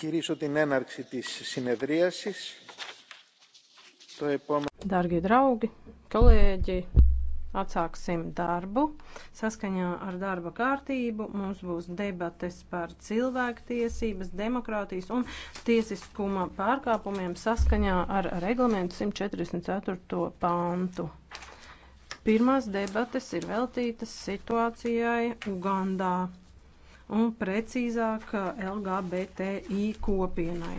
Κηρύσω την έναρξη της συνεδρίασης. Το επόμενο... Dargie draugi, kolēģi, atsāksim darbu. Saskaņā ar darba kārtību mums būs debates par cilvēktiesības, demokrātijas un tiesiskuma pārkāpumiem saskaņā ar reglamentu 144. pantu. Pirmās debates ir veltītas situācijai Ugandā un precīzāk LGBTI kopienai.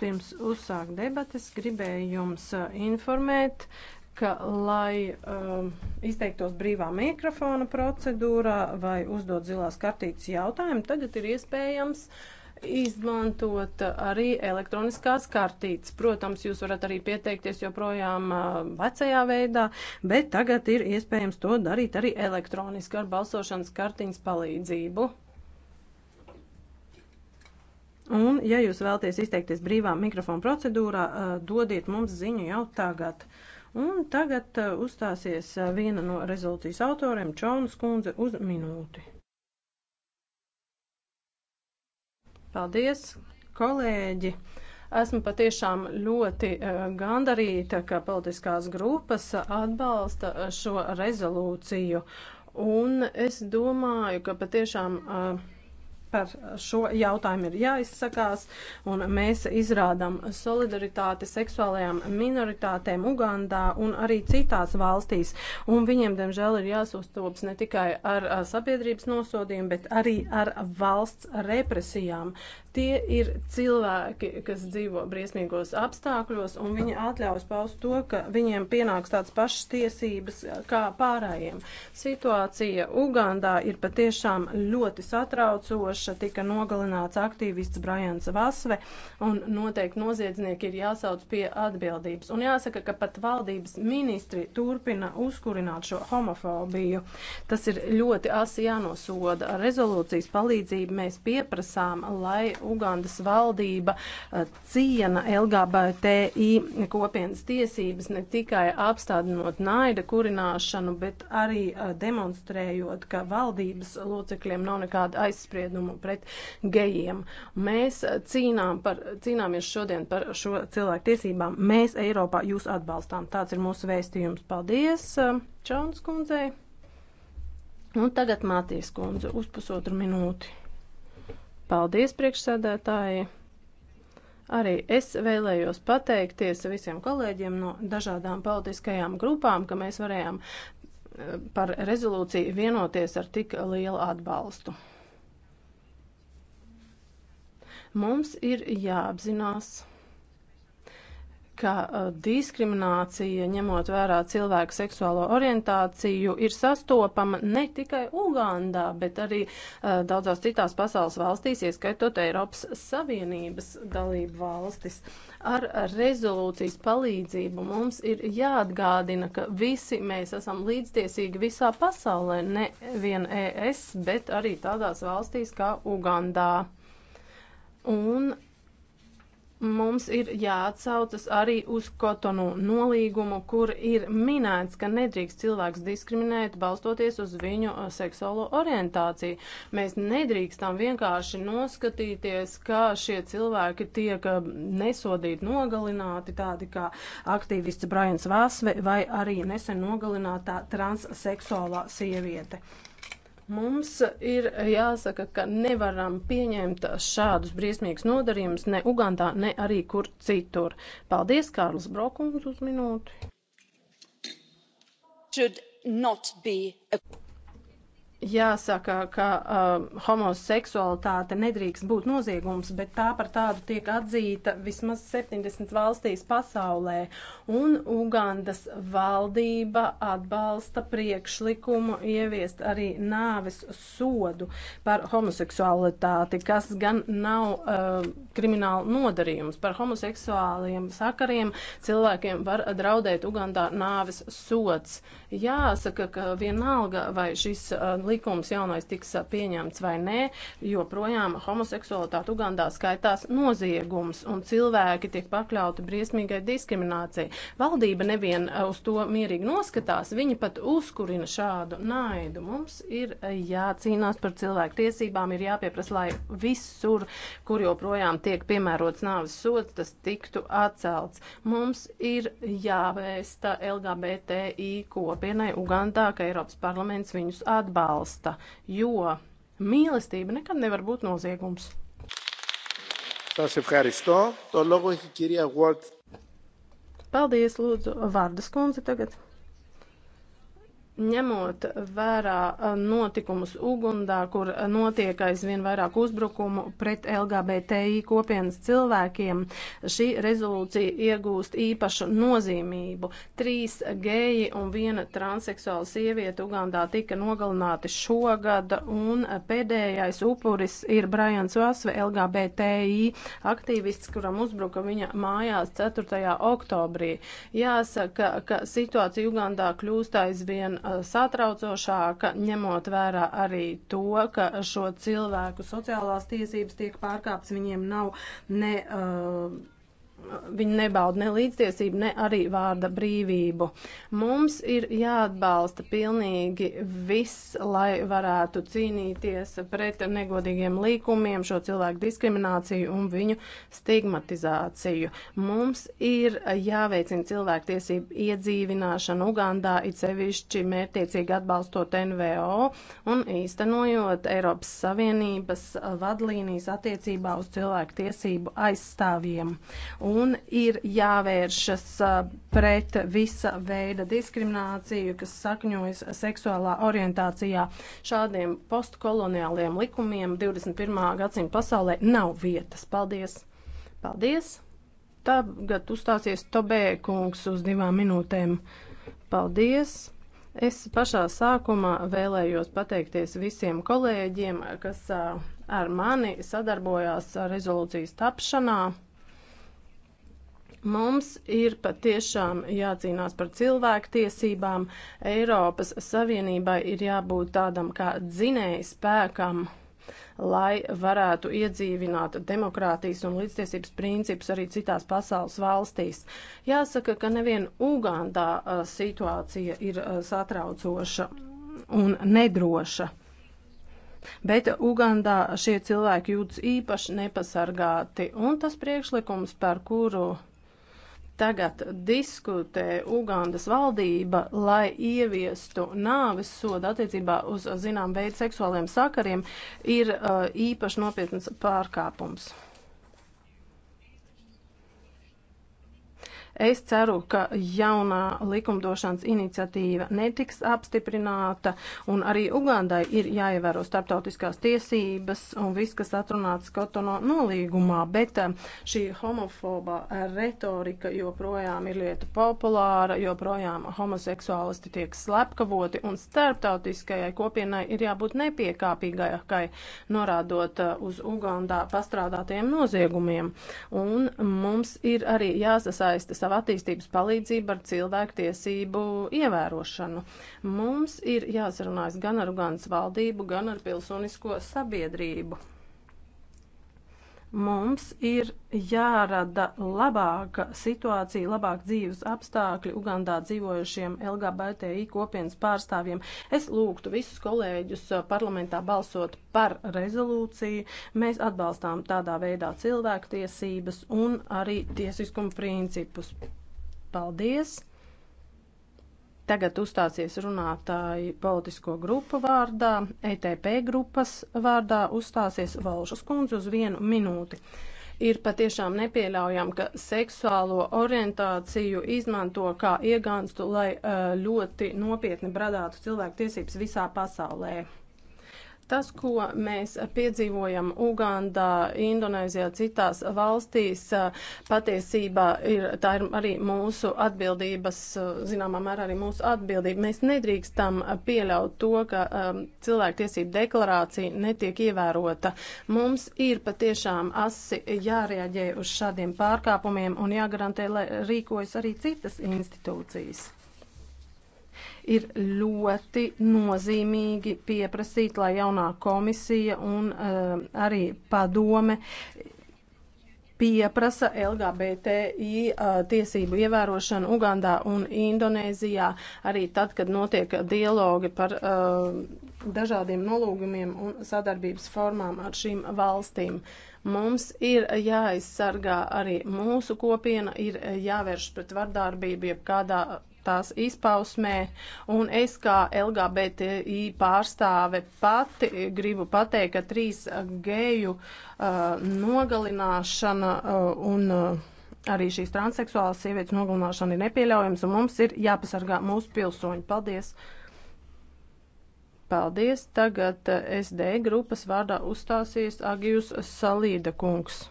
Pirms uzsākt debates gribēju jums uh, informēt, ka, lai um, izteiktos brīvā mikrofona procedūrā vai uzdot zilās kartītes jautājumu, tagad ir iespējams uh, izmantot arī elektroniskās kartītes. Protams, jūs varat arī pieteikties joprojām vecajā veidā, bet tagad ir iespējams to darīt arī elektroniski ar balsošanas kartiņas palīdzību. Un, ja jūs vēlaties izteikties brīvā mikrofona procedūrā, dodiet mums ziņu jau tagad. Un tagad uzstāsies viena no rezolūcijas autoriem, Čaunas kundze, uz minūti. Paldies, kolēģi! Esmu patiešām ļoti eh, gandarīta, ka politiskās grupas atbalsta šo rezolūciju. Un es domāju, ka patiešām. Uh, par šo jautājumu ir jāizsakās, un mēs izrādām solidaritāti seksuālajām minoritātēm Ugandā un arī citās valstīs, un viņiem, diemžēl, ir jāsastops ne tikai ar sabiedrības nosodījumu, bet arī ar valsts represijām. Tie ir cilvēki, kas dzīvo briesmīgos apstākļos, un viņi atļaus paust to, ka viņiem pienāks tādas pašas tiesības kā pārējiem. Situācija Ugandā ir patiešām ļoti satraucoša. Tika nogalināts aktīvists Brajans Vasve, un noteikti noziedznieki ir jāsauc pie atbildības. Un jāsaka, ka pat valdības ministri turpina uzkurināt šo homofobiju. Tas ir ļoti asi jānosoda. Ar rezolūcijas palīdzību mēs pieprasām, lai Ugandas valdība eh, ciena LGBTI kopienas tiesības ne tikai apstādinot naida kurināšanu, bet arī eh, demonstrējot, ka valdības locekļiem nav nekāda aizsprieduma pret gejiem. Mēs eh, cīnām par, cīnāmies šodien par šo cilvēku tiesībām. Mēs Eiropā jūs atbalstām. Tāds ir mūsu vēstījums. Paldies Čaunas kundzei! Un tagad Mātijas kundze uz pusotru minūti. Paldies, priekšsēdētāji! Arī es vēlējos pateikties visiem kolēģiem no dažādām politiskajām grupām, ka mēs varējām eh, par rezolūciju vienoties ar tik lielu atbalstu. Mums ir jāapzinās ka uh, diskriminācija, ņemot vērā cilvēku seksuālo orientāciju, ir sastopama ne tikai Ugandā, bet arī uh, daudzās citās pasaules valstīs, ieskaitot Eiropas Savienības dalību valstis. Ar rezolūcijas palīdzību mums ir jāatgādina, ka visi mēs esam līdztiesīgi visā pasaulē, ne vien ES, bet arī tādās valstīs kā Ugandā. Un mums ir jāatsaucas arī uz Kotonu nolīgumu, kur ir minēts, ka nedrīkst cilvēks diskriminēt balstoties uz viņu uh, seksuālo orientāciju. Mēs nedrīkstam vienkārši noskatīties, ka šie cilvēki tiek uh, nesodīti, nogalināti, tādi kā aktīvists Brians Vasve vai arī nesen nogalinātā transseksuālā sieviete. Mums ir jāsaka, ka nevaram pieņemt šādus briesmīgus nodarījumus ne Ugandā, ne arī kur citur. Paldies, Kārlis Brokums, uz minūti. A... Jāsaka, ka uh, homoseksualitāte nedrīkst būt noziegums, bet tā par tādu tiek atzīta vismaz 70 valstīs pasaulē, un Ugandas valdība atbalsta priekšlikumu ieviest arī nāves sodu par homoseksualitāti, kas gan nav uh, krimināla nodarījums. Par homoseksuāliem sakariem cilvēkiem var draudēt Ugandā nāves sods. Jāsaka, ka vienalga vai šis uh, likums jaunais tiks pieņemts vai nē, joprojām homoseksualitāte Ugandā skaitās noziegums un cilvēki tiek pakļauti briesmīgai diskriminācijai. Valdība nevien uz to mierīgi noskatās, viņi pat uzkurina šādu naidu. Mums ir jācīnās par cilvēku tiesībām, ir jāpieprasa, lai visur, kur joprojām tiek piemērots nāves sods, tas tiktu atcelts. Mums ir jāvēsta LGBTI kopienai Ugandā, ka Eiropas parlaments viņus atbalsta atbalsta, jo mīlestība nekad nevar būt noziegums. Σας ευχαριστώ. Το λόγο έχει η κυρία Ward. Paldies, lūdzu, Vārdas kundze tagad ņemot vērā notikumus Ugundā, kur notiek aizvien vairāk uzbrukumu pret LGBTI kopienas cilvēkiem, šī rezolūcija iegūst īpašu nozīmību. Trīs geji un viena transseksuāla sieviete Ugandā tika nogalināti šogad, un pēdējais upuris ir Brians Vasve, LGBTI aktīvists, kuram uzbruka viņa mājās 4. oktobrī. Jāsaka, ka situācija Ugandā kļūst aizvien satraucošāka, ņemot vērā arī to, ka šo cilvēku sociālās tiesības tiek pārkāptas, viņiem nav ne. Uh, viņi nebauda ne līdztiesību, ne arī vārda brīvību. Mums ir jāatbalsta pilnīgi viss, lai varētu cīnīties pret negodīgiem līkumiem, šo cilvēku diskrimināciju un viņu stigmatizāciju. Mums ir jāveicina cilvēktiesību iedzīvināšana Ugandā, it sevišķi mērtiecīgi atbalstot NVO un īstenojot Eiropas Savienības vadlīnijas attiecībā uz cilvēktiesību aizstāvjiem. Un un ir jāvēršas pret visa veida diskrimināciju, kas sakņojas seksuālā orientācijā. Šādiem postkoloniāliem likumiem 21. gadsimta pasaulē nav vietas. Paldies! Paldies! Tagad uzstāsies Tobē kungs uz divām minūtēm. Paldies! Es pašā sākumā vēlējos pateikties visiem kolēģiem, kas ar mani sadarbojās rezolūcijas tapšanā. Mums ir patiešām jācīnās par cilvēku tiesībām. Eiropas Savienībai ir jābūt tādam kā dzinēja spēkam, lai varētu iedzīvināt demokrātijas un līdztiesības principus arī citās pasaules valstīs. Jāsaka, ka nevien Ugandā situācija ir satraucoša un nedroša. Bet Ugandā šie cilvēki jūtas īpaši nepasargāti, un tas priekšlikums, par kuru tagad diskutē Ugandas valdība, lai ieviestu nāves sodu attiecībā uz zinām veidu seksuāliem sakariem, ir uh, īpaši nopietns pārkāpums. Es ceru, ka jaunā likumdošanas iniciatīva netiks apstiprināta, un arī Ugandai ir jāievēro starptautiskās tiesības un viss, kas atrunāts Kotono nolīgumā, bet um, šī homofobā retorika joprojām ir lieta populāra, joprojām homoseksuālisti tiek slepkavoti, un starptautiskajai kopienai ir jābūt nepiekāpīgākai, norādot uh, uz Ugandā pastrādātiem noziegumiem. Un mums ir arī jāsasaista savu savu attīstības palīdzību ar cilvēktiesību ievērošanu. Mums ir jāsarunājas gan ar Ugandas valdību, gan ar pilsonisko sabiedrību. Mums ir jārada labāka situācija, labāk dzīves apstākļi Ugandā dzīvojušiem LGBTI kopienas pārstāvjiem. Es lūgtu visus kolēģus eh, parlamentā balsot par rezolūciju. Mēs atbalstām tādā veidā cilvēktiesības un arī tiesiskuma principus. Paldies! Tagad uzstāsies runātāji politisko grupu vārdā, ETP grupas vārdā uzstāsies Valšas kundze uz vienu minūti. Ir patiešām nepieļaujami, ka seksuālo orientāciju izmanto kā iegānstu, lai eh, ļoti nopietni bradātu cilvēku tiesības visā pasaulē. Tas, ko mēs piedzīvojam Ugandā, Indonēzijā, citās valstīs, patiesībā ir, tā ir arī mūsu atbildības, zināmā mērā arī mūsu atbildība. Mēs nedrīkstam pieļaut to, ka um, cilvēktiesību deklarācija netiek ievērota. Mums ir patiešām asi jārēģē uz šādiem pārkāpumiem un jāgarantē, lai rīkojas arī citas institūcijas ir ļoti nozīmīgi pieprasīt, lai jaunā komisija un uh, arī padome pieprasa LGBTI uh, eh, tiesību ievērošanu Ugandā un Indonēzijā, arī tad, kad notiek dialogi par uh, dažādiem nolūgumiem un sadarbības formām ar šīm valstīm. Mums ir jāaizsargā arī mūsu kopiena, ir jāvērš pret vardarbību jebkādā tās izpausmē. Un es kā LGBTI pārstāve pati gribu pateikt, ka trīs geju uh, nogalināšana uh, un. Uh, Arī šīs transseksuālas sievietes nogalināšana ir nepieļaujams, un mums ir jāpasargā mūsu pilsoņi. Paldies! Paldies! Tagad uh, SD grupas vārdā uzstāsies Agijus Salīda kungs.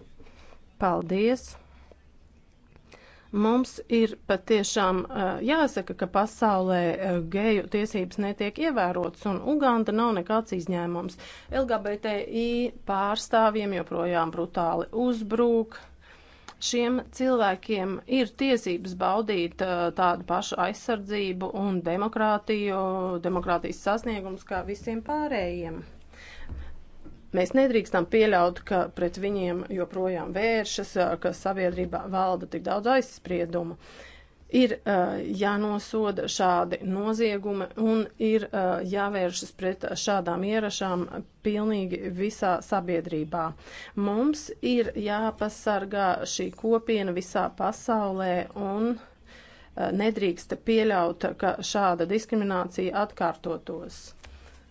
Paldies! Mums ir patiešām jāsaka, ka pasaulē geju tiesības netiek ievērotas, un Uganda nav nekāds izņēmums. LGBTI pārstāvjiem joprojām brutāli uzbrūk. Šiem cilvēkiem ir tiesības baudīt tādu pašu aizsardzību un demokrātiju, demokrātijas sasniegums kā visiem pārējiem. Mēs nedrīkstam pieļaut, ka pret viņiem joprojām vēršas, ka sabiedrībā valda tik daudz aizspriedumu. Ir uh, jānosoda šādi noziegumi un ir uh, jāvēršas pret šādām ierašām pilnīgi visā sabiedrībā. Mums ir jāpasargā šī kopiena visā pasaulē un uh, nedrīkst pieļaut, ka šāda diskriminācija atkārtotos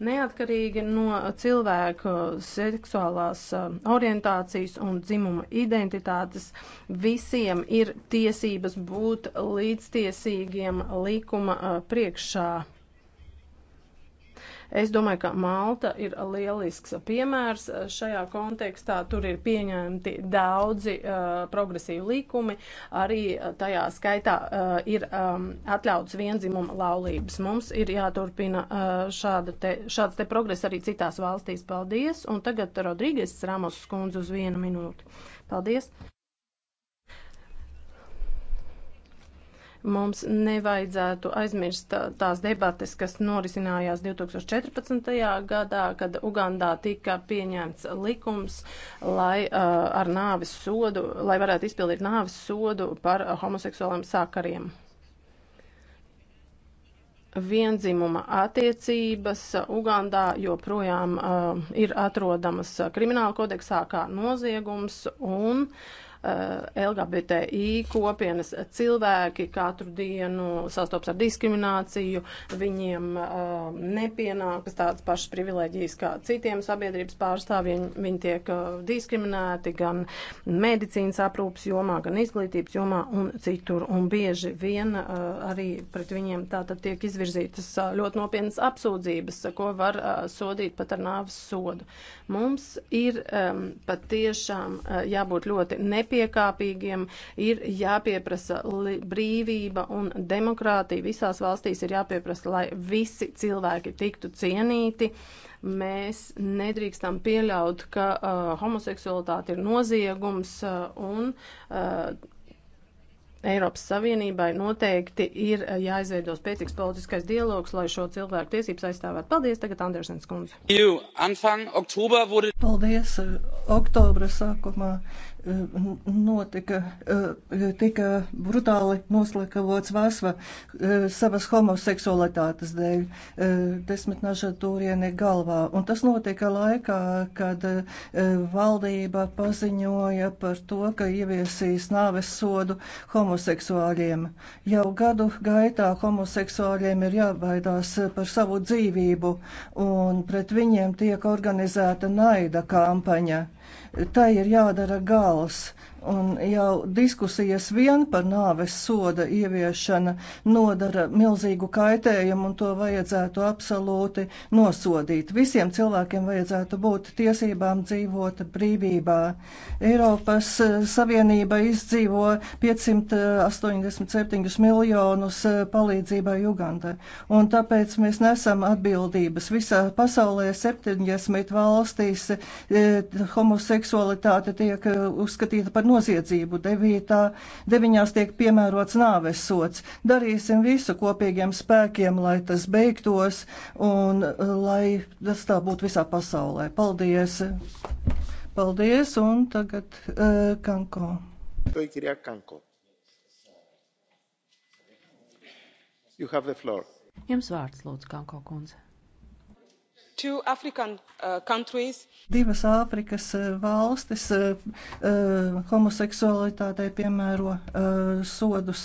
neatkarīgi no cilvēku seksuālās uh, orientācijas un dzimuma identitātes, visiem ir tiesības būt līdztiesīgiem likuma uh, priekšā. Es domāju, ka Malta ir lielisks piemērs šajā kontekstā. Tur ir pieņemti daudzi uh, progresīvi likumi, arī tajā skaitā uh, ir um, atļauts vienzimuma laulības. Mums ir jāturpina uh, šāda te, šāds te progress arī citās valstīs. Paldies! Un tagad Rodrīgas Ramos skundze uz vienu minūti. Paldies! Mums nevajadzētu aizmirst tās debates, kas norisinājās 2014. gadā, kad Ugandā tika pieņemts likums, lai uh, ar nāvis sodu, lai varētu izpildīt nāvis sodu par homoseksuāliem sakariem viendzimuma attiecības Ugandā joprojām uh, ir atrodamas krimināla kodeksā kā noziegums un uh, Eh, LGBTI kopienas cilvēki katru dienu sastopas ar diskrimināciju, viņiem eh, nepienākas tādas pašas privilēģijas kā citiem sabiedrības pārstāvjiem, viņi tiek eh, diskriminēti gan medicīnas aprūpas jomā, gan izglītības jomā un citur, un bieži vien arī pret viņiem tātad tiek izvirzītas ļoti nopietnas apsūdzības, ko var sodīt pat ar nāves sodu. Mums ir patiešām jābūt ļoti nepieciešamiem nepiekāpīgiem ir jāpieprasa brīvība un demokrātija. Visās valstīs ir jāpieprasa, lai visi cilvēki tiktu cienīti. Mēs nedrīkstam pieļaut, ka uh, homoseksualitāte ir noziegums uh, un uh, Eiropas Savienībai noteikti ir uh, jāizveido spēcīgs politiskais dialogs, lai šo cilvēku tiesības aizstāvētu. Paldies, tagad Andersens kundze. Paldies, uh, oktobra sākumā Eh, notika, eh, tika brutāli noslakavots Vasva eh, savas homoseksualitātes dēļ, desmitnaža turieni galvā. Un tas notika laikā, kad valdība paziņoja par to, ka ieviesīs nāves sodu homoseksuāļiem. Jau gadu gaitā homoseksuāļiem ir jābaidās par savu dzīvību, un pret viņiem tiek organizēta naida kampaņa tai ir jādara gals. Un jau diskusijas vien par nāves soda ieviešana nodara milzīgu kaitējumu, un to vajadzētu absolūti nosodīt. Visiem cilvēkiem vajadzētu būt tiesībām dzīvot brīvībā. Eiropas Savienība izdzīvo 587 miljonus palīdzībai Ugandai, un tāpēc mēs nesam atbildības. Visā pasaulē 70 valstīs eh, homoseksualitāte tiek uzskatīta par noziedzību. Devītā, deviņās tiek piemērots nāves sots. Darīsim visu kopīgiem spēkiem, lai tas beigtos un uh, lai tas tā būtu visā pasaulē. Paldies! Paldies, un tagad uh, Kanko. To ir Kirjā Kanko. Jums vārds, lūdzu, Kanko kundze. Uh, Divas Āfrikas uh, valstis uh, homoseksualitātei piemēro sodus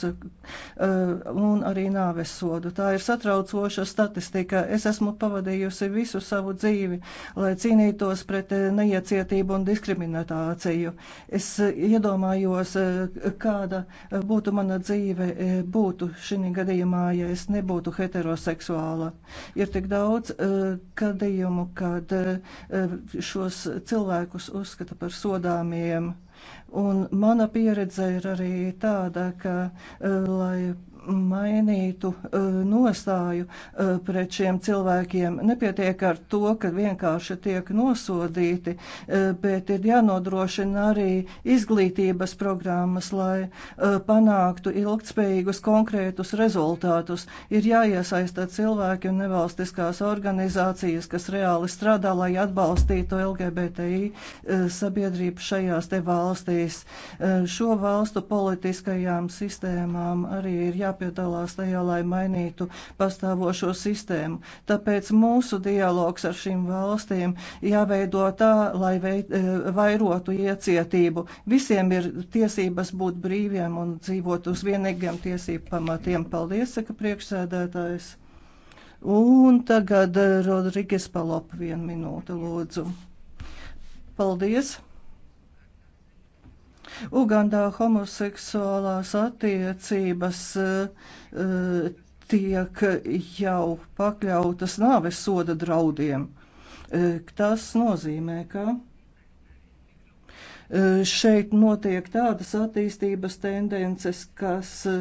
un arī nāves sodu. Tā ir satraucoša statistika. Es esmu pavadījusi visu savu dzīvi, lai cīnītos pret neiecietību un diskrimināciju. Es iedomājos, kāda būtu mana dzīve būtu šī gadījumā, ja es nebūtu heteroseksuāla. Ir tik daudz, kad gadījumu, kad eh, šos cilvēkus uzskata par sodāmiem. Un mana pieredze ir arī tāda, ka, eh, lai mainītu e, nostāju e, pret šiem cilvēkiem. Nepietiek ar to, ka vienkārši tiek nosodīti, e, bet ir jānodrošina arī izglītības programmas, lai panāktu ilgtspējīgus konkrētus rezultātus. Ir jāiesaista cilvēki un nevalstiskās organizācijas, kas reāli strādā, lai atbalstītu LGBTI sabiedrību šajās te valstīs. Šo valstu politiskajām sistēmām arī ir jāpalīdz jāpiedalās tajā, lai mainītu pastāvošo sistēmu. Tāpēc mūsu dialogs ar šīm valstīm jāveido tā, lai veid, eh, vairotu iecietību. Visiem ir tiesības būt brīviem un dzīvot uz vienīgiem tiesību pamatiem. Paldies, saka priekšsēdētājs. Un tagad eh, Rodriges Palop vienu minūtu lūdzu. Paldies! Ugandā homoseksuālās attiecības eh, tiek jau pakļautas nāves soda draudiem. Eh, tas nozīmē, ka E, šeit notiek tādas attīstības tendences, kas e,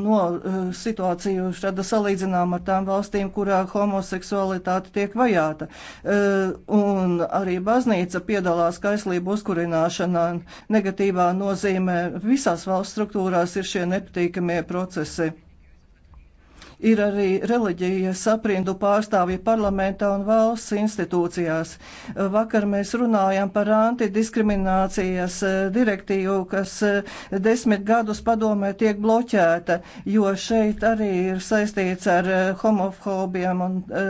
no e, situāciju šāda salīdzinām ar tām valstīm, kurā homoseksualitāte tiek vajāta. Un arī baznīca piedalās kaislību uzkurināšanā. Negatīvā nozīmē visās valsts struktūrās ir šie nepatīkamie procesi ir arī reliģijas aprindu pārstāvji parlamentā un valsts institūcijās. Vakar mēs runājām par antidiskriminācijas direktīvu, kas desmit gadus padomē tiek bloķēta, jo šeit arī ir saistīts ar homofobiem un eh,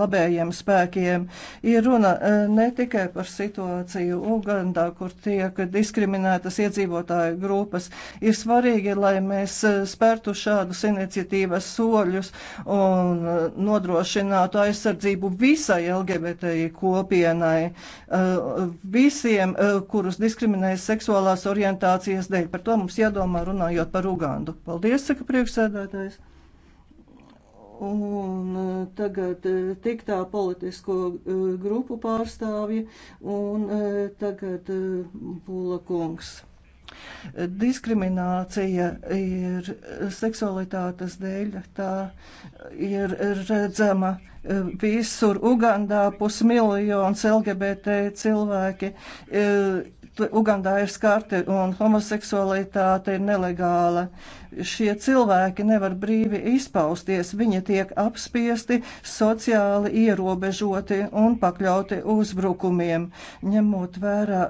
labējiem spēkiem. Ir runa eh, ne tikai par situāciju Ugandā, kur tiek diskriminētas iedzīvotāju grupas. Ir svarīgi, lai mēs eh, spērtu šādus iniciatīvas soļus līdzekļus un uh, nodrošinātu aizsardzību visai LGBTI kopienai, uh, visiem, uh, kurus diskriminējas seksuālās orientācijas dēļ. Par to mums jādomā runājot par Ugandu. Paldies, saka priekšsēdētājs. Un tagad tik tā politisko grupu pārstāvji, un tagad Pula kungs. Diskriminācija ir seksualitātes dēļ, tā ir redzama e, visur. Ugandā pusmiljons LGBT cilvēki e, Ugandā ir skarti un homoseksualitāte ir nelegāla. Šie cilvēki nevar brīvi izpausties, viņi tiek apspiesti, sociāli ierobežoti un pakļauti uzbrukumiem. Ņemot vērā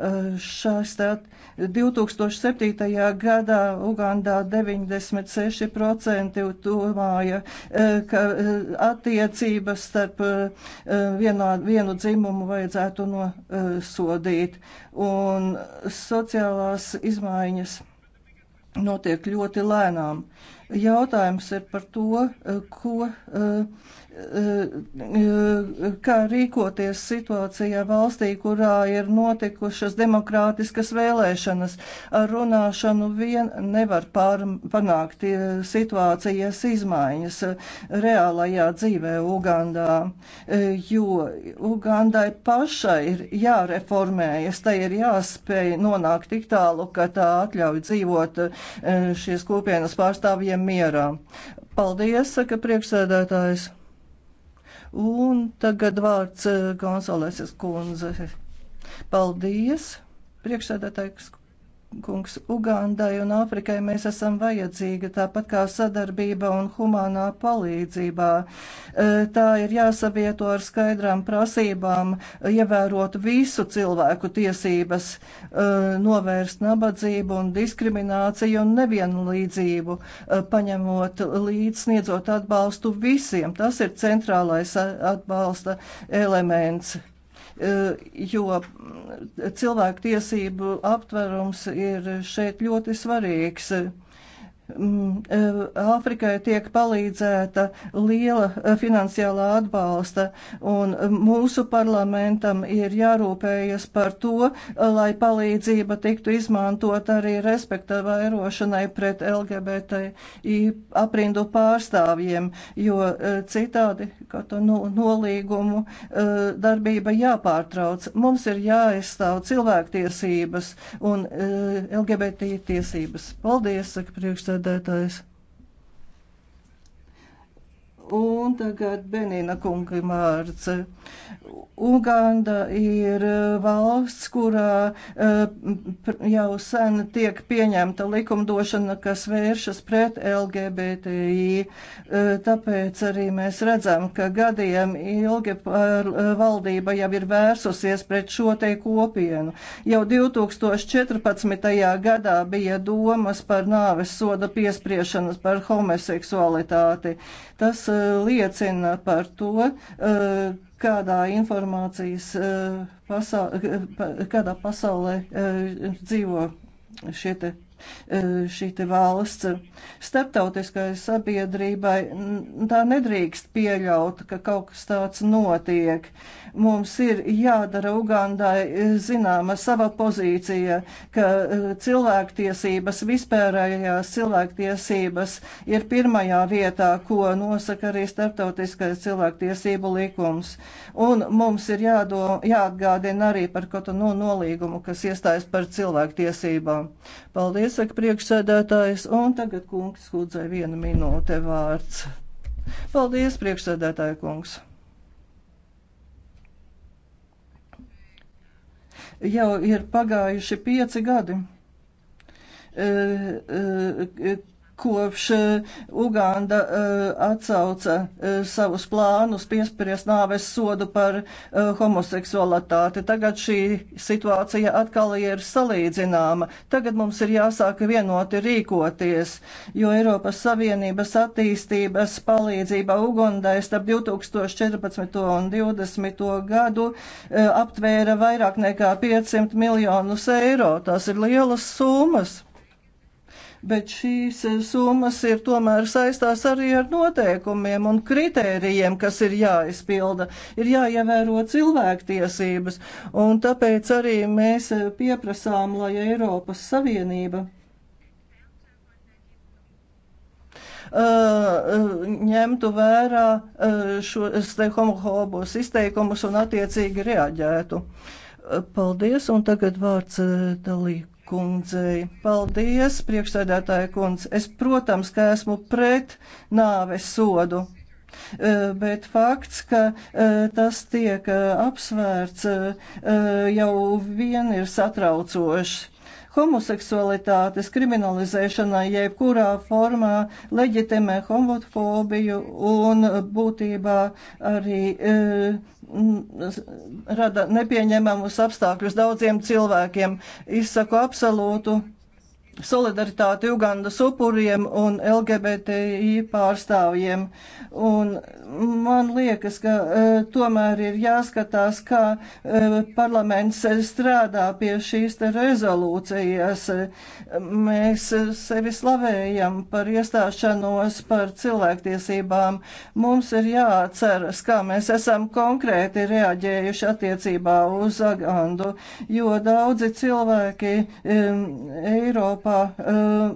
šās tāt, 2007. gadā Ugandā 96% domāja, eh, ka eh, attiecības starp eh, vienā, vienu dzimumu vajadzētu nosodīt. Un sociālās izmaiņas notiek ļoti lēnām. Jautājums ir par to, ko eh, Eh, eh, kā rīkoties situācijā valstī, kurā ir notikušas demokrātiskas vēlēšanas. Ar runāšanu vien nevar pār, panākt eh, situācijas izmaiņas reālajā dzīvē Ugandā, jo Ugandai pašai ir jāreformējas, tai ir jāspēj nonākt tik tālu, ka tā atļauj dzīvot šīs kopienas pārstāvjiem mierā. Paldies, saka priekšsēdētājs. Un tagad vārds eh, Gonzaleses kundze. Paldies, priekšsēdētājs kungs, Ugandai un Āfrikai mēs esam vajadzīga, tāpat kā sadarbība un humānā palīdzībā. E, tā ir jāsavieto ar skaidrām prasībām, ievērot visu cilvēku tiesības, e, novērst nabadzību un diskrimināciju un nevienlīdzību, e, paņemot līdz sniedzot atbalstu visiem. Tas ir centrālais atbalsta elements. E, jo mm, cilvēku tiesību aptverums ir šeit ļoti svarīgs. Mm, e, Āfrikai tiek palīdzēta liela e, finansiālā atbalsta, un e, mūsu parlamentam ir jārūpējas par to, lai palīdzība tiktu izmantot arī respekta vairošanai pret LGBTI aprindu pārstāvjiem, jo citādi, kā to nolīgumu, darbība jāpārtrauc. Mums ir jāaizstāv cilvēktiesības un LGBTI tiesības. Paldies, saka priekšstādā priekšsēdētājs. Un tagad Benina kungam vārds. Uganda ir e, valsts, kurā e, jau sen tiek pieņemta likumdošana, kas vēršas pret LGBTI. E, tāpēc arī mēs redzam, ka gadiem ilgi valdība jau ir vērsusies pret šo te kopienu. Jau 2014. gadā bija domas par nāves soda piespriešanas par homoseksualitāti. Tas liecina par to, eh, kādā informācijas eh, pasaulē, eh, kādā pasaulē dzīvo šie te E, šī valsts. Startautiskai sabiedrībai tā nedrīkst pieļaut, ka kaut kas tāds notiek. Mums ir jādara Ugandai zināma sava pozīcija, ka e, cilvēktiesības, vispārējās cilvēktiesības ir pirmajā vietā, ko nosaka arī starptautiskais cilvēktiesību likums. Un mums ir jādo, jāatgādina arī par Kotonu no nolīgumu, kas iestājas par cilvēktiesībām. Paldies! Paldies, saka priekšsēdētājs. Un tagad kungs lūdzēja vienu minūte vārds. Paldies, priekšsēdētāja kungs. Jau ir pagājuši pieci gadi e, e, kopš eh, Uganda eh, atsauca eh, savus plānus piespriest nāves sodu par homoseksualitāti. Tagad šī situācija atkal ir salīdzināma. Tagad mums ir jāsāk vienoti rīkoties, jo Eiropas Savienības attīstības palīdzība Ugandai starp 2014. un 2020. gadu aptvēra vairāk nekā 500 miljonus eiro. Tās ir lielas summas bet šīs eh, summas ir tomēr saistās arī ar noteikumiem un kritērijiem, kas ir jāizpilda. Ir jāievēro cilvēktiesības, un tāpēc arī mēs eh, pieprasām, lai Eiropas Savienība eh, ņemtu vērā šos te homohobos izteikumus un attiecīgi reaģētu. Paldies, un tagad vārds dalīk kundzei. Paldies, priekšsēdētāja kundze. Es, protams, ka esmu pret nāves sodu. E, bet fakts, ka e, tas tiek e, apsvērts, jau vien ir satraucošs. Homoseksualitātes kriminalizēšana jebkurā formā leģitimē homofobiju un būtībā arī rada nepieņemamus apstākļus daudziem cilvēkiem. Izsaku absolūtu solidaritāti Ugandas upuriem un LGBTI pārstāvjiem. Un man liekas, ka uh, tomēr ir jāskatās, kā uh, parlaments strādā pie šīs te rezolūcijas. Mēs sevi slavējam par iestāšanos par cilvēktiesībām. Mums ir jāatceras, kā mēs esam konkrēti reaģējuši attiecībā uz Agandu, jo daudzi cilvēki um, e, Eiropā Eiropā eh,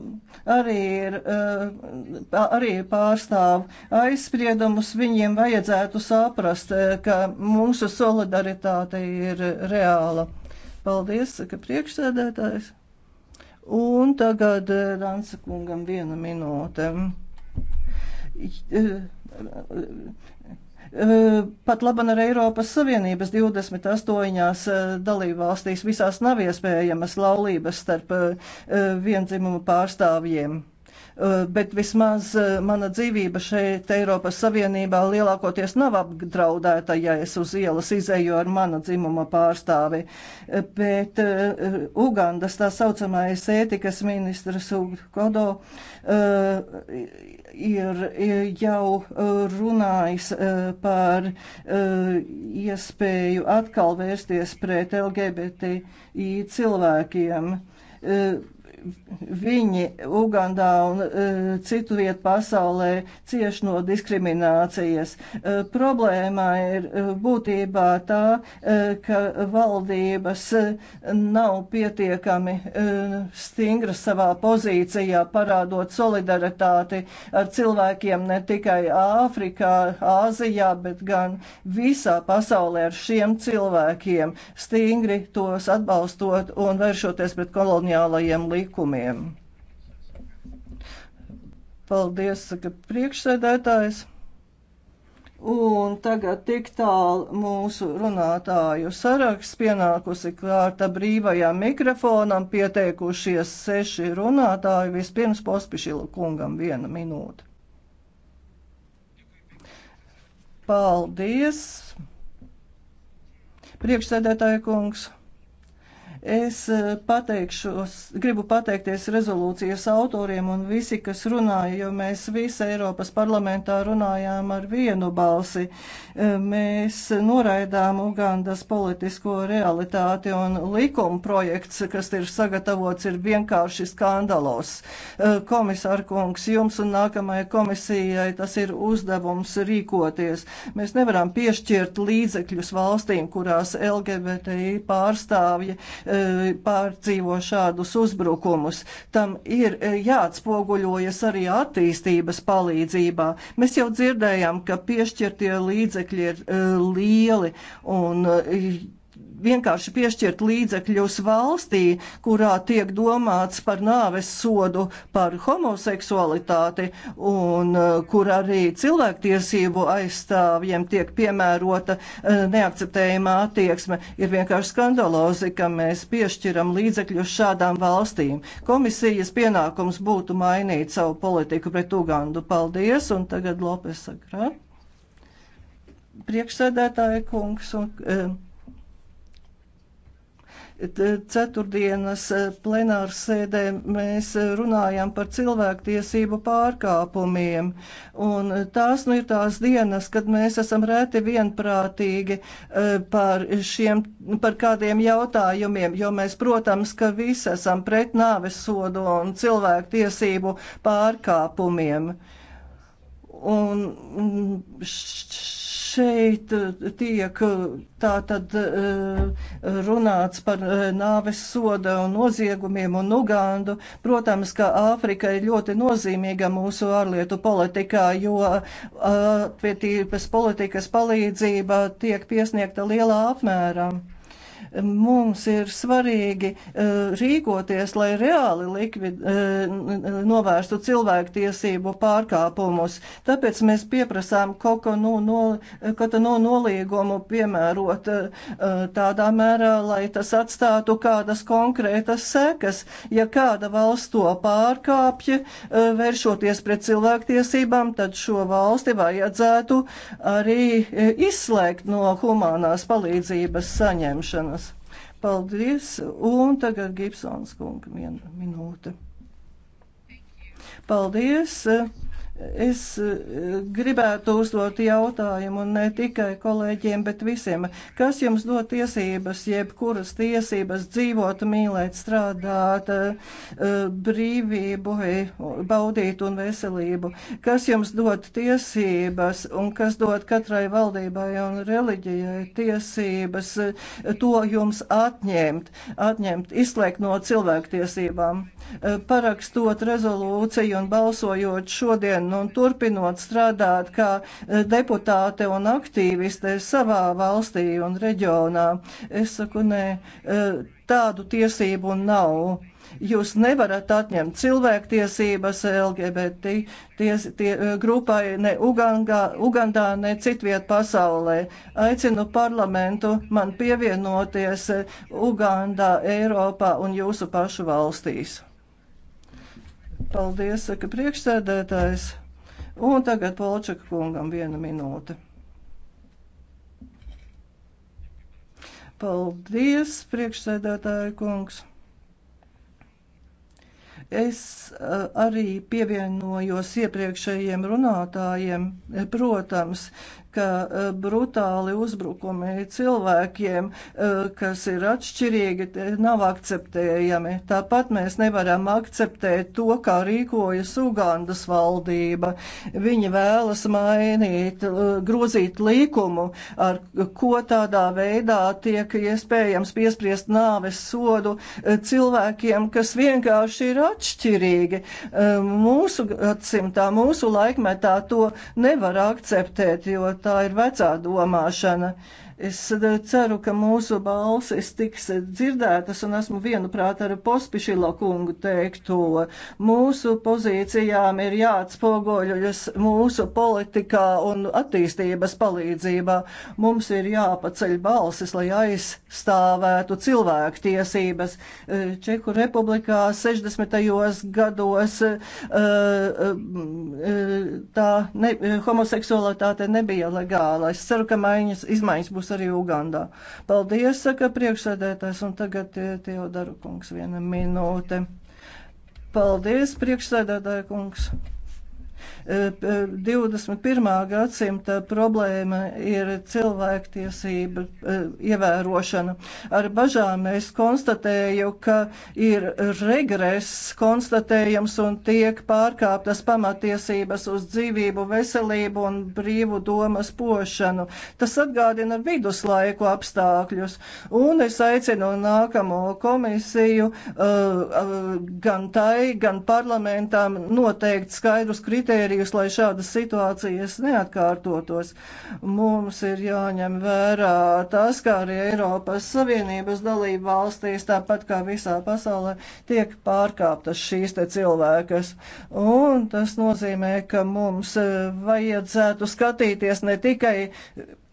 arī, ir, eh, arī pārstāv aizspriedumus, viņiem vajadzētu saprast, eh, ka mūsu solidaritāte ir reāla. Paldies, ka priekšsēdētājs. Un tagad Dansa kungam viena minūte Eh, pat laban ar Eiropas Savienības 28 eh, dalībvalstīs visās nav iespējamas laulības starp eh, viendzimumu pārstāvjiem bet vismaz mana dzīvība šeit, Eiropas Savienībā, lielākoties nav apdraudēta, ja es uz ielas izēju ar mana dzimuma pārstāvi. Bet Ugandas tā saucamais ētikas ministrs Ugodo ir eh, jau eh, runājis eh, par iespēju atkal vērsties pret LGBTI cilvēkiem viņi Ugandā un uh, citu vietu pasaulē cieš no diskriminācijas. Uh, problēma ir uh, būtībā tā, uh, ka valdības uh, nav pietiekami uh, stingras savā pozīcijā, parādot solidaritāti ar cilvēkiem ne tikai Āfrikā, Āzijā, bet gan visā pasaulē ar šiem cilvēkiem, stingri tos atbalstot un vēršoties pret koloniālajiem līkumiem likumiem. Paldies, saka priekšsēdētājs. Un tagad tik tālu mūsu runātāju saraksts pienākusi klārta brīvajām mikrofonam, pieteikušies seši runātāji, vispirms pospišila kungam viena minūte. Paldies, priekšsēdētāja kungs. Es eh, pateikšos, gribu pateikties rezolūcijas autoriem un visi, kas runāja, jo mēs visi Eiropas parlamentā runājām ar vienu balsi. Eh, mēs noraidām Ugandas politisko realitāti un likuma projekts, kas ir sagatavots, ir vienkārši skandalos. Eh, Komisārkungs, jums un nākamajai komisijai tas ir uzdevums rīkoties. Mēs nevaram piešķirt līdzekļus valstīm, kurās LGBTI pārstāvji E, pārdzīvo šādus uzbrukumus. Tam ir e, jāatspoguļojas arī attīstības palīdzībā. Mēs jau dzirdējām, ka piešķirtie līdzekļi ir e, lieli un vienkārši piešķirt līdzekļus valstī, kurā tiek domāts par nāves sodu, par homoseksualitāti un eh, kur arī cilvēktiesību aizstāvjiem tiek piemērota eh, neakceptējumā attieksme, ir vienkārši skandalozi, ka mēs piešķiram līdzekļus šādām valstīm. Komisijas pienākums būtu mainīt savu politiku pret Ugandu. Paldies, un tagad Lopes Agrā. Priekšsēdētāja kungs un. Uh, Ceturtdienas eh, plenāra sēdē mēs eh, runājam par cilvēktiesību pārkāpumiem. Un eh, tās nu ir tās dienas, kad mēs esam reti vienprātīgi par, šiem, par kādiem jautājumiem, jo mēs, protams, ka visi esam pret nāves sodu un cilvēktiesību pārkāpumiem. Un š, mm, š, Šeit eh, tiek eh, tā tad eh, runāts par nāves soda un noziegumiem un Ugandu. Protams, ka Āfrika ir ļoti nozīmīga mūsu ārlietu politikā, jo atvietības politikas palīdzība tiek piesniegta lielā apmērā. Mums ir svarīgi eh, rīkoties, lai reāli likvid, eh, novērstu cilvēktiesību pārkāpumus. Tāpēc mēs pieprasām Kotonu no, no nu nolīgumu piemērot eh, tādā mērā, lai tas atstātu kādas konkrētas sekas. Ja kāda valsts to pārkāpja, vēršoties pret cilvēktiesībām, tad šo valsti vajadzētu arī izslēgt no humanās palīdzības saņemšanas. Paldies, un tagad Gibsons kunga viena minūte. Paldies! Es e, gribētu uzdot jautājumu ne tikai kolēģiem, bet visiem. Kas jums dod tiesības, jebkuras tiesības dzīvot, mīlēt, strādāt, e, e, brīvību, baudīt un veselību? Kas jums dod tiesības un kas dod katrai valdībai un reliģijai tiesības to jums atņemt, atņemt, izslēgt no cilvēktiesībām? Parakstot rezolūciju un balsojot šodien un turpinot strādāt kā e, deputāte un aktīviste savā valstī un reģionā. Es saku, nē, e, tādu tiesību nav. Jūs nevarat atņemt cilvēktiesības LGBT ties, tie, e, grupai ne Ugangā, Ugandā, ne citviet pasaulē. Aicinu parlamentu man pievienoties Ugandā, Eiropā un jūsu pašu valstīs. Paldies, saka priekšsēdētājs. Un tagad Polčaka kungam viena minūte. Paldies, priekšsēdētāja kungs. Es arī pievienojos iepriekšējiem runātājiem. Protams, ka eh, brutāli uzbrukumi cilvēkiem, eh, kas ir atšķirīgi, nav akceptējami. Tāpat mēs nevaram akceptēt to, kā rīkojas Ugandas valdība. Viņi vēlas mainīt, eh, grozīt likumu, ar ko tādā veidā tiek iespējams piespriest nāves sodu cilvēkiem, kas vienkārši ir atšķirīgi. Mūsu gadsimtā, mūsu laikmetā to nevar akceptēt, jo tā ir vecā domāšana. Uh, Es eh, ceru, ka mūsu balsis tiks eh, dzirdētas, un esmu vienuprāt ar Pospišilo kungu teikto. Mūsu pozīcijām ir jāatspoguļojas mūsu politikā un attīstības palīdzībā. Mums ir jāpaceļ balsis, lai aizstāvētu cilvēktiesības. Eh, Čehu republikā 60. gados tā ne, homoseksualitāte nebija legāla. Es ceru, ka maiņas, izmaiņas būs iekļautos arī Ugandā. Paldies, saka priekšsēdētājs, un tagad tie, tie jau daru kungs viena minūte. Paldies, priekšsēdētāja kungs. 21. gadsimta problēma ir cilvēktiesība ievērošana. Ar bažām es konstatēju, ka ir regress konstatējams un tiek pārkāptas pamatiesības uz dzīvību, veselību un brīvu domas pošanu. Tas atgādina viduslaiku apstākļus. Un es aicinu nākamo komisiju gan tai, gan parlamentam noteikt skaidrus kritikus kritērijus, lai šādas situācijas neatkārtotos. Mums ir jāņem vērā tas, kā arī Eiropas Savienības dalība valstīs, tāpat kā visā pasaulē, tiek pārkāptas šīs te cilvēkas. Un tas nozīmē, ka mums vajadzētu skatīties ne tikai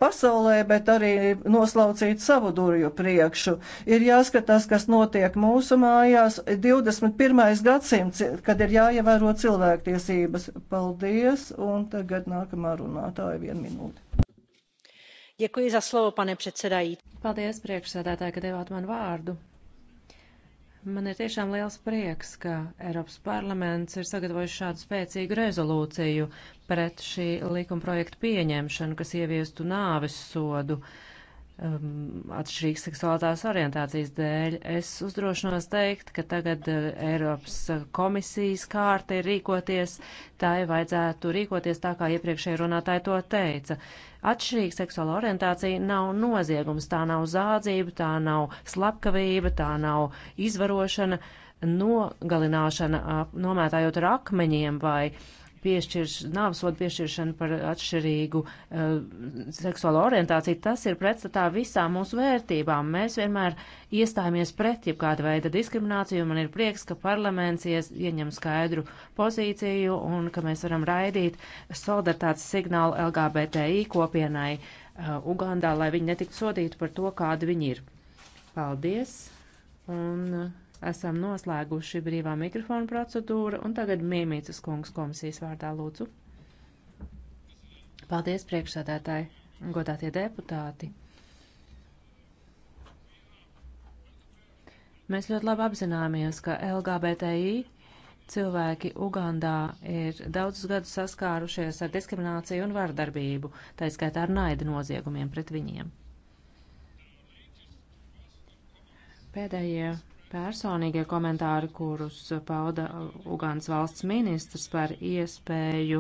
pasaulē, bet arī noslaucīt savu durvju priekšu. Ir jāskatās, kas notiek mūsu mājās. 21. gadsimts, kad ir jāievēro cilvēktiesības. Paldies, un tagad nākamā runātāja vienu minūti. Děkuji za slovo, pane předsedající. Paldies, priekšsēdētāji, ka devāt man vārdu. Man ir tiešām liels prieks, ka Eiropas parlaments ir sagatavojis šādu spēcīgu rezolūciju pret šī likuma projektu pieņemšanu, kas ieviestu nāves sodu uh, um, atšķirīgas seksuālās orientācijas dēļ. Es uzdrošinos teikt, ka tagad uh, Eiropas uh, komisijas kārta ir rīkoties, tā ir vajadzētu rīkoties tā, kā iepriekšēja runātāja to teica. Atšķirīga seksuāla orientācija nav noziegums, tā nav zādzība, tā nav slepkavība, tā nav izvarošana, nogalināšana, nomētājot ar akmeņiem vai piešķirš, nāvesodu piešķiršanu par atšķirīgu uh, seksuālo orientāciju, tas ir pretstatā visām mūsu vērtībām. Mēs vienmēr iestājāmies pret jebkāda veida diskrimināciju, un man ir prieks, ka parlaments ies, ieņem skaidru pozīciju un ka mēs varam raidīt solidaritātes signālu LGBTI kopienai uh, Ugandā, lai viņi netiktu sodīti par to, kādi viņi ir. Paldies! Un, uh, esam noslēguši brīvā mikrofona procedūru, un tagad Mīmīcas kungs komisijas vārdā lūdzu. Paldies, priekšsādātāji, godātie deputāti. Mēs ļoti labi apzināmies, ka LGBTI cilvēki Ugandā ir daudzus gadus saskārušies ar diskrimināciju un vardarbību, tā izskaitā ar naida noziegumiem pret viņiem. Pēdējie Personīgie komentāri, kurus pauda Ugānas valsts ministrs par iespēju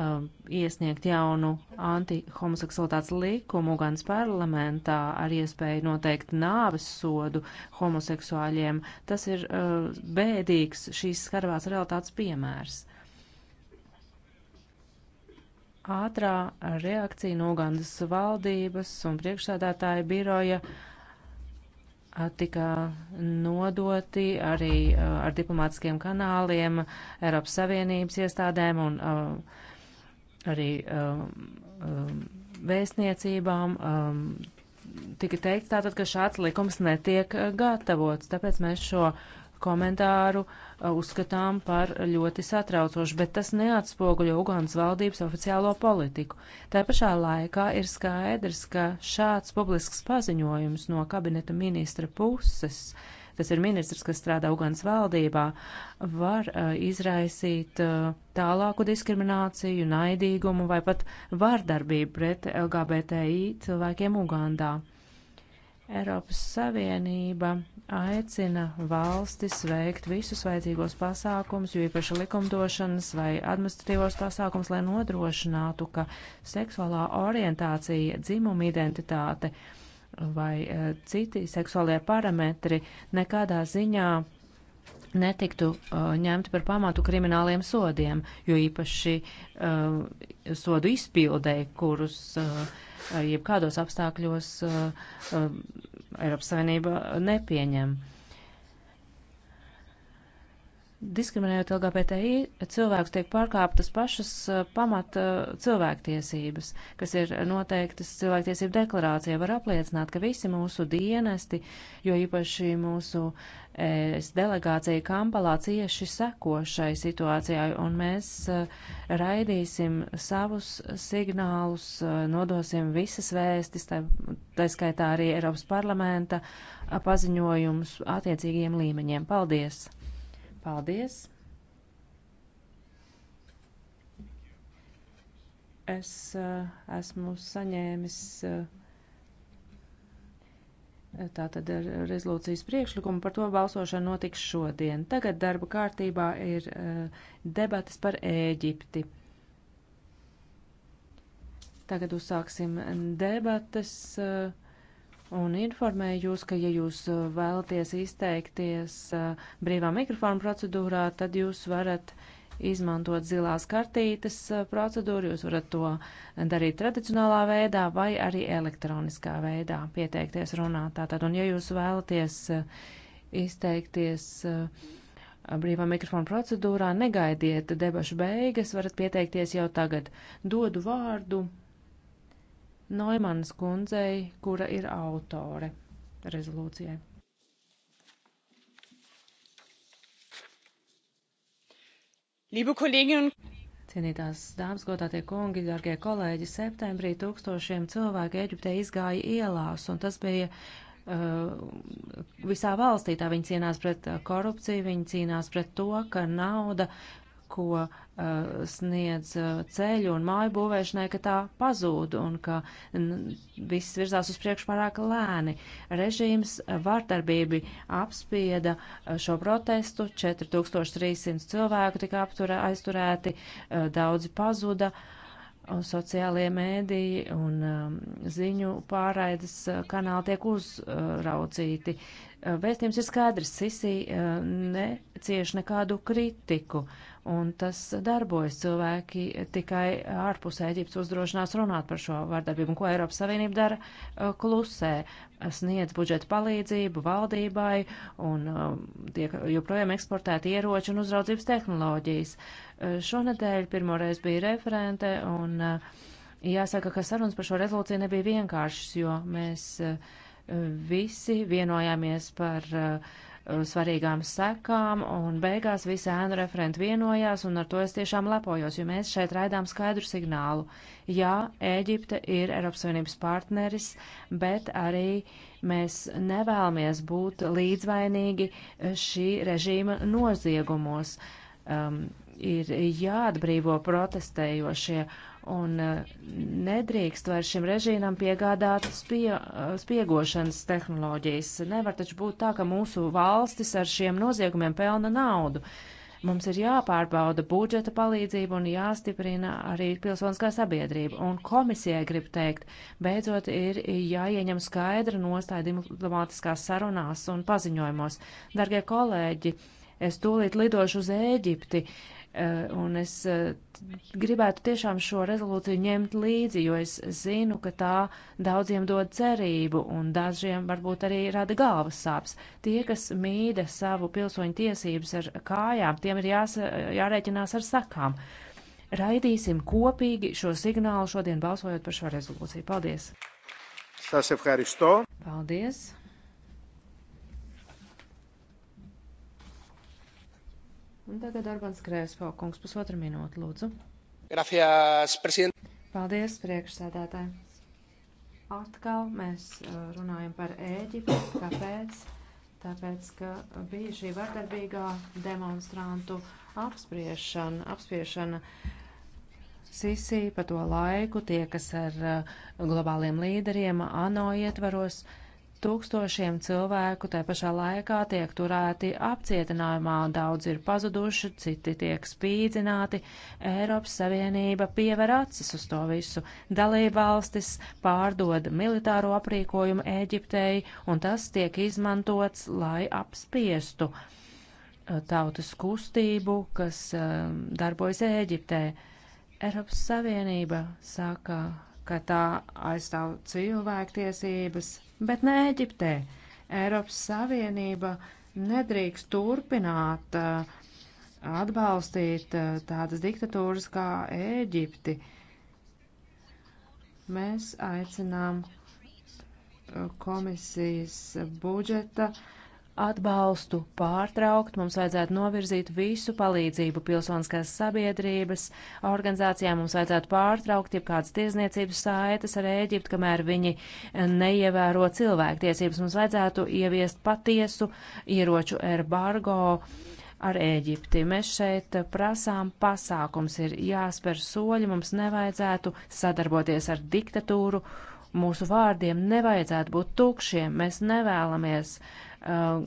uh, iesniegt jaunu antihomoseksualitātes likumu Ugānas parlamentā ar iespēju noteikt nāves sodu homoseksuāļiem, tas ir uh, bēdīgs šīs skarvās realitātes piemērs. Ātrā reakcija no Ugandas valdības un priekšsādātāja biroja uh, tika nodoti arī uh, ar diplomātiskiem kanāliem Eiropas Savienības iestādēm un uh, arī um, um, vēstniecībām. Um, tika teikt tātad, ka šāds likums netiek uh, gatavots, tāpēc mēs šo komentāru uh, uzskatām par ļoti satraucošu, bet tas neatspoguļo Ugandas valdības oficiālo politiku. Tā pašā laikā ir skaidrs, ka šāds publisks paziņojums no kabineta ministra puses, tas ir ministrs, kas strādā Ugandas valdībā, var uh, izraisīt uh, tālāku diskrimināciju, naidīgumu vai pat vardarbību pret LGBTI cilvēkiem Ugandā. Eiropas Savienība aicina valstis veikt visus vajadzīgos pasākums, jo īpaši likumdošanas vai administratīvos pasākums, lai nodrošinātu, ka seksuālā orientācija, dzimuma identitāte vai uh, citi seksuālie parametri nekādā ziņā netiktu uh, ņemti par pamatu krimināliem sodiem, jo īpaši uh, sodu izpildēji, kurus uh, jebkādos apstākļos uh, uh, Eiropas Savienība nepieņem diskriminējot LGBTI, cilvēkus tiek pārkāptas pašas eh, pamata eh, cilvēktiesības, kas ir noteiktas cilvēktiesību deklarācijā. Var apliecināt, ka visi mūsu dienesti, jo īpaši mūsu es, eh, delegācija Kampalā cieši seko šai situācijai, un mēs raidīsim savus signālus, nodosim visas vēstis, tā, tā skaitā arī Eiropas parlamenta paziņojumus attiecīgiem līmeņiem. Paldies! Paldies! Es uh, esmu saņēmis uh, tātad rezolūcijas priekšlikumu. Par to balsošana notiks šodien. Tagad darba kārtībā ir uh, eh, debatas par Ēģipti. Tagad uzsāksim debatas. Uh, un informēju jūs, ka ja jūs uh, vēlaties izteikties uh, brīvā mikrofona procedūrā, tad jūs varat izmantot zilās kartītes uh, procedūru, jūs varat to darīt tradicionālā veidā vai arī elektroniskā veidā pieteikties runāt. Tātad, un ja jūs vēlaties izteikties brīvā mikrofona procedūrā, negaidiet debašu beigas, varat pieteikties jau tagad. Dodu vārdu Noimanas kundzei, kura ir autore rezolūcijai. Liebe Kolleginnen un Cienītās dāmas, godātie kungi, darbie kolēģi, septembrī tūkstošiem cilvēku Eģiptē izgāja ielās, un tas bija uh, visā valstī. Tā viņi cīnās pret uh, korupciju, viņi cīnās pret to, ka nauda ko uh, sniedz uh, ceļu un māju būvēšanai, ka tā pazūd un ka viss virzās uz priekšu pārāk lēni. Režīms vārdarbība apspieda uh, šo protestu, 4300 cilvēku tika apturē, aizturēti, uh, daudzi pazuda. Un sociālie mēdīji un um, ziņu pārraides kanāli tiek uzraudzīti. Vēstījums ir skaidrs, Sisi uh, necieš nekādu kritiku. Uh, un tas darbojas. Cilvēki tikai ārpus Eģiptes uzdrošinās runāt par šo vardarbību, un ko Eiropas Savienība dara klusē, sniedz budžeta palīdzību valdībai, un tiek joprojām eksportēti ieroči un uzraudzības tehnoloģijas. Šonedēļ pirmoreiz bija referente, un jāsaka, ka sarunas par šo rezolūciju nebija vienkāršas, jo mēs visi vienojāmies par uh, Um, svarīgām sekām, un beigās visi ēnu referenti vienojās, un ar to es tiešām lepojos, jo mēs šeit raidām skaidru signālu. Jā, Ēģipte ir Eiropas Savienības partneris, bet arī mēs nevēlamies būt līdzvainīgi šī režīma noziegumos. Um, ir jāatbrīvo protestējošie Un eh, nedrīkst vairs šim režīmam piegādāt spie, eh, spiegošanas tehnoloģijas. Nevar taču būt tā, ka mūsu valstis ar šiem noziegumiem pelna naudu. Mums ir jāpārbauda budžeta palīdzība un jāstiprina arī pilsoniskā sabiedrība. Un komisijai grib teikt, beidzot ir jāieņem skaidra nostāja diplomātiskās sarunās un paziņojumos. Dargie kolēģi, es tūlīt lidošu uz Ēģipti. Uh, Eh, un es eh, gribētu tiešām šo rezolūciju ņemt līdzi, jo es zinu, ka tā daudziem dod cerību un dažiem varbūt arī rada galvas sāpes. Tie, kas mīda savu pilsoņu tiesības ar kājām, tiem ir jās, jārēķinās ar sakām. Raidīsim kopīgi šo signālu šodien balsojot par šo rezolūciju. Paldies! Paldies! Un tagad Orbāns Krēspo kungs pusotru minūtu, lūdzu. Gracias, prezident. Paldies, priekšsēdētāji. Atkal mēs uh, runājam par Ēģiptu. Kāpēc? Tāpēc, ka bija šī vardarbīgā demonstrantu apspriešana. apspriešana Sisi pa to laiku tiekas ar uh, globāliem līderiem ANO ietvaros. Uh, Tūkstošiem cilvēku tajā pašā laikā tiek turēti apcietinājumā, daudz ir pazuduši, citi tiek spīdzināti. Eiropas Savienība piever acis uz to visu. Dalībvalstis pārdod militāro aprīkojumu Ēģiptei, un tas tiek izmantots, lai apspiestu uh, tautas kustību, kas um, darbojas Ēģiptē. Eiropas Savienība saka, ka tā aizstāv cilvēktiesības Bet ne Eģiptē. Eiropas Savienība nedrīkst turpināt uh, atbalstīt uh, tādas diktatūras kā Ēģipti. Mēs aicinām uh, komisijas budžeta uh, atbalstu pārtraukt, mums vajadzētu novirzīt visu palīdzību pilsoniskās sabiedrības organizācijām, mums vajadzētu pārtraukt jebkādas tirzniecības saites ar Ēģiptu, kamēr viņi neievēro cilvēktiesības. Mums vajadzētu ieviest patiesu ieroču erbargo ar Ēģipti. Mēs šeit prasām pasākums, ir jāspēr soļi, mums nevajadzētu sadarboties ar diktatūru. Mūsu vārdiem nevajadzētu būt tukšiem, mēs nevēlamies uh, Uh,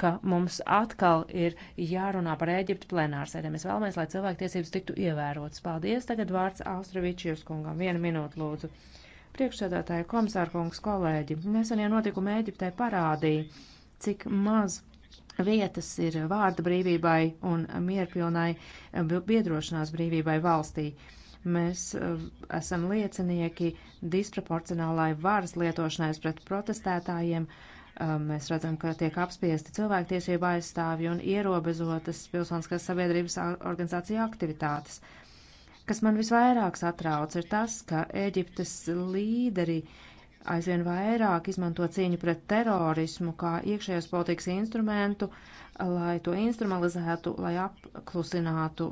ka mums atkal ir jārunā par Ēģiptu plenārsēdē. Mēs vēlamies, lai cilvēktiesības tiktu ievērotas. Paldies. Tagad vārds Austravičijus kungam. Vienu minūtu lūdzu. Priekšsēdētāja komisārkungs kolēģi, nesenie notikumi Ēģiptē parādīja, cik maz vietas ir vārda brīvībai un mierpilnai biedrošanās brīvībai valstī. Mēs uh, esam liecinieki disproporcionālai varas lietošanai pret protestētājiem. Uh, Um, mēs redzam, ka tiek apspiesti cilvēktiesība aizstāvji un ierobežotas pilsoniskās sabiedrības organizācija aktivitātes. Kas man visvairāk satrauc, ir tas, ka Ēģiptes līderi aizvien vairāk izmanto cīņu pret terorismu kā iekšējās politikas instrumentu, lai to instrumentalizētu, lai apklusinātu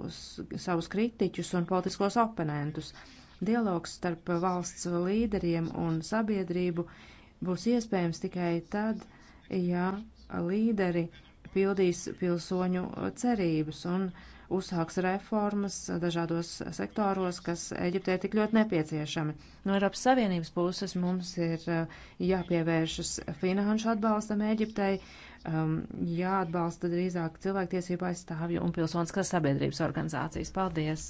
savus kritiķus un politiskos oponentus. Dialogs starp valsts līderiem un sabiedrību būs iespējams tikai tad, ja līderi pildīs pilsoņu cerības un uzsāks reformas dažādos sektoros, kas Eģiptē tik ļoti nepieciešami. No Eiropas Savienības puses mums ir uh, jāpievēršas finanšu atbalstam Eģiptei, um, jāatbalsta drīzāk cilvēktiesību aizstāvju un pilsoniskās sabiedrības organizācijas. Paldies!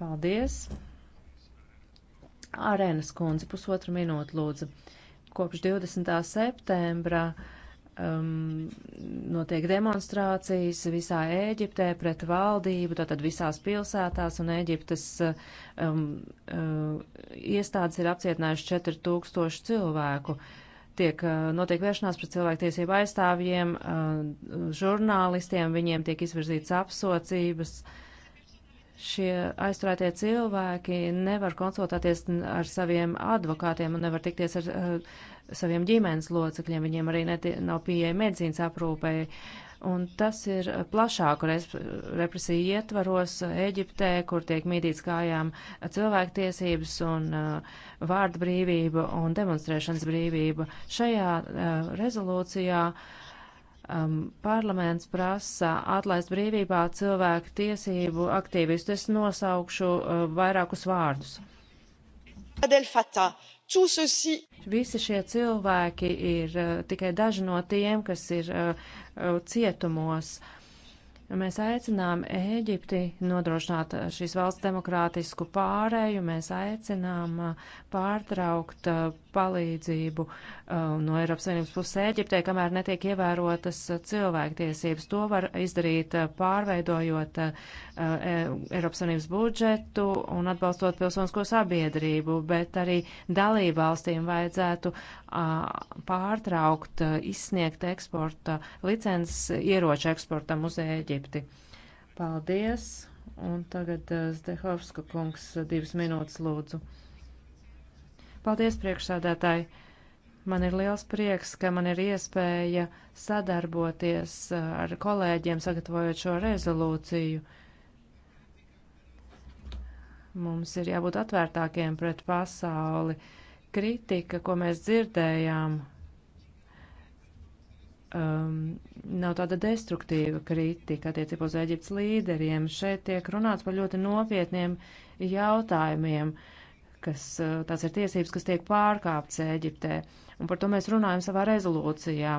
Paldies! Arēnas kundze, pusotru minūtu lūdzu. Kopš 20. septembra um, notiek demonstrācijas visā Ēģiptē pret valdību, tātad visās pilsētās, un Ēģiptes um, uh, iestādes ir apcietinājuši 4000 cilvēku. Tiek uh, notiek vēršanās pret cilvēktiesību aizstāvjiem, uh, žurnālistiem, viņiem tiek izvirzītas apsocības. Uh, šie aizturētie cilvēki nevar konsultēties ar saviem advokātiem un nevar tikties ar, ar eh, saviem ģimenes locekļiem, viņiem arī neti, nav pieeja medicīnas aprūpēji. Un tas ir plašāku represiju ietvaros Eģiptē, kur tiek mīdīts kājām cilvēktiesības un uh, vārda brīvība un demonstrēšanas brīvība. Šajā uh, rezolūcijā uh, um, parlaments prasa atlaist brīvībā cilvēku tiesību aktīvistu. Es nosaukšu uh, vairākus vārdus. Visi šie cilvēki ir uh, tikai daži no tiem, kas ir uh, uh cietumos. Uh, Mēs aicinām Ēģipti nodrošināt šīs valsts demokrātisku pārēju, mēs aicinām uh, pārtraukt uh, palīdzību uh, no Eiropas Savienības puses Ēģiptē, kamēr netiek ievērotas cilvēktiesības. To var izdarīt pārveidojot Eiropas Savienības budžetu un atbalstot pilsonisko sabiedrību, bet arī dalībvalstīm vajadzētu pārtraukt izsniegt eksporta licences ieroču eksportam uz Ēģipti. Paldies! Un tagad Zdehovska kungs divas minūtes lūdzu. Paldies, priekšsādātāji! Man ir liels prieks, ka man ir iespēja sadarboties ar kolēģiem, sagatavojot šo rezolūciju. Mums ir jābūt atvērtākiem pret pasauli. Uh, kritika, ko mēs dzirdējām, um, nav tāda destruktīva kritika attiecībā uz Eģiptes līderiem. Šeit tiek runāts par ļoti nopietniem jautājumiem, kas uh, tās ir tiesības, kas tiek pārkāptas Eģiptē. Un par to mēs runājam savā rezolūcijā.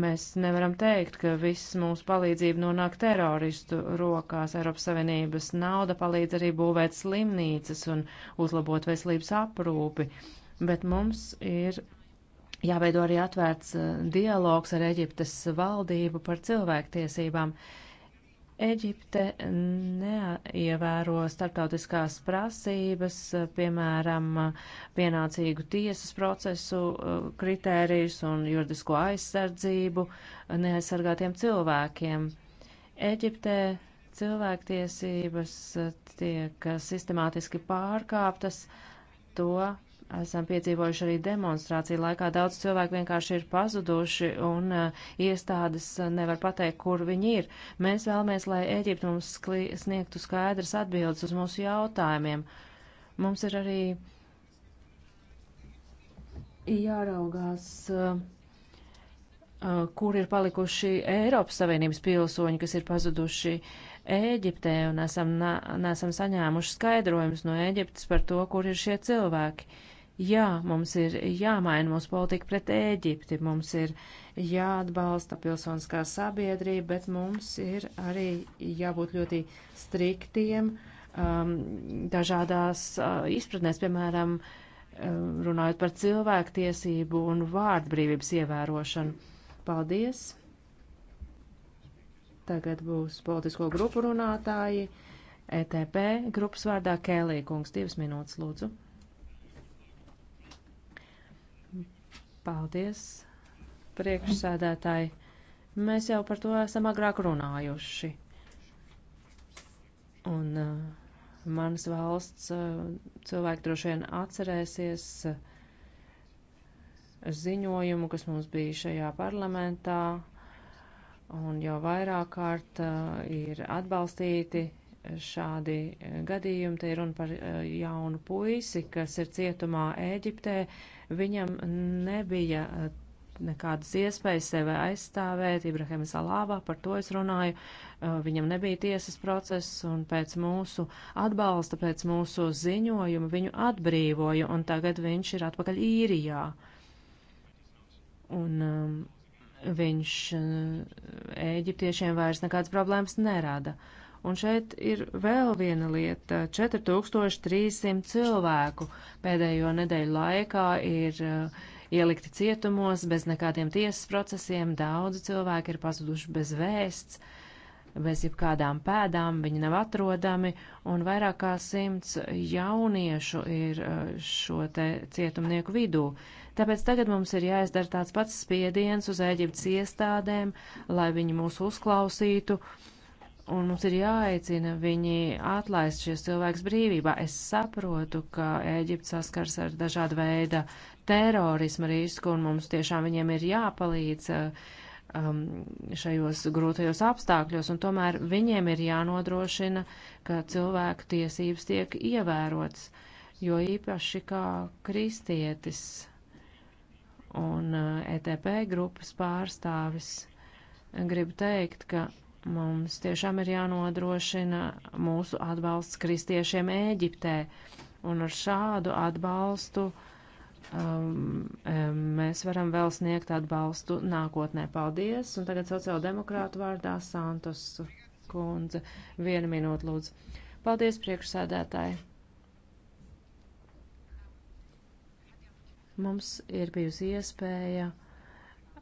Mēs nevaram teikt, ka viss mūsu palīdzība nonāk teroristu rokās. Eiropas Savienības nauda palīdz arī būvēt slimnīcas un uzlabot veselības aprūpi. Uh, bet mums ir jāveido arī atvērts eh, dialogs ar Eģiptes valdību par cilvēktiesībām. Eģipte neievēro starptautiskās prasības, piemēram, pienācīgu tiesas procesu eh, kritērijus un juridisko aizsardzību neaizsargātiem cilvēkiem. Eģiptē cilvēktiesības eh, tiek sistemātiski pārkāptas, to esam piedzīvojuši arī demonstrāciju laikā. Daudz cilvēku vienkārši ir pazuduši un uh, iestādes eh, nevar pateikt, kur viņi ir. Mēs vēlamies, lai Ēģipte mums sniegtu skaidras atbildes uz mūsu jautājumiem. Mums ir arī jāraugās. Uh, kur ir palikuši Eiropas Savienības pilsoņi, kas ir pazuduši Ēģiptē, un esam, nesam saņēmuši skaidrojumus no Ēģiptes par to, kur ir šie cilvēki. Uh, Jā, mums ir jāmaina mūsu politika pret Ēģipti, mums ir jāatbalsta pilsoniskā sabiedrība, bet mums ir arī jābūt ļoti striktiem um, dažādās uh, izpratnēs, piemēram, um, runājot par cilvēktiesību un vārdbrīvības ievērošanu. Paldies! Tagad būs politisko grupu runātāji. ETP grupas vārdā Kēlī kungs, divas minūtes lūdzu. Paldies, priekšsēdētāji. Mēs jau par to esam agrāk runājuši. Un uh, manas valsts uh, cilvēki droši vien atcerēsies uh, ziņojumu, kas mums bija šajā parlamentā, un jau vairāk kārt uh, ir atbalstīti šādi eh, gadījumi. Te ir runa par eh, jaunu puisi, kas ir cietumā Ēģiptē. Viņam nebija eh, nekādas iespējas sevi aizstāvēt. Ibrahim Salāvā par to es runāju. Viņam nebija tiesas process un pēc mūsu atbalsta, pēc mūsu ziņojuma viņu atbrīvoja un tagad viņš ir atpakaļ īrijā. Un um, viņš Ēģiptiešiem vairs nekādas problēmas nerada. Uh, Un šeit ir vēl viena lieta - 4300 cilvēku pēdējo nedēļu laikā ir uh, ielikti cietumos bez nekādiem tiesas procesiem, daudzi cilvēki ir pazuduši bez vēsts, bez jebkādām pēdām, viņi nav atrodami, un vairāk kā simts jauniešu ir uh, šo te cietumnieku vidū. Tāpēc tagad mums ir jāizdara tāds pats spiediens uz Ēģiptes iestādēm, lai viņi mūs uzklausītu. Uh, un mums ir jāaicina viņi atlaist šos cilvēkus brīvībā. Es saprotu, ka Ēģipte saskars ar dažādu veidu terorismu risku, un mums tiešām viņiem ir jāpalīdz uh, um, šajos grūtajos apstākļos, un tomēr viņiem ir jānodrošina, ka cilvēku tiesības tiek ievērotas, jo īpaši kā kristietis un uh, ETP grupas pārstāvis gribu teikt, ka Mums tiešām ir jānodrošina mūsu atbalsts kristiešiem Ēģiptē. Un ar šādu atbalstu um, mēs varam vēl sniegt atbalstu nākotnē. Paldies! Un tagad sociāldemokrātu vārdā Santos kundze. Vienu minūtu lūdzu. Paldies, priekšsēdētāji! Mums ir bijusi iespēja uh,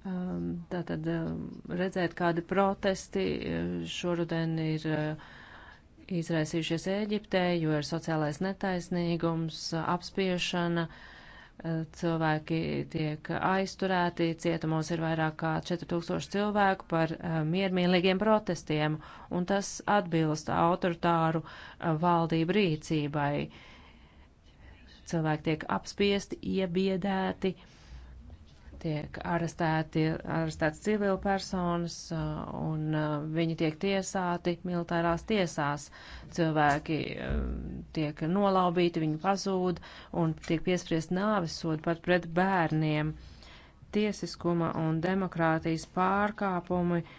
Um, tātad um, redzēt, kādi protesti um, šoruden ir uh, izraisījušies Ēģiptē, jo ir sociālais netaisnīgums, apspiešana, uh, cilvēki tiek aizturēti, cietumos ir vairāk kā 4000 cilvēku par uh, miermīlīgiem protestiem, un tas atbilst autoritāru valdību rīcībai. Cilvēki tiek apspiesti, iebiedēti. Uh, tiek arestēti, arestēts civila personas uh, un uh, viņi tiek tiesāti militārās tiesās. Cilvēki um, tiek nolaubīti, viņi pazūd un tiek piespriest nāvis sodu pat pret bērniem. Tiesiskuma un demokrātijas pārkāpumi uh,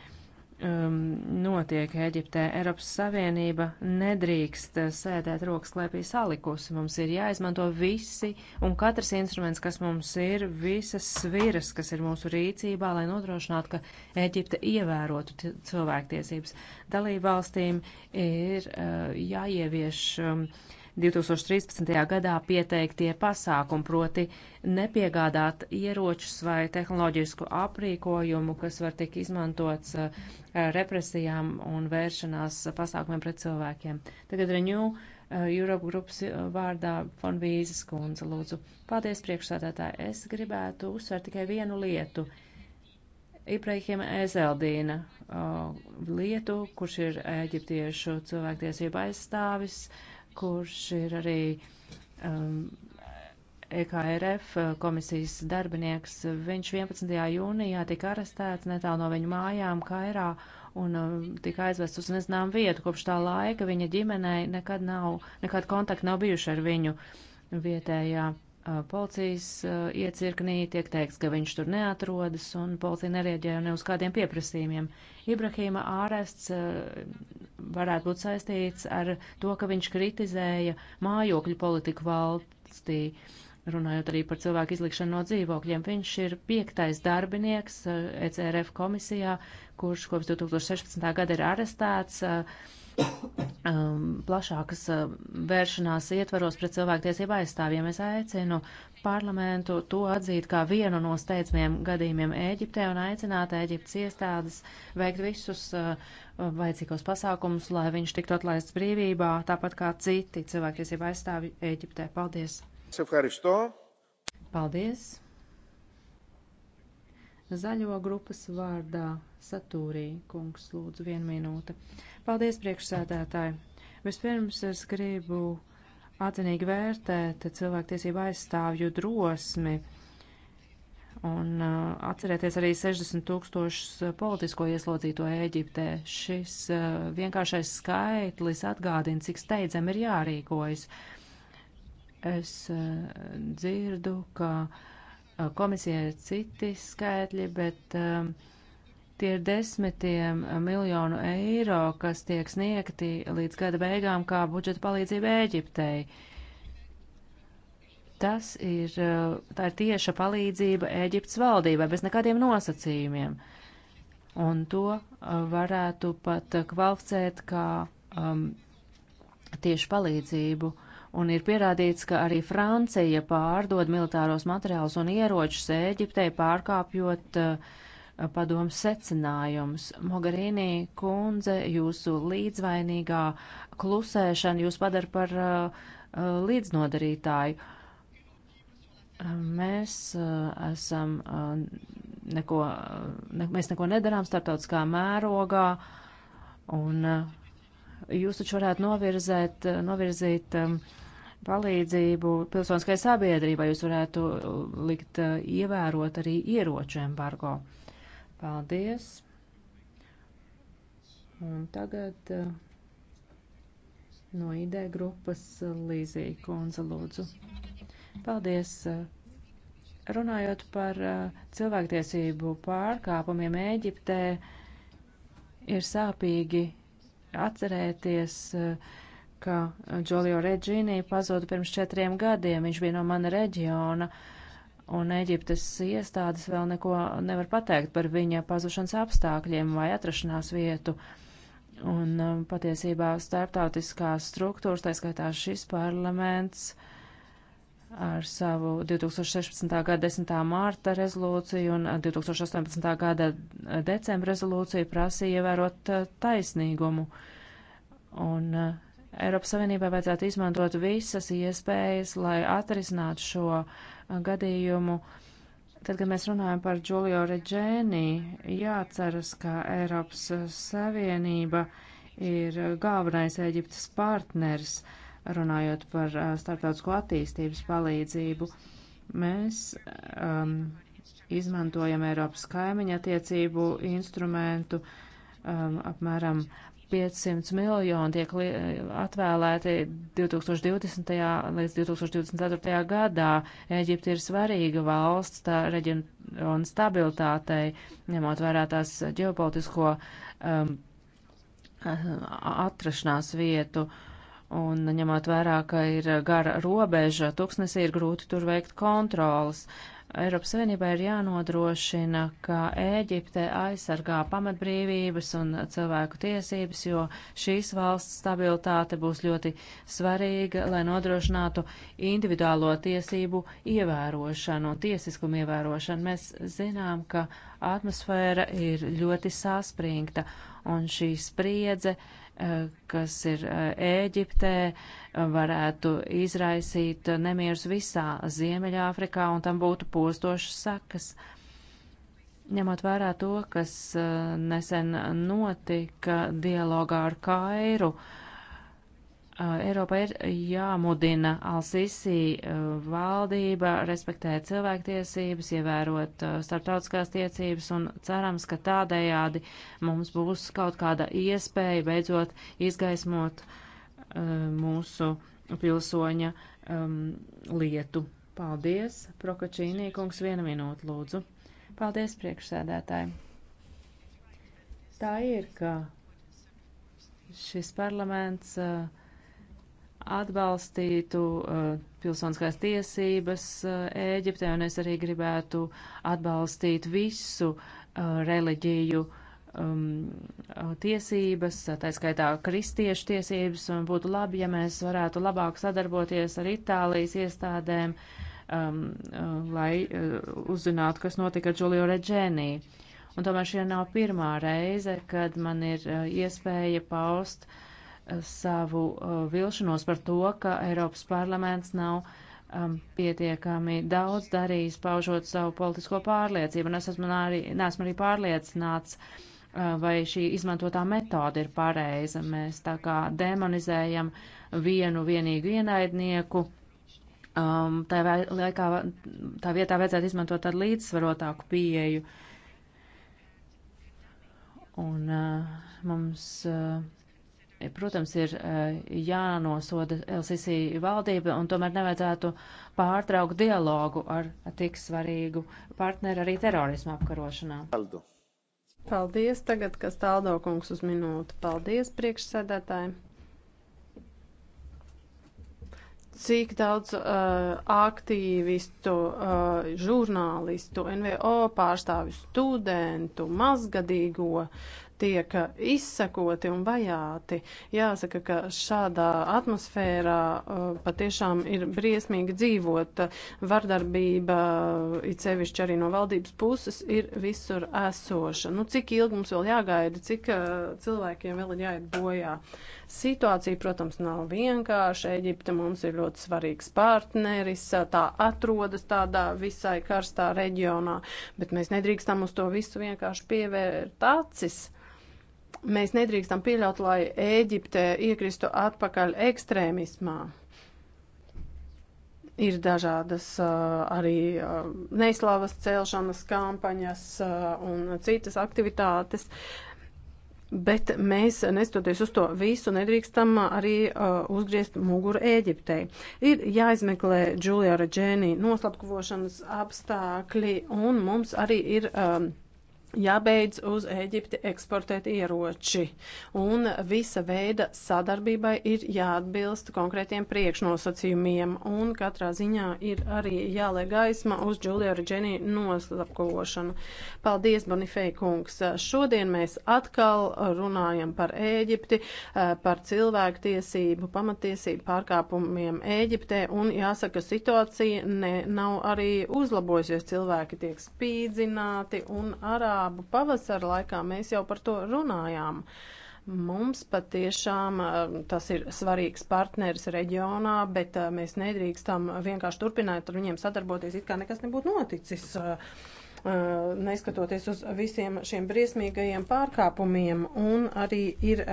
um, notiek Eģiptē. Eiropas Savienība nedrīkst sēdēt rokas klēpī salikusi. Mums ir jāizmanto visi un katrs instruments, kas mums ir, visas sviras, kas ir mūsu rīcībā, lai nodrošinātu, ka Eģipte ievērotu cilvēktiesības. Dalībvalstīm ir uh, jāievieš. Um, 2013. gadā pieteiktie pasākumi, proti nepiegādāt ieročus vai tehnoloģisku aprīkojumu, kas var tik izmantots eh, represijām un vēršanās pasākumiem pret cilvēkiem. Tagad Renew eh, Europe grupas eh, vārdā von Vīzes kundze lūdzu. Paldies priekšsādātāji, es gribētu uzsvērt tikai vienu lietu. Ibrahima Ezeldīna lietu, kurš ir eģiptiešu cilvēktiesība aizstāvis. Uh, kurš ir arī um, EKRF uh, komisijas darbinieks. Viņš 11. jūnijā tika arestēts netālu no viņu mājām Kairā un um, tika aizvests uz nezinām vietu. Kopš tā laika viņa ģimenei nekad nav, nekad kontakti nav bijuši ar viņu vietējā policijas iecirknī, tiek teikts, ka viņš tur neatrodas, un policija nereaģēja ne uz kādiem pieprasījumiem. Ibrahīma ārests varētu būt saistīts ar to, ka viņš kritizēja mājokļu politiku valstī. Runājot arī par cilvēku izlikšanu no dzīvokļiem, viņš ir piektais darbinieks ECRF komisijā, kurš kopš 2016. gada ir arestēts uh, um, plašākas uh, vēršanās ietvaros pret cilvēktiesību aizstāvjiem. Es aicinu parlamentu to atzīt kā vienu no steidzamiem gadījumiem Ēģiptē un aicināt Ēģiptes iestādes veikt visus uh, vajadzīgos pasākumus, lai viņš tiktu atlaists brīvībā, tāpat kā citi cilvēktiesību aizstāvji Ēģiptē. Paldies! Paldies! Zaļo grupas vārdā Satūrī kungs lūdzu vienu minūte. Paldies priekšsēdētāji. Vispirms es gribu atzinīgi vērtēt cilvēktiesību aizstāvju drosmi un uh, atcerēties arī 60 tūkstošus uh, politisko ieslodzīto Ēģiptē. Šis uh, vienkāršais skaitlis atgādina, cik steidzam ir jārīkojas. Es uh, dzirdu, ka uh, Eh, komisijai ir citi skaitļi, bet um, tie ir desmitiem miljonu eiro, kas tiek sniegti līdz gada beigām kā budžeta palīdzība Ēģiptei. Tas ir, eh, tā ir tieša palīdzība Ēģiptes valdībai bez nekādiem nosacījumiem. Un to varētu pat kvalificēt kā um, ehm, tieši palīdzību uh, un ir pierādīts, ka arī Francija pārdod militāros materiālus un ieročus Ēģiptei, pārkāpjot uh, padomu secinājumus. Mogherīnī kundze, jūsu līdzvainīgā klusēšana jūs padara par uh, līdznodarītāju. Mēs uh, esam, uh, neko, ne, mēs neko nedarām starptautiskā mērogā un uh, jūs taču varētu novirzēt, eh, novirzīt ehm, palīdzību pilsoniskai sabiedrībai, jūs varētu eh, likt eh, ievērot arī ieroču embargo. Paldies! Un tagad no ID grupas Līzija Kunze lūdzu. Paldies! Runājot par cilvēktiesību pārkāpumiem Ēģiptē, ir sāpīgi atcerēties, eh, ka Džolio Reģīnī pazuda pirms četriem gadiem. Viņš bija no mana reģiona, un Eģiptes iestādes vēl neko nevar pateikt par viņa pazušanas apstākļiem vai atrašanās vietu. Un eh, patiesībā starptautiskās struktūras, tā skaitā šis parlaments, uh, ar savu 2016. gada 10. mārta rezolūciju un 2018. gada decembra rezolūciju prasīja ievērot eh, taisnīgumu. Un eh, Eiropas Savienībai vajadzētu izmantot visas iespējas, lai atrisinātu šo eh, gadījumu. Tad, kad mēs runājam par Giulio Reģēnī, jāceras, ka Eiropas Savienība ir galvenais Eģiptes partners. Uh, runājot par starptautisko attīstības palīdzību, mēs um, izmantojam Eiropas kaimiņa attiecību instrumentu um, apmēram 500 miljoni tiek atvēlēti 2020. līdz 2024. gadā. Eģipte ir svarīga valsts tā reģiona stabilitātei, ņemot vērā tās ģeopolitisko um, atrašanās vietu. Uh, Un ņemot vērā, ka ir gara robeža, tūkstnesī ir grūti tur veikt kontrolas. Eiropas Savienībā ir jānodrošina, ka Ēģipte aizsargā pamatbrīvības un cilvēku tiesības, jo šīs valsts stabilitāte būs ļoti svarīga, lai nodrošinātu individuālo tiesību ievērošanu un tiesiskumu ievērošanu. Mēs zinām, ka atmosfēra ir ļoti saspringta un šī spriedze uh, kas ir eh, Ēģiptē, varētu izraisīt nemierus visā Ziemeļāfrikā un tam būtu postošas sakas. Ņemot vērā to, kas eh, nesen notika dialogā ar Kairu, uh, Uh, Eiropā ir jāmudina Alsisi uh, valdība respektēt cilvēktiesības, ievērot uh, starptautiskās tiecības un cerams, ka tādējādi mums būs kaut kāda iespēja beidzot izgaismot mūsu pilsoņa um, lietu. Paldies, Prokačīnī kungs, viena minūte lūdzu. Paldies, priekšsēdētāji. Tā ir, ka šis parlaments uh, atbalstītu uh, pilsoniskās tiesības uh, Ēģiptē, un es arī gribētu atbalstīt visu uh, reliģiju um, uh, tiesības, uh, tā skaitā kristiešu tiesības, un būtu labi, ja mēs varētu labāk sadarboties ar Itālijas iestādēm, um, uh, lai uh, uzzinātu, kas notika ar Giulio Reģēnī. Un tomēr šī nav pirmā reize, kad man ir uh, iespēja paust uh, savu uh, vilšanos par to, ka Eiropas parlaments nav um, pietiekami daudz darījis, paužot savu politisko pārliecību. Un es esmu arī, neesmu arī pārliecināts, uh, vai šī izmantotā metode ir pareiza. Mēs tā kā demonizējam vienu vienīgu ienaidnieku. Um, tā, laikā, tā vietā vajadzētu izmantot tādu līdzsvarotāku pieeju. Un uh, mums. Uh, protams, ir eh, jānosoda LCC valdība, un tomēr nevajadzētu pārtraukt dialogu ar tik svarīgu partneri arī terorismu apkarošanā. Paldu. Paldies, tagad, kas tāldo kungs uz minūtu. Paldies, priekšsēdētāji. Cik daudz uh, aktīvistu, uh, žurnālistu, NVO pārstāvju, studentu, mazgadīgo tiek izsekoti un vajāti. Jāsaka, ka šādā atmosfērā uh, patiešām ir briesmīgi dzīvot. Vardarbība, uh, it sevišķi arī no valdības puses, ir visur esoša. Nu, cik ilgi mums vēl jāgaida, cik uh, cilvēkiem vēl ir jāiet bojā? Situācija, protams, nav vienkārša. Eģipte mums ir ļoti svarīgs partneris, tā atrodas tādā visai karstā reģionā, bet mēs nedrīkstam uz to visu vienkārši pievērt acis. Mēs nedrīkstam pieļaut, lai Ēģipte iekristu atpakaļ ekstrēmismā. Ir dažādas uh, arī uh, neslavas celšanas kampaņas uh, un citas aktivitātes, bet mēs, nestoties uz to visu, nedrīkstam arī uzgriezt muguru Ēģiptei. Ir jāizmeklē Džulija Reģēnī noslapkavošanas apstākļi un mums arī ir. Um, jābeidz uz Ēģipti eksportēt ieroči, un visa veida sadarbībai ir jāatbilst konkrētiem priekšnosacījumiem, un katrā ziņā ir arī jālai gaisma uz Džulio Reģeni noslapkošanu. Paldies, Bonifei kungs! Šodien mēs atkal runājam par Ēģipti, par cilvēktiesību, pamatiesību pārkāpumiem Ēģiptē, un jāsaka, situācija ne, nav arī uzlabojusies, cilvēki tiek spīdzināti un arā arābu pavasara laikā mēs jau par to runājām. Mums patiešām eh, tas ir svarīgs partneris reģionā, bet eh, mēs nedrīkstam vienkārši turpināt ar viņiem sadarboties, it kā nekas nebūtu noticis eh, neskatoties uz visiem šiem briesmīgajiem pārkāpumiem, un arī ir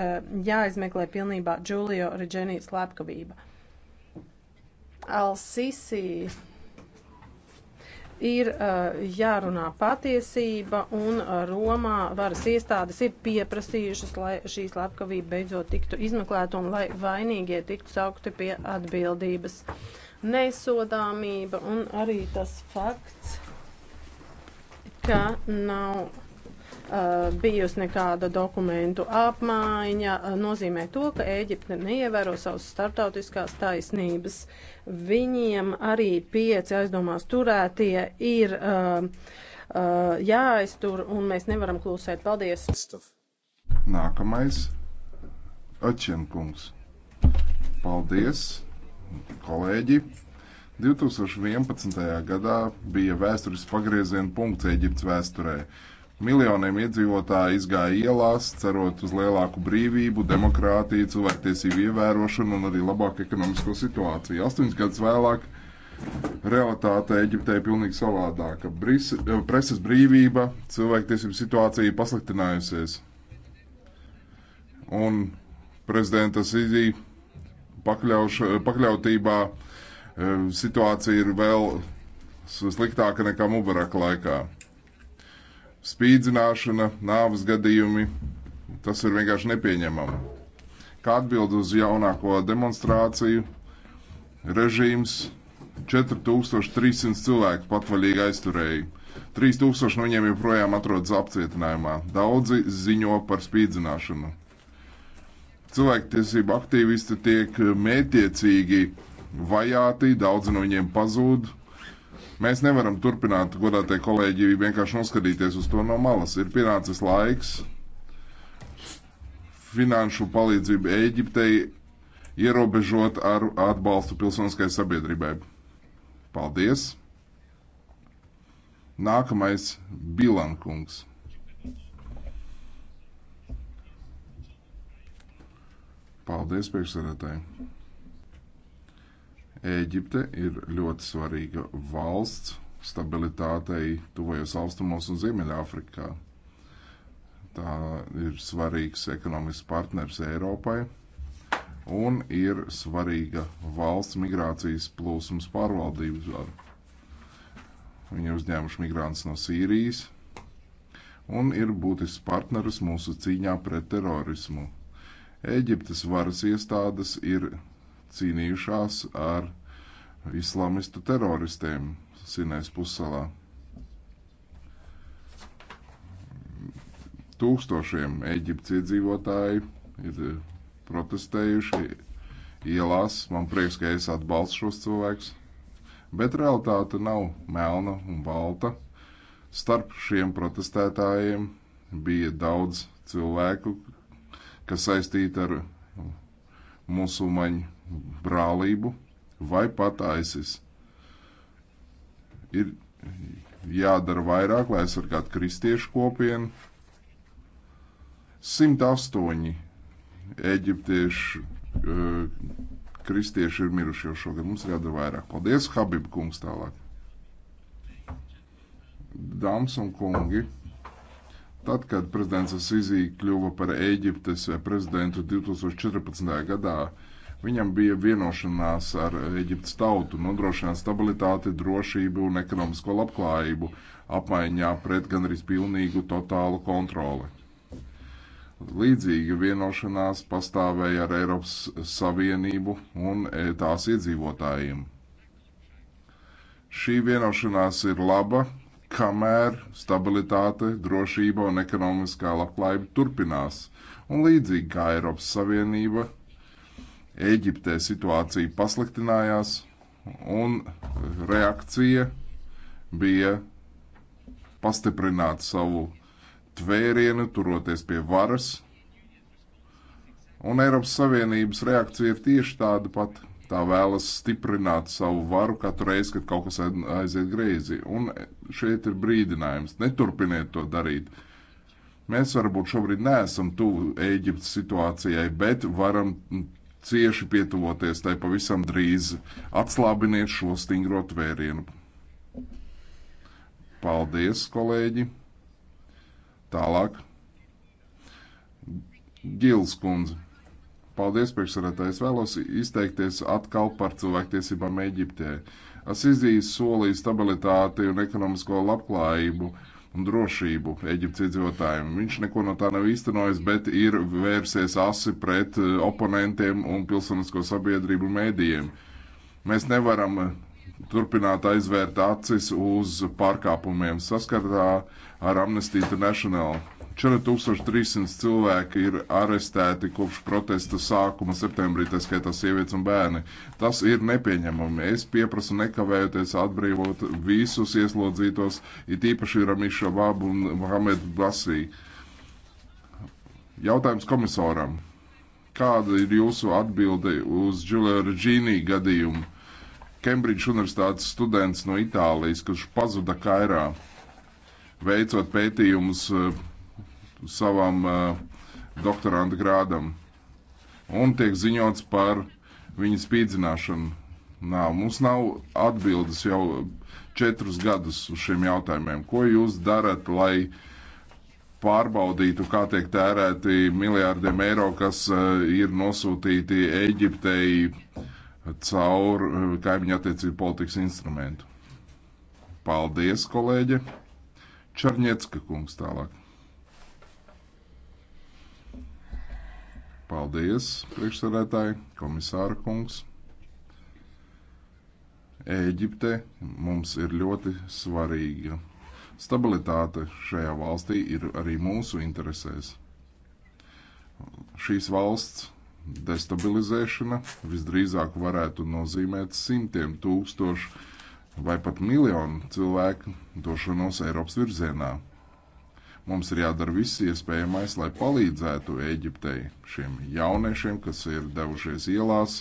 jāizmeklē pilnībā Giulio Reģenijas slepkavība. Al-Sisi ir uh, jārunā patiesība, un uh, Romā varas iestādes ir pieprasījušas, lai šī slepkavība beidzot tiktu izmeklēta un lai vainīgie tiktu saukti pie atbildības. Nesodāmība un arī tas fakts, ka nav Eh, bijusi nekāda dokumentu apmaiņa, eh, nozīmē to, ka Ēģipte neievēro savas starptautiskās taisnības. Viņiem arī pieci aizdomās turētie ir uh, uh, jāaiztur, un mēs nevaram klusēt. Paldies! Nākamais - Ačenkungs. Paldies, kolēģi! 2011. gadā bija vēsturis pagrieziena punkts Eģiptes vēsturē Miljoniem iedzīvotāji izgāja ielās, cerot uz lielāku brīvību, demokrātiju, cilvēktiesību ievērošanu un arī labāku ekonomisko situāciju. Astoņas gadus vēlāk realitāte Eģiptē ir pilnīgi savādāka. Bris, eh, preses brīvība, cilvēktiesību situācija pasliktinājusies. Un prezidenta Sidī pakļautībā eh, situācija ir vēl sliktāka nekā Mubaraka laikā spīdzināšana, nāves gadījumi. Tas ir vienkārši nepieņemami. Kā atbild uz jaunāko demonstrāciju, režīms 4300 cilvēku patvaļīgi aizturēja. 3000 no viņiem joprojām atrodas apcietinājumā. Daudzi ziņo par spīdzināšanu. Cilvēktiesība aktīvisti tiek mētiecīgi vajāti, daudzi no viņiem pazūd, Mēs nevaram turpināt, godātie kolēģi, vienkārši noskatīties uz to no malas. Ir pienācis laiks finanšu palīdzību Eģiptei ierobežot ar atbalstu pilsoniskai sabiedrībai. Paldies! Nākamais Bilankungs. Paldies, priekšsēdētāji! Ēģipte ir ļoti svarīga valsts stabilitātei tuvajos austrumos un Ziemeļāfrikā. Tā ir svarīgs ekonomisks partners Eiropai un ir svarīga valsts migrācijas plūsmas pārvaldības. Viņi ir uzņēmuši migrantus no Sīrijas un ir būtisks partneris mūsu cīņā pret terorismu. Eģiptes varas iestādes ir cīnījušās ar islamistu teroristiem Sinēs pussalā. Tūkstošiem Eģiptes iedzīvotāji ir protestējuši ielās. Man prieks, ka es atbalstu šos cilvēkus. Bet realitāte nav melna un balta. Starp šiem protestētājiem bija daudz cilvēku, kas saistīti ar musulmaņu brālību vai pat aizsis. Ir jādara vairāk, lai aizsargātu kristiešu kopienu. 108 eģiptieši, eh, kristieši ir miruši jau šogad. Mums ir jādara vairāk. Paldies, Habib kungs tālāk. Dāmas un kungi, Tad, kad prezidents Asizī kļuva par Eģiptes eh, prezidentu 2014. gadā, Viņam bija vienošanās ar Eģiptes tautu nodrošināt stabilitāti, drošību un ekonomisko labklājību apmaiņā pret gan arī pilnīgu totālu kontroli. Līdzīga vienošanās pastāvēja ar Eiropas Savienību un tās iedzīvotājiem. Šī vienošanās ir laba, kamēr stabilitāte, drošība un ekonomiskā labklājība turpinās, un līdzīgi kā Eiropas Savienība, Eģiptē situācija pasliktinājās, un reakcija bija pastiprināt savu tvērienu, turoties pie varas. Un Eiropas Savienības reakcija ir tieši tāda pati. Tā vēlas stiprināt savu varu katru reizi, kad kaut kas aiziet greizi. Un šeit ir brīdinājums. Neturpiniet to darīt. Mēs varbūt šobrīd neesam tuvu Eģiptes situācijai, bet varam cieši pietuvoties tai pavisam drīz. Atslābiniet šo stingro tvērienu. Paldies, kolēģi! Tālāk. Gils kundze. Paldies, priekšsarētājs. Vēlos izteikties atkal par cilvēktiesībām Eģiptē. Asizijas solīja stabilitāti un ekonomisko labklājību. Uh, un drošību Eģiptes iedzīvotājiem. Viņš neko no tā nav īstenojis, bet ir vērsies asi pret eh, oponentiem un pilsonisko sabiedrību mēdījiem. Mēs nevaram eh, turpināt aizvērt acis uz pārkāpumiem saskartā ar Amnesty International 4300 cilvēki ir arestēti kopš protesta sākuma septembrī, tā skaitā sievietes un bērni. Tas ir nepieņemami. Es pieprasu nekavējoties atbrīvot visus ieslodzītos, it īpaši Ramiša Vabu un Mohamedu Basī. Jautājums komisoram. Kāda ir jūsu atbilde uz Giulio Regīnī gadījumu? Kembridžas universitātes students no Itālijas, kurš pazuda Kairā, veicot pētījumus uh, savam uh, doktoranta grādam. Un tiek ziņots par viņa spīdzināšanu. Nav, mums nav atbildes jau četrus gadus uz šiem jautājumiem. Ko jūs darat, lai pārbaudītu, kā tiek tērēti miljārdiem eiro, kas uh, ir nosūtīti Eģiptei caur uh, kaimiņu attiecību politikas instrumentu? Paldies, kolēģi! Čarņecka kungs tālāk. Paldies, priekšsēdētāji, komisāra kungs. Ēģipte mums ir ļoti svarīga. Stabilitāte šajā valstī ir arī mūsu interesēs. Šīs valsts destabilizēšana visdrīzāk varētu nozīmēt simtiem tūkstošu vai pat miljonu cilvēku došanos Eiropas virzienā. Mums ir jādara viss iespējamais, lai palīdzētu Eģiptei, šiem jauniešiem, kas ir devušies ielās.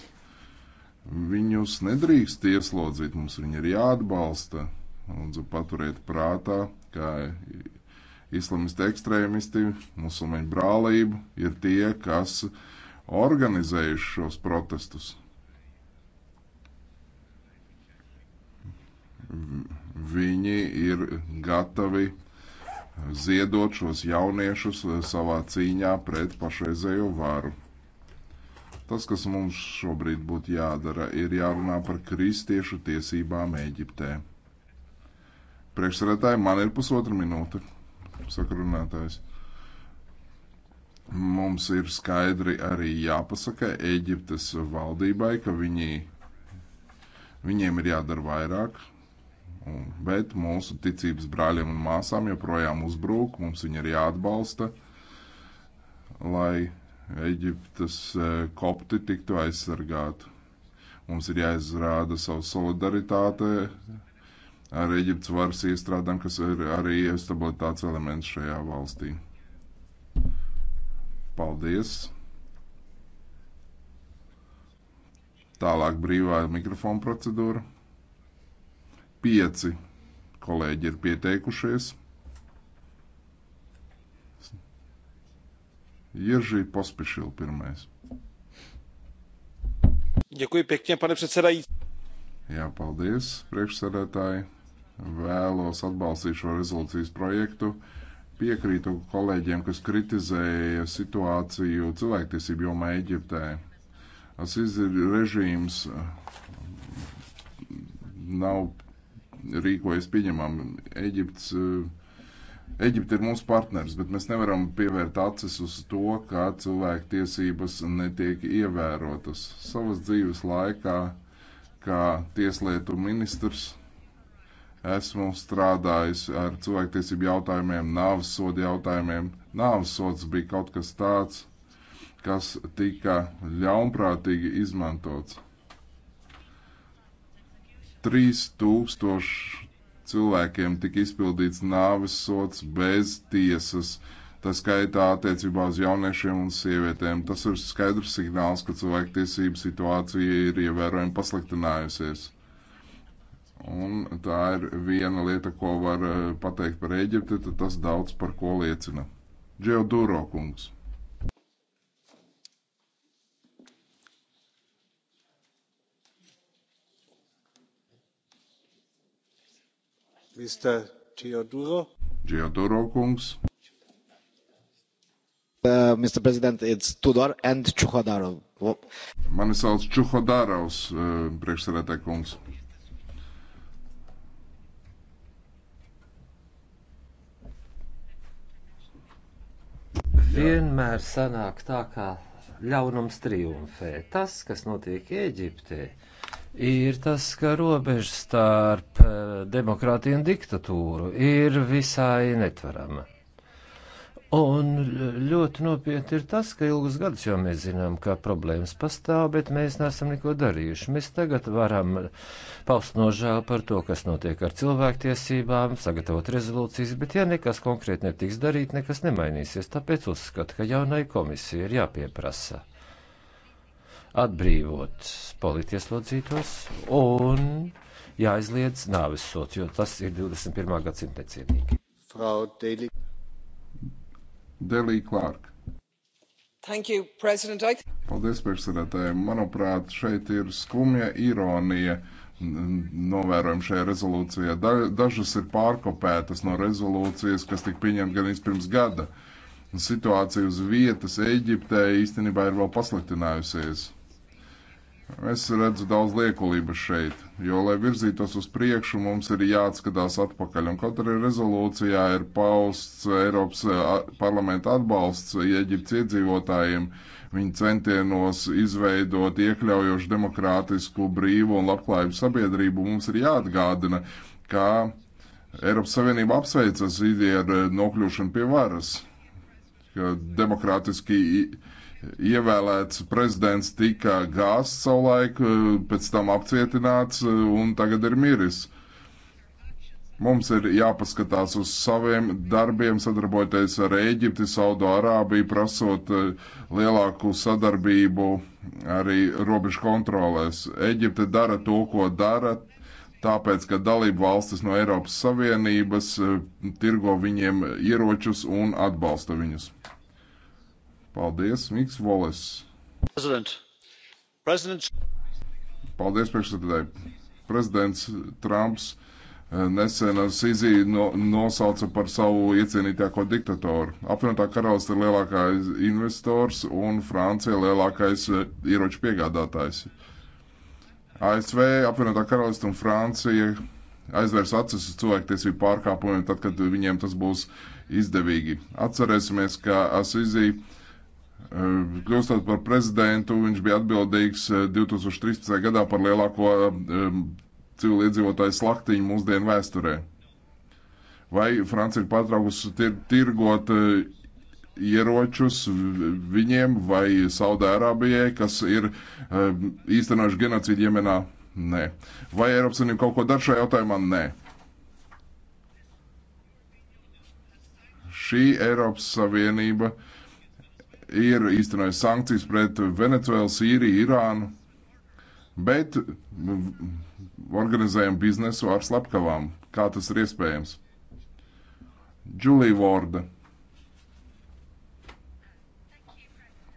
Viņus nedrīkst ieslodzīt, mums viņi ir jāatbalsta. Lūdzu, paturiet prātā, ka islamisti ekstrēmisti, musulmaņu brālība ir tie, kas organizējuši šos protestus. Viņi ir gatavi ziedot šos jauniešus eh, savā cīņā pret pašreizējo varu. Tas, kas mums šobrīd būtu jādara, ir jārunā par kristiešu tiesībām Eģiptē. Priekšsēdētāji, man ir pusotra minūte, saka runātājs. Mums ir skaidri arī jāpasaka Eģiptes valdībai, ka viņi, viņiem ir jādara vairāk, Un, bet mūsu ticības brāļiem un māsām joprojām uzbrūk, mums viņi ir jāatbalsta, lai Eģiptes e, kopti tiktu aizsargāti. Mums ir jāizrāda savu solidaritāte ar Eģiptes varas iestrādām, kas ir arī stabilitātes elements šajā valstī. Paldies! Tālāk brīvā mikrofona procedūra. Pieci kolēģi ir pieteikušies. Jiří Pospišil pirmais. Děkuji pěkně, pane předsedající. Jā, paldies, priekšsēdētāji. Vēlos atbalstīt šo rezolūcijas projektu. Piekrītu kolēģiem, kas kritizēja situāciju cilvēktiesību jomā Eģiptē. Asīzi režīms nav rīkojas pieņemam. Eģipts, eh, Eģipte ir mūsu partners, bet mēs nevaram pievērt acis uz to, kā cilvēku tiesības netiek ievērotas. Savas dzīves laikā, kā tieslietu ministrs, esmu strādājis ar cilvēktiesību jautājumiem, nāves sodu jautājumiem. Nāves sods bija kaut kas tāds, kas tika ļaunprātīgi izmantots. 3000 cilvēkiem tika izpildīts nāves sots bez tiesas. Tas skaitā attiecībā uz jauniešiem un sievietēm. Tas ir skaidrs signāls, ka cilvēktiesību situācija ir ievērojami pasliktinājusies. Un tā ir viena lieta, ko var eh, pateikt par Eģipti, tad tas daudz par ko liecina. Džeo Duro kungs. Mr. Teodoro. Teodoro kungs. Uh, Mr. President, it's Tudor and Čuhodarov. Oh. Mani sauc Čuhodarovs, uh, priekšsēdētāj kungs. Vienmēr sanāk tā, kā ļaunums triumfē. Tas, kas notiek Eģiptē, ir tas, ka robeža starp eh, demokrātiju un diktatūru ir visai netverama. Un ļoti nopietni ir tas, ka ilgus gadus jau mēs zinām, ka problēmas pastāv, bet mēs neesam neko darījuši. Mēs tagad varam paust nožēlu par to, kas notiek ar cilvēktiesībām, sagatavot rezolūcijas, bet ja nekas konkrēti netiks darīt, nekas nemainīsies. Tāpēc uzskatu, ka jaunai komisija ir jāpieprasa atbrīvot politieslodzītos un jāizliedz nāves sots, jo tas ir 21. gadsimta necienīgi. Frau Deli. Delī Klārk. Thank you, President. I... Paldies, priekšsēdētāji. Manuprāt, šeit ir skumja ironija novērojam šajā rezolūcijā. Da, dažas ir pārkopētas no rezolūcijas, kas tika pieņemta gan pirms gada. Situācija uz vietas Eģiptē īstenībā ir vēl pasliktinājusies. Es redzu daudz liekulības šeit, jo, lai virzītos uz priekšu, mums ir jāatskatās atpakaļ. Un kaut arī rezolūcijā ir pausts Eiropas parlamenta atbalsts Eģiptes iedzīvotājiem, viņi centienos izveidot iekļaujošu demokrātisku, brīvu un labklājību sabiedrību, mums ir jāatgādina, ka Eiropas Savienība apsveicas ar nokļūšanu pie varas, ka demokrātiski ievēlēts prezidents tika gāsts savulaik, pēc tam apcietināts un tagad ir miris. Mums ir jāpaskatās uz saviem darbiem, sadarbojoties ar Eģipti, Saudārābiju, prasot eh, lielāku sadarbību arī robežu kontrolēs. Eģipte dara to, ko dara, tāpēc, ka dalību valstis no Eiropas Savienības eh, tirgo viņiem ieročus un atbalsta viņus. Paldies, Miks Voles. President. President. Paldies, priekšsēdētāji. Prezidents Trumps eh, nesen Sīzī no, nosauca par savu iecienītāko diktatoru. Apvienotā karalista ir lielākais investors un Francija lielākais eh, ieroču piegādātājs. ASV, apvienotā karalista un Francija aizvērs acis uz cilvēktiesību pārkāpumiem tad, kad viņiem tas būs izdevīgi. Atcerēsimies, ka Asīzija Eh, kļūstot par prezidentu, viņš bija atbildīgs 2013. Eh, gadā par lielāko eh, civiliedzīvotāju slaktiņu mūsdienu vēsturē. Vai Francija ir patraukusi tir tirgot ieročus viņiem vai Saudārābijai, kas ir īstenojuši genocīdu Jemenā? Nē. Vai Eiropas Unība kaut ko dara šajā jautājumā? Nē. Šī Eiropas Savienība uh, ir īstenojis sankcijas pret Venecuēlu, Sīriju, Irānu, bet organizējam biznesu ar slepkavām. Kā tas ir iespējams? Džulija Vorda.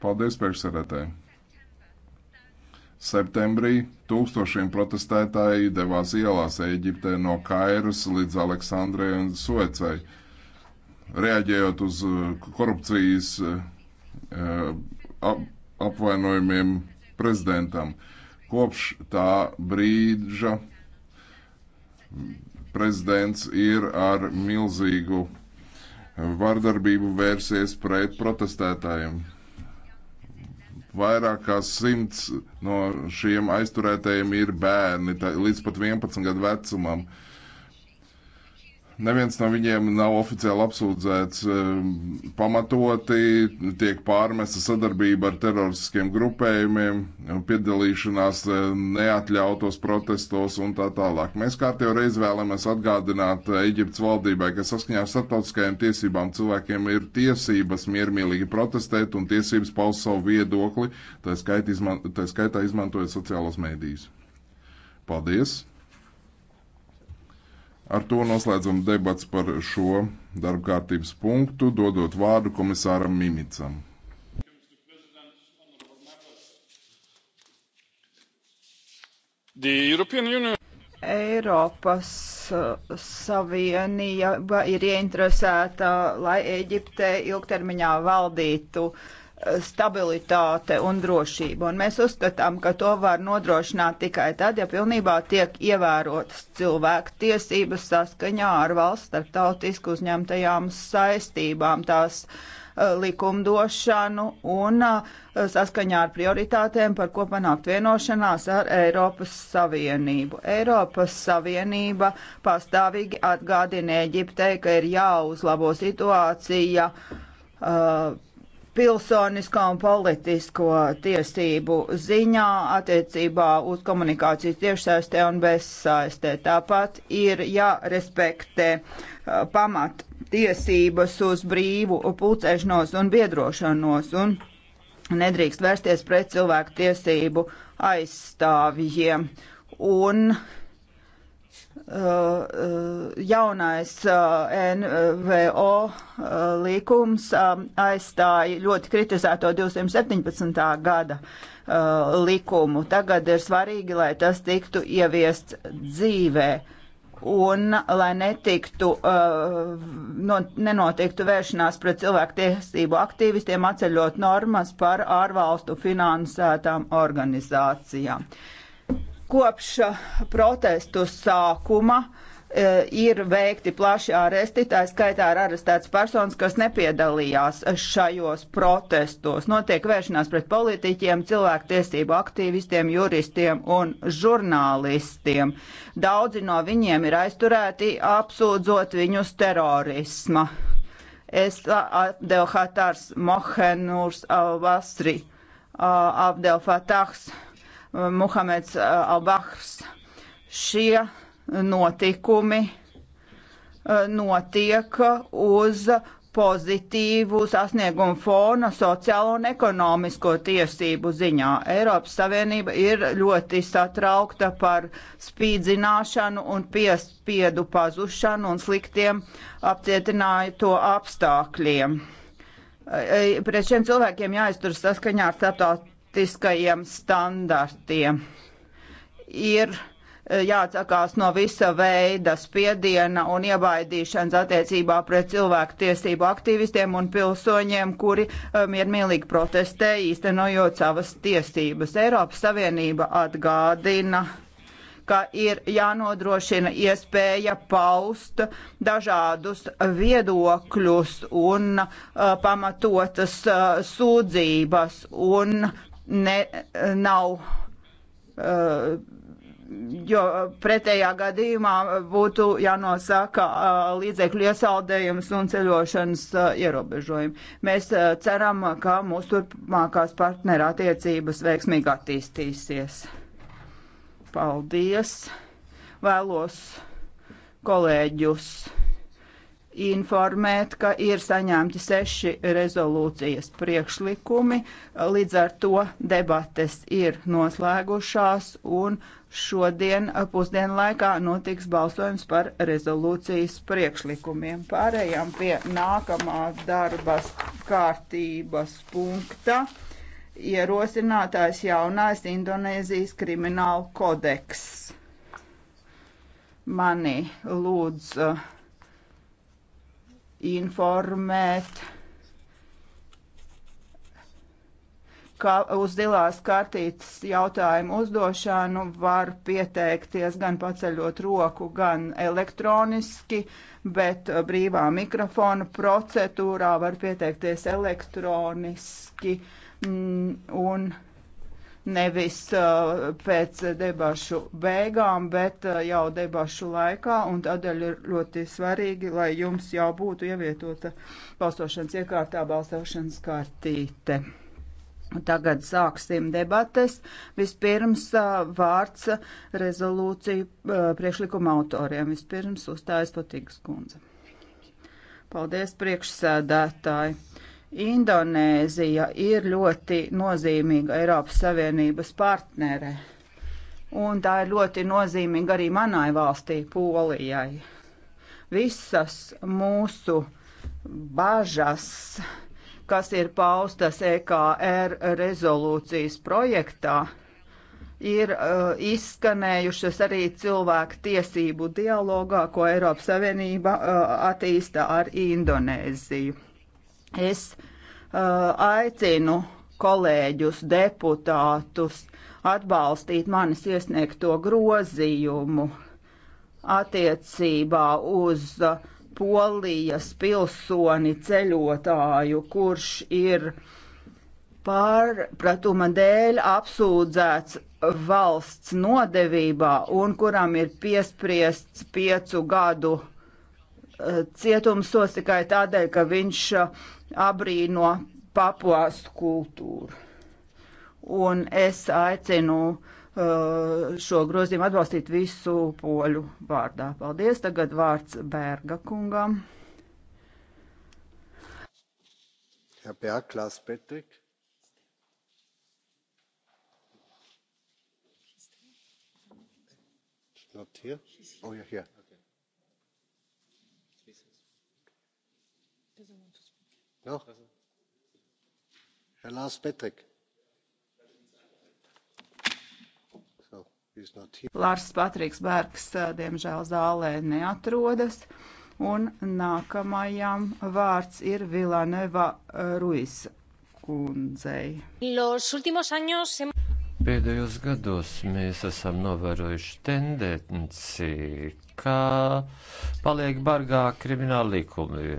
Paldies priekšsēdētāji. Septembrī tūkstošiem protestētāji devās ielās Eģiptē no Kairas līdz Aleksandrijai un Suecai, reaģējot uz uh, korupcijas uh, Eh, apvainojumiem prezidentam. Kopš tā brīža prezidents ir ar milzīgu vardarbību vērsies pret protestētājiem. Vairāk kā simts no šiem aizturētajiem ir bērni, tā, līdz pat 11 gadu vecumam. Uh, Neviens no viņiem nav oficiāli apsūdzēts um, pamatoti, tiek pārmesta sadarbība ar teroristiskiem grupējumiem, piedalīšanās uh, neatļautos protestos un tā tālāk. Mēs kārtējo reizi vēlamies atgādināt uh, Eģiptes valdībai, ka saskaņā ar starptautiskajām tiesībām cilvēkiem ir tiesības miermīlīgi protestēt un tiesības paust savu viedokli, tā, skait izman tā skaitā izmantojot sociālos mēdījus. Paldies! Ar to noslēdzam debats par šo darba kārtības punktu, dodot vārdu komisāram Mimicam. Eiropas uh, Savienība ir ieinteresēta, lai Eģipte ilgtermiņā valdītu uh, stabilitāte un drošība. Un mēs uzskatām, ka to var nodrošināt tikai tad, ja pilnībā tiek ievērotas cilvēku tiesības saskaņā ar valsts starptautisku uzņemtajām saistībām, tās uh, likumdošanu un uh, saskaņā ar prioritātēm, par ko panākt vienošanās ar Eiropas Savienību. Eiropas Savienība pastāvīgi atgādina Eģiptei, ka ir jāuzlabo situācija uh, pilsoniskā un politisko tiesību ziņā attiecībā uz komunikāciju tiešsaistē un bezsaistē. Tāpat ir jārespektē ja pamat tiesības uz brīvu pulcēšanos un biedrošanos un nedrīkst vērsties pret cilvēku tiesību aizstāvjiem. Un uh, Uh, uh, jaunais uh, NVO likums um, aizstāja ļoti kritizēto 217. gada likumu. Tagad ir svarīgi, lai tas tiktu ieviests dzīvē un lai netiktu, uh, no, nenotiktu vēršanās pret cilvēku tiesību aktīvistiem atceļot normas par ārvalstu finansētām organizācijām. Uh, Kopš uh, protestu sākuma uh, ir veikti plaši aresti, tā skaitā ir arestēts personas, kas nepiedalījās šajos protestos. Notiek vēršanās pret politiķiem, cilvēktiesību aktīvistiem, juristiem un žurnālistiem. Daudzi no viņiem ir aizturēti, apsūdzot viņus terorisma. Es uh, Abdelhatars Mohenurs Al-Vasri, Abdelfatahs. Muhameds eh, Albahrs. Šie notikumi eh, notiek uz pozitīvu sasniegumu fona sociālo un ekonomisko tiesību ziņā. Eiropas Savienība ir ļoti satraukta par spīdzināšanu un piespiedu pazušanu un sliktiem apcietināto apstākļiem. Eh, pret šiem cilvēkiem jāizturas saskaņā ar starptautiskajām starptautiskajiem standartiem. Ir eh, jāatsakās no visa veida spiediena un iebaidīšanas attiecībā pret cilvēku tiesību aktīvistiem un pilsoņiem, kuri eh, miermīlīgi protestē īstenojot savas tiesības. Eiropas Savienība atgādina ka ir jānodrošina iespēja paust dažādus viedokļus un uh, pamatotas uh, sūdzības un ne, nav. Uh, jo pretējā gadījumā būtu jānosaka uh, līdzekļu iesaldējums un ceļošanas uh, ierobežojumi. Mēs uh, ceram, ka mūsu turpmākās partnera attiecības veiksmīgi attīstīsies. Paldies! Vēlos kolēģus! informēt, ka ir saņemti seši rezolūcijas priekšlikumi, līdz ar to debates ir noslēgušās un šodien pusdienlaikā notiks balsojums par rezolūcijas priekšlikumiem. Pārējām pie nākamā darbas kārtības punkta ierosinātājs jaunais Indonēzijas krimināla kodeks. Mani lūdzu uh, informēt, ka uz dilās kartītes jautājumu uzdošanu var pieteikties gan paceļot roku, gan elektroniski, bet brīvā mikrofona procedūrā var pieteikties elektroniski mm, un nevis uh, pēc debašu beigām, bet uh, jau debašu laikā, un tādēļ ir ļoti svarīgi, lai jums jau būtu ievietota balsošanas iekārtā balsošanas kartīte. Tagad sāksim debates. Vispirms uh, vārds rezolūciju uh, priekšlikuma autoriem. Vispirms uzstājas Patīgas kundze. Paldies priekšsēdētāji. Indonēzija ir ļoti nozīmīga Eiropas Savienības partnere, un tā ir ļoti nozīmīga arī manai valstī, Polijai. Visas mūsu bažas, kas ir paustas EKR rezolūcijas projektā, ir uh, izskanējušas arī cilvēku tiesību dialogā, ko Eiropas Savienība uh, attīsta ar Indonēziju. Es uh, aicinu kolēģus, deputātus atbalstīt manis iesniegto grozījumu attiecībā uz Polijas pilsoni ceļotāju, kurš ir pārpratuma dēļ apsūdzēts valsts nodevībā un kuram ir piespriests piecu gadu cietumsos tikai tādēļ, ka viņš abrīno papuāstu kultūru. Un es aicinu uh, šo grozījumu atbalstīt visu poļu vārdā. Paldies. Tagad vārds Bērga kungam. Herr Berg, Lars Petrik. Not here? Oh, yeah, here. no. herr lars patrick so, lārs patriks bergs uh, diemžēl zālē neatrodas un nākamajam vārds ir vilaneva uh, ruiz kundzei pēdējos gados mēs esam novērojuši tendenci, ka paliek bargāk krimināla likumi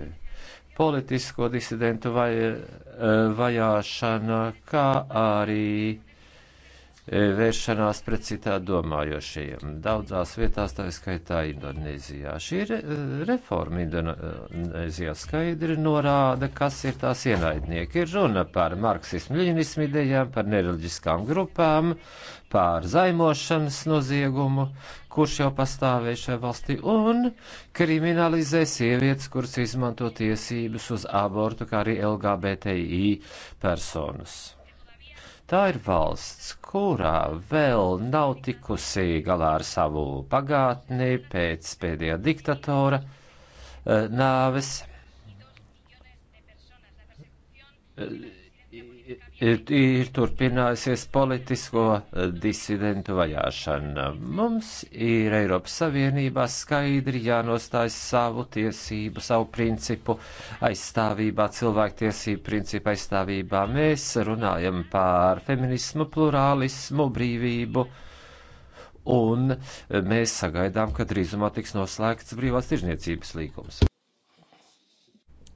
politisko disidentu vaj, eh, vajāšana, kā arī E, vēršanās pret citādi domājošajiem. Daudzās vietās, tā skaitā Indonēzijā. Šī re, e, reforma Indonēzijā skaidri norāda, kas ir tās ienaidnieki. Ir runa par marksismu, ļinismu idejām, par nereliģiskām grupām, par zaimošanas noziegumu, kurš jau pastāvēja šajā valstī, un kriminalizē sievietes, kuras izmanto tiesības uz abortu, kā arī LGBTI personas. Tā ir valsts, kurā vēl nav tikusi galā ar savu pagātni pēc pēdējā diktatora eh, nāves. Eh, ir turpinājusies politisko eh, disidentu vajāšana. Mums ir Eiropas Savienībā skaidri jānostājas savu tiesību, savu principu aizstāvībā, cilvēktiesību principu aizstāvībā. Mēs runājam par feminismu, plurālismu, brīvību. Un eh, mēs sagaidām, ka drīzumā tiks noslēgts brīvās tirzniecības līgums.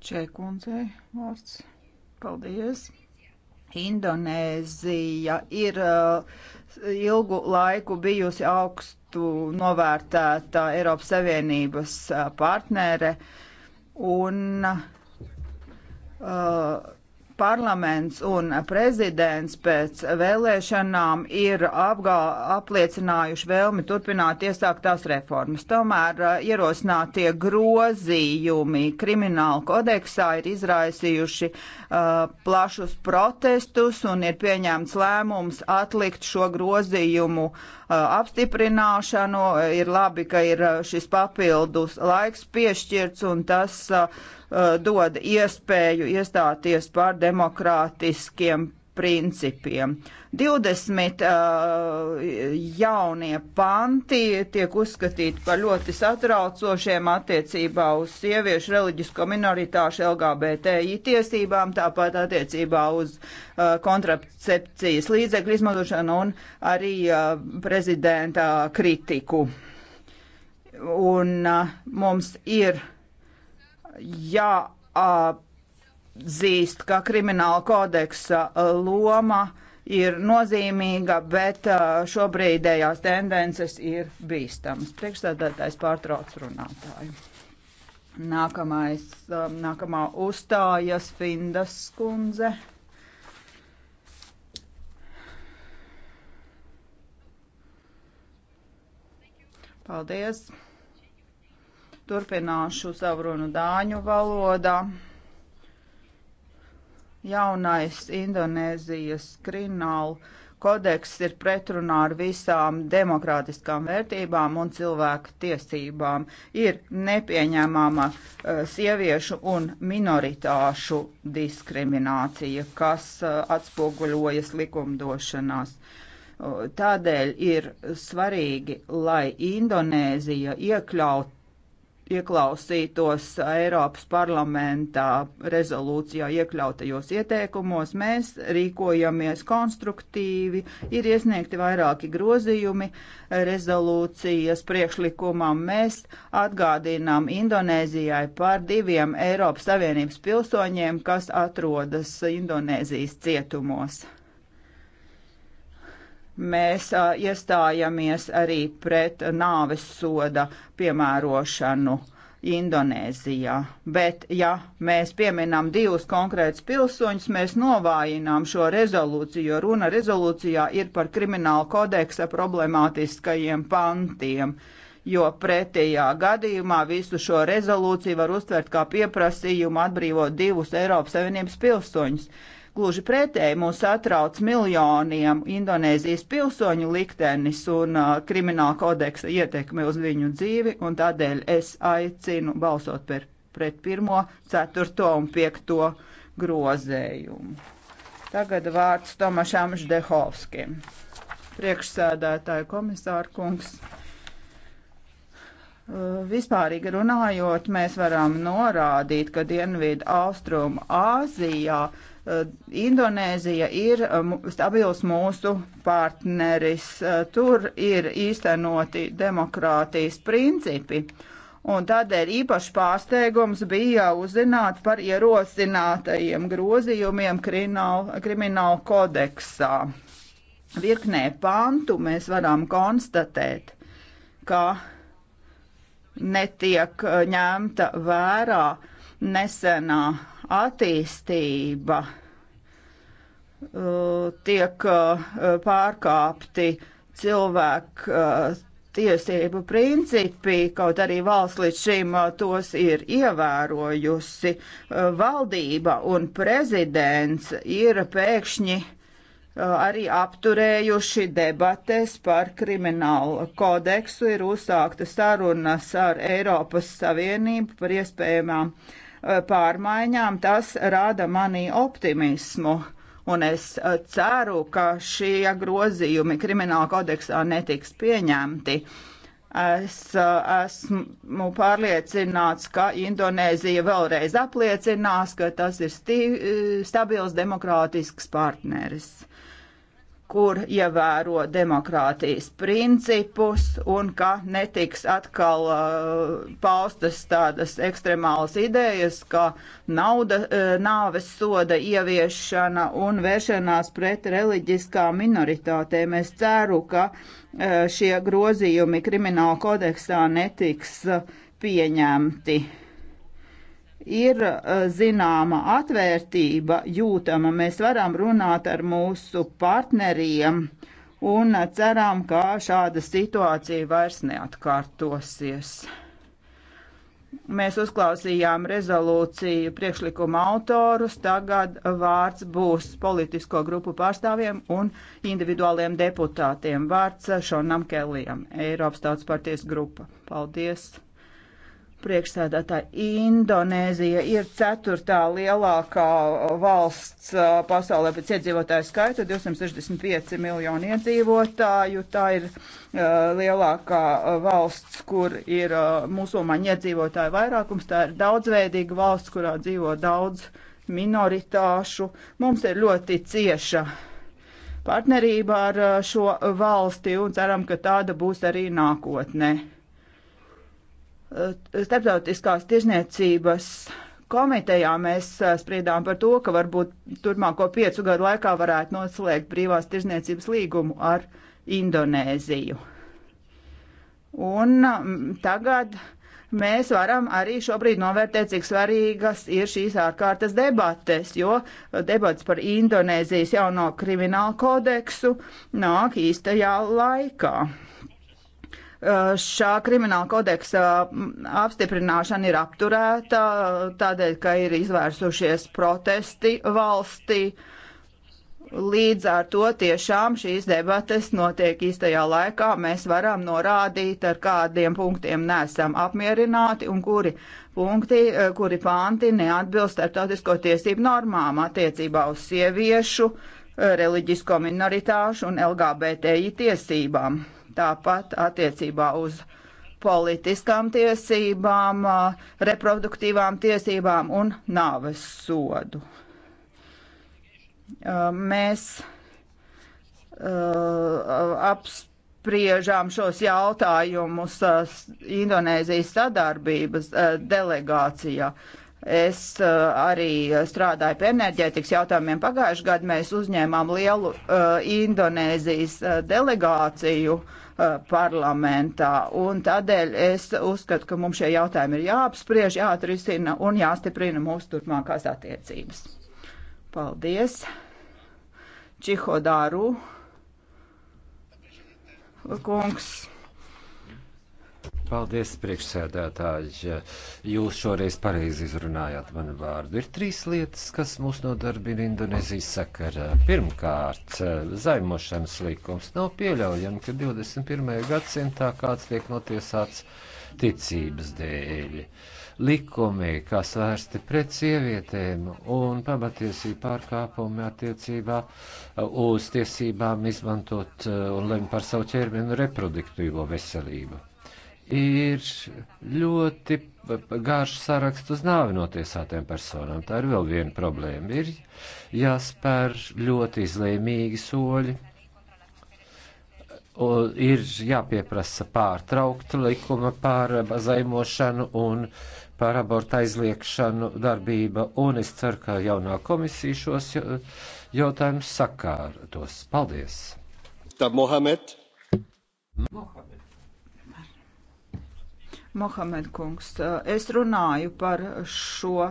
Čekundzei vārds. Paldies! Indonēzija ir uh, ilgu laiku bijusi augstu novērtēta Eiropas Savienības uh, partnere un uh, parlaments un prezidents pēc vēlēšanām ir apgā, apliecinājuši vēlmi turpināt iesāktās reformas. Tomēr uh, ierosinātie grozījumi krimināla kodeksā ir izraisījuši uh, plašus protestus un ir pieņēmts lēmums atlikt šo grozījumu uh, apstiprināšanu. Ir labi, ka ir šis papildus laiks piešķirts un tas dod iespēju iestāties par demokrātiskiem principiem. 20 uh, jaunie panti tiek uzskatīti par ļoti satraucošiem attiecībā uz sieviešu reliģisko minoritāšu LGBTI tiesībām, tāpat attiecībā uz uh, kontracepcijas līdzekļu izmantošanu un arī uh, prezidenta kritiku. Un uh, mums ir jā. Uh, zīst, ka krimināla kodeksa uh, loma ir nozīmīga, bet uh, šobrīdējās tendences ir bīstamas. Priekšstādātājs pārtrauc runātāju. Nākamais, um, nākamā uzstājas Findas skundze. Paldies. Turpināšu savu runu dāņu valodā. Jaunais Indonēzijas kriminālu kodeks ir pretrunā ar visām demokrātiskām vērtībām un cilvēku tiesībām. Ir nepieņēmama uh, sieviešu un minoritāšu diskriminācija, kas uh, atspoguļojas likumdošanās. Uh, tādēļ ir svarīgi, lai Indonēzija iekļaut ieklausītos Eiropas parlamentā rezolūcijā iekļautajos ieteikumos, mēs rīkojamies konstruktīvi, ir iesniegti vairāki grozījumi rezolūcijas priekšlikumam. Mēs atgādinām Indonēzijai par diviem Eiropas Savienības pilsoņiem, kas atrodas Indonēzijas cietumos mēs a, iestājamies arī pret nāves soda piemērošanu Indonēzijā. Bet, ja mēs pieminam divus konkrētus pilsoņus, mēs novājinām šo rezolūciju, jo runa rezolūcijā ir par kriminālu kodeksa problemātiskajiem pantiem jo pretējā gadījumā visu šo rezolūciju var uztvert kā pieprasījumu atbrīvot divus Eiropas Savienības pilsoņus. Gluži pretēji mūs atrauc miljoniem Indonēzijas pilsoņu liktenis un uh, krimināla kodeksa ietekme uz viņu dzīvi, un tādēļ es aicinu balsot par, pret pirmo, ceturto un piekto grozējumu. Tagad vārds Tomašam Ždehovskim. Priekšsēdētāja komisāra kungs. Uh, vispārīgi runājot, mēs varam norādīt, ka Dienvidu Austrum Āzijā uh, Eh, Indonēzija ir eh, stabils mūsu partneris. Eh, tur ir īstenoti demokrātijas principi. Un tādēļ īpaši pārsteigums bija uzzināt par ierosinātajiem grozījumiem krimināla kodeksā. Virknē pantu mēs varam konstatēt, ka netiek ņemta vērā nesenā attīstība uh, tiek uh, pārkāpti cilvēku uh, tiesību principi, kaut arī valsts līdz šim tos ir ievērojusi. Valdība un prezidents ir pēkšņi arī apturējuši debates par kriminālu kodeksu, ir uzsākta sarunas ar Eiropas Savienību par iespējamām uh, Eh, pārmaiņām, tas rada manī optimismu. Un es eh, ceru, ka šie grozījumi krimināla kodeksā netiks pieņemti. Es eh, esmu pārliecināts, ka Indonēzija vēlreiz apliecinās, ka tas ir stī, stabils demokrātisks partneris kur ievēro demokrātijas principus un ka netiks atkal uh, paustas tādas ekstremālas idejas, kā nauda, uh, nāves soda ieviešana un vēršanās pret reliģiskām minoritātēm. Es ceru, ka uh, šie grozījumi krimināla kodeksā netiks uh, pieņemti. Uh, ir eh, zināma atvērtība jūtama. Mēs varam runāt ar mūsu partneriem un ceram, ka šāda situācija vairs neatkārtosies. Mēs uzklausījām rezolūciju priekšlikuma autorus, tagad vārds būs politisko grupu pārstāvjiem un individuāliem deputātiem. Vārds Šonam Kelijam, Eiropas Tautas partijas grupa. Paldies! priekšsēdētāji, Indonēzija ir ceturtā lielākā valsts uh, pasaulē pēc iedzīvotāju skaita - 265 miljoni iedzīvotāju. Tā ir uh, lielākā uh, valsts, kur ir uh, musulmaņu iedzīvotāju vairākums. Tā ir daudzveidīga valsts, kurā dzīvo daudz minoritāšu. Mums ir ļoti cieša partnerība ar uh, šo valsti un ceram, ka tāda būs arī nākotnē starptautiskās tirzniecības komitejā mēs uh, spriedām par to, ka varbūt turpmāko piecu gadu laikā varētu noslēgt brīvās tirzniecības līgumu ar Indonēziju. Un um, tagad mēs varam arī šobrīd novērtēt, cik svarīgas ir šīs ārkārtas debates, jo debats par Indonēzijas jauno kriminālu kodeksu nāk īstajā laikā. Eh, šā krimināla kodeksa mm, apstiprināšana ir apturēta eh, tādēļ, ka ir izvērsušies protesti valstī. Līdz ar to tiešām šīs debates notiek īstajā laikā. Mēs varam norādīt, ar kādiem punktiem nesam apmierināti un kuri punkti, eh, kuri panti neatbilst starptautisko tiesību normām attiecībā uz sieviešu, reliģisko minoritāšu un LGBTI tiesībām. Tāpat attiecībā uz politiskām tiesībām, reproduktīvām tiesībām un nāves sodu. Mēs apspriežām šos jautājumus Indonēzijas sadarbības delegācijā. Es arī strādāju pie enerģētikas jautājumiem. Pagājušajā gadā mēs uzņēmām lielu uh, Indonēzijas delegāciju uh, Eh, parlamentā. Un tādēļ es uzskatu, ka mums šie jautājumi ir jāapspriež, jāatrisina un jāstiprina mūsu turpmākās attiecības. Paldies! Čihodāru kungs. Paldies, priekšsēdētāji. Jūs šoreiz pareizi izrunājāt manu vārdu. Ir trīs lietas, kas mūs nodarbina Indonēzijas sakarā. Pirmkārt, zaimošanas likums. Nav pieļaujami, ka 21. gadsimtā kāds tiek notiesāts ticības dēļ. Likumi, kas vērsti pret sievietēm un pamatiesību pārkāpumi attiecībā uz tiesībām izmantot uh, un lemt par savu ķermenu reproduktīvo veselību ir ļoti garš saraksts uz nāvi notiesātiem personām. Tā ir vēl viena problēma. Ir jāspēr ļoti izlēmīgi soļi. Ir jāpieprasa pārtraukt likuma pār zaimošanu un pār abortu aizliekšanu darbība, un es ceru, ka jaunā komisija šos jautājumus sakārtos. Paldies! Tā Mohamed! Mohamed. Mohamed kungs, es runāju par šo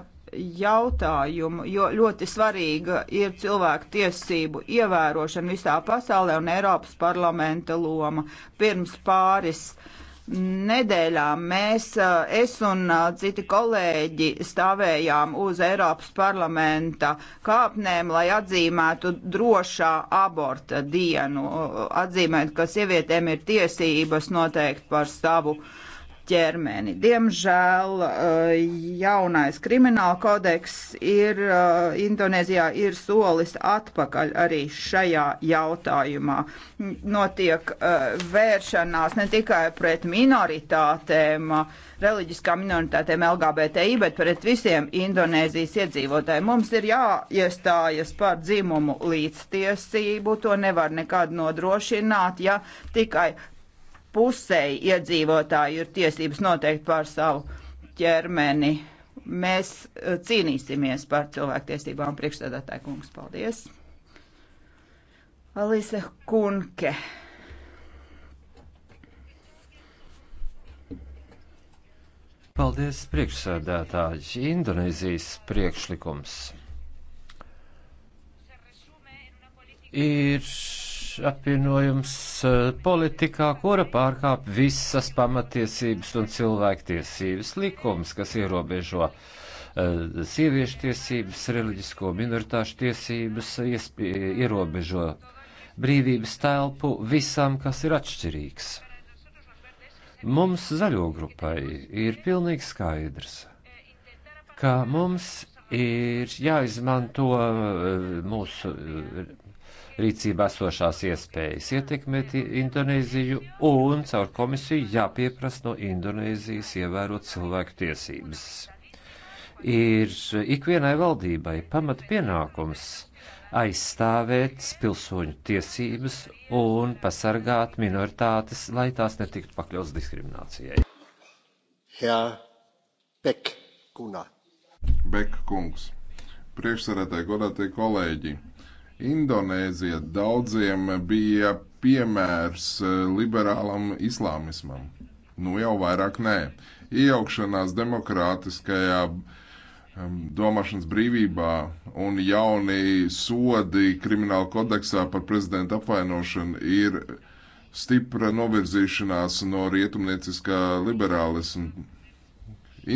jautājumu, jo ļoti svarīga ir cilvēku tiesību ievērošana visā pasaulē un Eiropas parlamenta loma. Pirms pāris nedēļām mēs, es un citi kolēģi, stāvējām uz Eiropas parlamenta kāpnēm, lai atzīmētu drošā aborta dienu, atzīmēt, ka sievietēm ir tiesības noteikt par savu uh, ķermeni. Diemžēl eh, jaunais krimināla kodeks ir eh, Indonēzijā ir solis atpakaļ arī šajā jautājumā. Notiek eh, vēršanās ne tikai pret minoritātēm, reliģiskām minoritātēm LGBTI, bet pret visiem Indonēzijas iedzīvotājiem. Mums ir jāiestājas par dzimumu līdztiesību, to nevar nekad nodrošināt, ja tikai pusēji iedzīvotāji ir tiesības noteikt pār savu ķermeni. Mēs eh, cīnīsimies par cilvēktiesībām priekšstādātāju kungs. Paldies! Alise Kunke. Paldies, priekšsēdētāji! Indonēzijas priekšlikums ir apvienojums eh, politikā, kura pārkāp visas pamatiesības un cilvēktiesības likums, kas ierobežo eh, sieviešu tiesības, reliģisko minoritāšu tiesības, ierobežo brīvības telpu visam, kas ir atšķirīgs. Mums zaļo grupai ir pilnīgi skaidrs, ka mums ir jāizmanto eh, mūsu rīcībā esošās iespējas ietekmēt Indonēziju un caur komisiju jāpieprasa no Indonēzijas ievērot cilvēku tiesības. Ir ikvienai valdībai pamat pienākums aizstāvēt pilsoņu tiesības un pasargāt minoritātes, lai tās netiktu pakļauts diskriminācijai. Herr Beck, Gunnar. Beck kungs, priekšsarētāji, godātie kolēģi! Indonēzija daudziem bija piemērs eh, liberālam islāmismam. Nu jau vairāk nē. Iejaukšanās demokrātiskajā domāšanas brīvībā un jauni sodi krimināla kodeksā par prezidenta apvainošanu ir stipra novirzīšanās no rietumnieciskā liberālisma.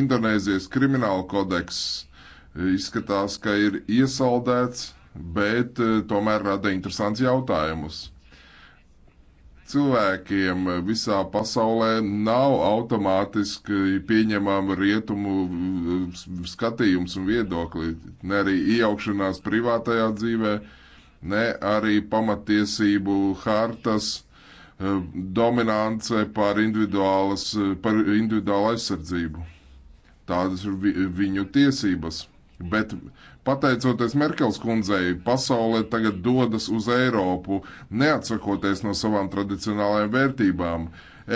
Indonēzijas krimināla kodeks eh, izskatās, ka ir iesaldēts bet eh, tomēr rada interesants jautājumus. Cilvēkiem visā pasaulē nav automātiski pieņemama rietumu eh, skatījums un viedokli, ne arī iejaukšanās privātajā dzīvē, ne arī pamatiesību hartas eh, dominance par, par individuālu aizsardzību. Tādas ir viņu tiesības. Bet Pateicoties Merkels kundzei, pasaulē tagad dodas uz Eiropu, neatsakoties no savām tradicionālajām vērtībām.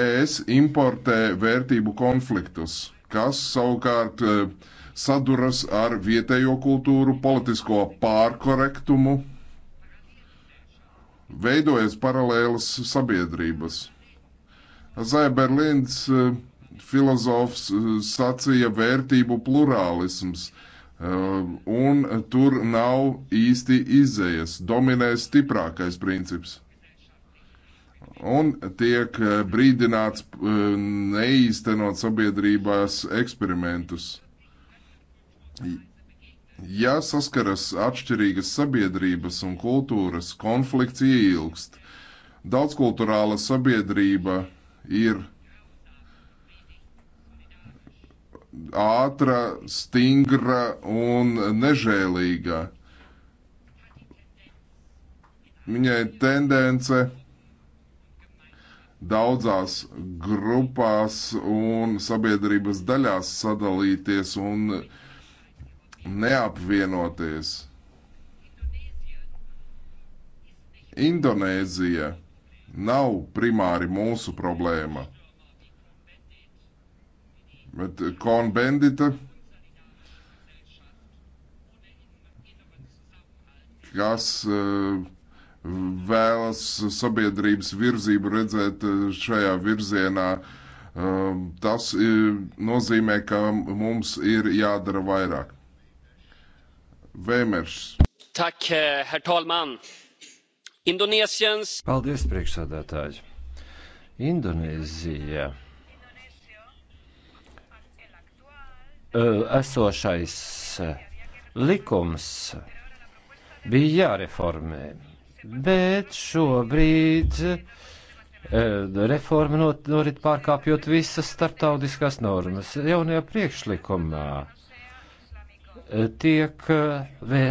ES importē vērtību konfliktus, kas savukārt e, saduras ar vietējo kultūru, politisko pārkorektumu, veidojas paralēlas sabiedrības. Zaiberlīns e, filozofs e, sacīja vērtību plurālisms Um, un tur nav īsti izējas. Dominē stiprākais princips. Un tiek uh, brīdināts uh, neīstenot sabiedrībās eksperimentus. Ja saskaras atšķirīgas sabiedrības un kultūras, konflikts ieilgst. Daudzkulturāla sabiedrība ir ātra, stingra un nežēlīga. Viņai tendence daudzās grupās un sabiedrības daļās sadalīties un neapvienoties. Indonēzija nav primāri mūsu problēma. Bet eh, konbendita, kas eh, vēlas sabiedrības virzību redzēt eh, šajā virzienā, tas nozīmē, ka mums ir jādara vairāk. Vēmers. Tak, herr talman. Indonēsijas. Paldies, priekšsādātāji. Indonēzija esošais likums bija jāreformē, bet šobrīd reforma norit pārkāpjot visas starptautiskās normas. Jaunajā priekšlikumā tiek vē,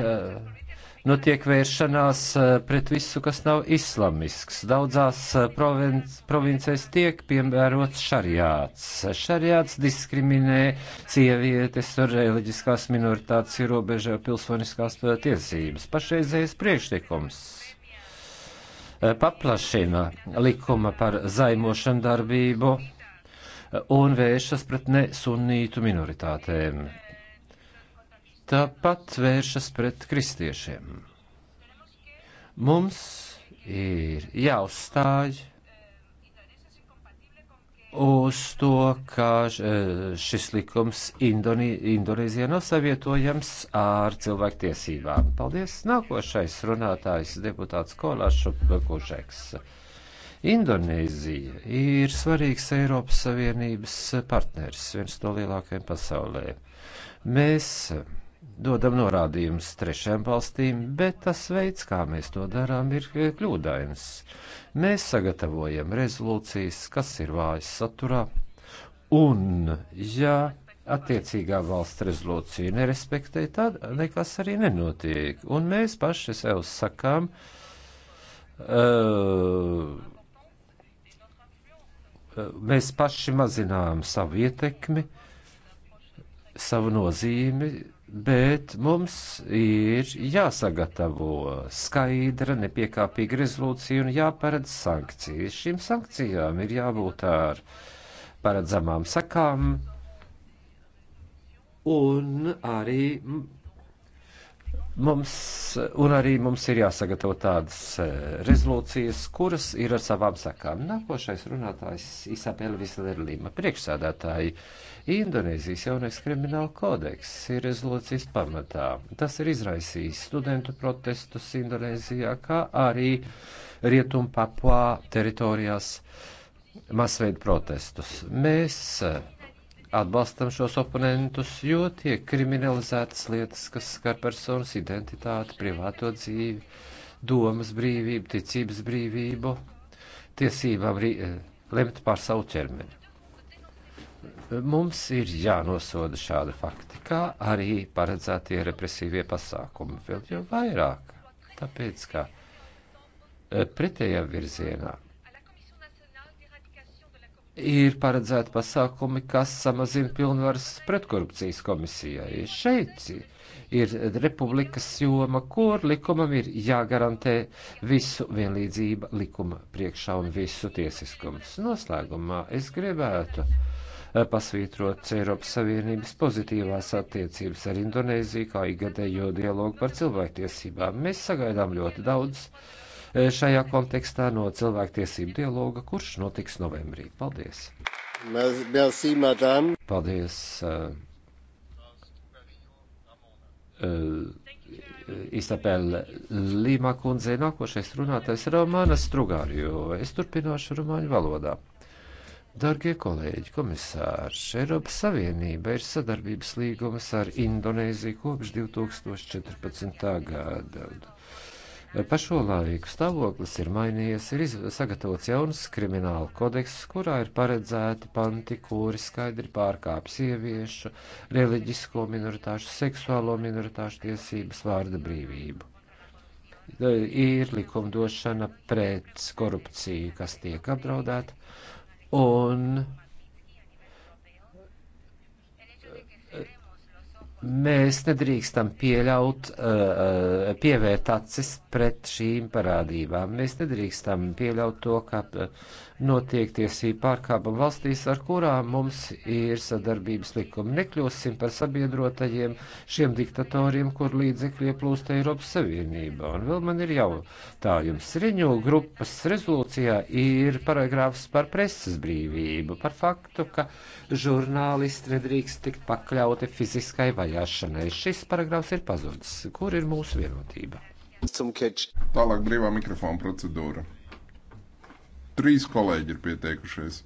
notiek vēršanās eh, pret visu, kas nav islamisks. Daudzās eh, provinc, provincēs tiek piemērots šariāts. Šariāts diskriminē sievietes un reliģiskās minoritātes ierobežo pilsoniskās tiesības. Pašreizējais priekšlikums eh, paplašina likuma par zaimošanu darbību un vēršas pret nesunītu minoritātēm tāpat vēršas pret kristiešiem. Mums ir jāuzstāj uz to, ka eh, šis likums Indonī Indonēzijā nav savietojams ar cilvēktiesībām. Paldies! Nākošais runātājs deputāts Kolāšu Kužeks. Indonēzija ir svarīgs Eiropas Savienības partners, viens no lielākajiem pasaulē. Mēs dodam norādījumus trešajām valstīm, bet tas veids, kā mēs to darām, ir kļūdains. Mēs sagatavojam rezolūcijas, kas ir vājas saturā, un, ja attiecīgā valsts rezolūcija nerespektē, tad nekas arī nenotiek. Un mēs paši sev sakām, uh, mēs paši mazinām savu ietekmi, savu nozīmi, Bet mums ir jāsagatavo skaidra, nepiekāpīga rezolūcija un jāparedz sankcijas. Šīm sankcijām ir jābūt ar paredzamām sakām un arī mums, un arī mums ir jāsagatavo tādas e, rezolūcijas, kuras ir ar savām sakām. Nākošais runātājs Isabela Vislerlīma, priekšsādātāji. Uh, Indonēzijas jaunais krimināla kodeks ir rezolūcijas pamatā. Tas ir izraisījis studentu protestus Indonēzijā, kā arī Rietumpapuā teritorijās masveidu protestus. Mēs eh, atbalstam šos oponentus, jo tiek kriminalizētas lietas, kas skar personas identitāti, privāto dzīvi, domas brīvību, ticības brīvību, tiesībām eh, lemt pār savu ķermeni. Mums ir jānosoda šādi fakti, kā arī paredzētie represīvie pasākumi, vēl jau vairāk. Tāpēc, ka eh, pretējā virzienā ir paredzēti pasākumi, kas samazina pilnvaras pretkorupcijas komisijai. Šeit ir republikas joma, kur likumam ir jāgarantē visu vienlīdzība likuma priekšā un visu tiesiskums. Noslēgumā es gribētu Eh, pasvītrot Eiropas Savienības pozitīvās attiecības ar Indonēziju, kā ikgadējo dialogu par cilvēktiesībām. Mēs sagaidām ļoti daudz eh, šajā kontekstā no cilvēktiesību dialoga, kurš notiks novembrī. Paldies! Merci, madame. Paldies! Uh, eh, uh, Iztapēl Līmā kundzei nākošais runātais Romāna Strugārio. Es turpināšu rumāņu valodā. Dargie kolēģi, komisārs, Eiropas Savienība ir sadarbības līgumas ar Indonēziju kopš 2014. gada. Pa šo laiku stāvoklis ir mainījies, ir sagatavots jauns krimināla kodeks, kurā ir paredzēti panti, kuri skaidri pārkāpj sieviešu, reliģisko minoritāšu, seksuālo minoritāšu tiesības, vārda brīvību. Ir likumdošana pret korupciju, kas tiek apdraudēta un eh, mēs nedrīkstam pieļaut, eh, pievērt acis pret šīm parādībām. Mēs nedrīkstam pieļaut to, ka eh, notiek tiesību pārkāpuma valstīs, ar kurām mums ir sadarbības likumi. Nekļūsim par sabiedrotajiem šiem diktatoriem, kur līdzekļi ieplūst Eiropas Savienībā. Un vēl man ir jautājums. Riņo grupas rezolūcijā ir paragrāfs par preses brīvību, par faktu, ka žurnālisti nedrīkst tikt pakļauti fiziskai vajāšanai. Šis paragrāfs ir pazudis. Kur ir mūsu vienotība? Tālāk brīvā mikrofona procedūra. Trīs kolēģi ir pieteikušies.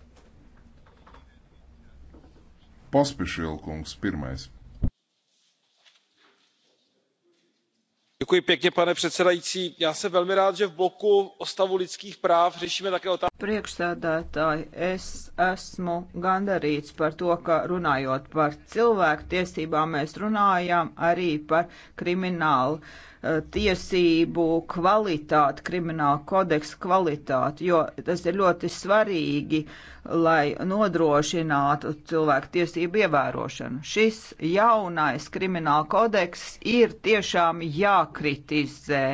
Pospišilkungs pirmais. pane předsedající já jsem velmi rád že v bloku o stavu lidských práv řešíme také otázku. priekšsēdētāji es esmu gandarīts par to ka runājot par cilvēktiesībām mēs runājam arī par kriminālu Eh, tiesību kvalitāti, krimināla kodeksa kvalitāti, jo tas ir ļoti svarīgi, lai nodrošinātu cilvēku tiesību ievērošanu. Šis jaunais krimināla kodeks ir tiešām jākritizē,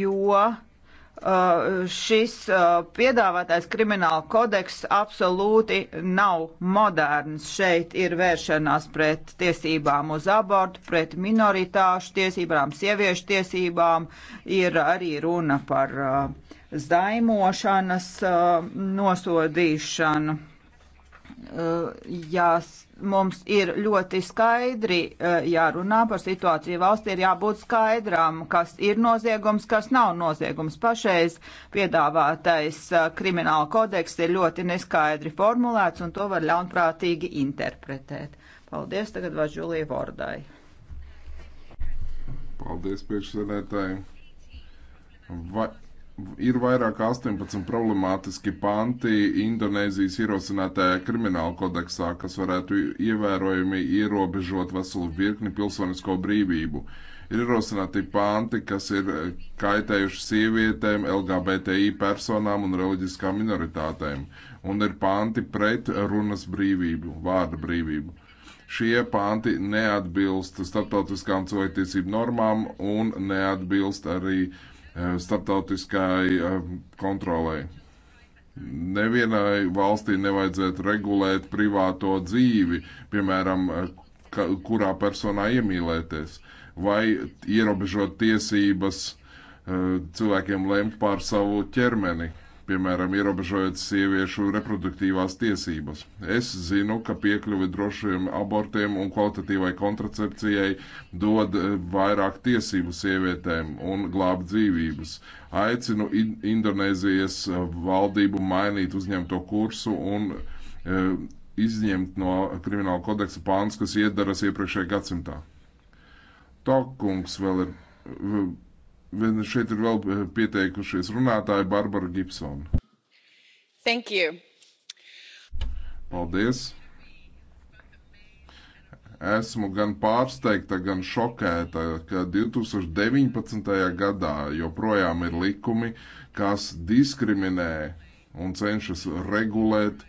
jo Uh, šis uh, piedāvātais krimināla kodeks absolūti nav moderns. Šeit ir vēršanās pret tiesībām uz abortu, pret minoritāšu tiesībām, sieviešu tiesībām, ir arī runa par uh, zaimošanas nosodīšanu. Eh, jā, mums ir ļoti skaidri eh, jārunā par situāciju valstī, ir jābūt skaidrām, kas ir noziegums, kas nav noziegums. Pašreiz piedāvātais eh, krimināla kodeks ir ļoti neskaidri formulēts un to var ļaunprātīgi interpretēt. Paldies tagad Važulija Vordai. Paldies priekšsēdētāji. Vai ir vairāk kā 18 problemātiski panti Indonēzijas ierosinātajā krimināla kodeksā, kas varētu ievērojami ierobežot veselu virkni pilsonisko brīvību. Ir ierosināti panti, kas ir kaitējuši sievietēm, LGBTI personām un reliģiskām minoritātēm, un ir panti pret runas brīvību, vārda brīvību. Šie panti neatbilst starptautiskām cilvēktiesību normām un neatbilst arī uh, Eh, starptautiskai eh, kontrolai. Nevienai valstī nevajadzētu regulēt privāto dzīvi, piemēram, eh, kurā personā iemīlēties, vai ierobežot tiesības cilvēkiem lemt pār savu ķermeni piemēram, ierobežojot sieviešu reproduktīvās tiesības. Es zinu, ka piekļuve drošiem abortiem un kvalitatīvai kontracepcijai dod eh, vairāk tiesību sievietēm un glābt dzīvības. Aicinu Indonēzijas eh, valdību mainīt uzņemto kursu un e, izņemt no krimināla kodeksa pāns, kas iedaras iepriekšējā gadsimtā. Tokungs vēl ir Šeit ir vēl eh, pieteikušies runātāja Barbara Gibsona. Thank you. Paldies. Esmu gan pārsteigta, gan šokēta, ka 2019. gadā joprojām ir likumi, kas diskriminē un cenšas regulēt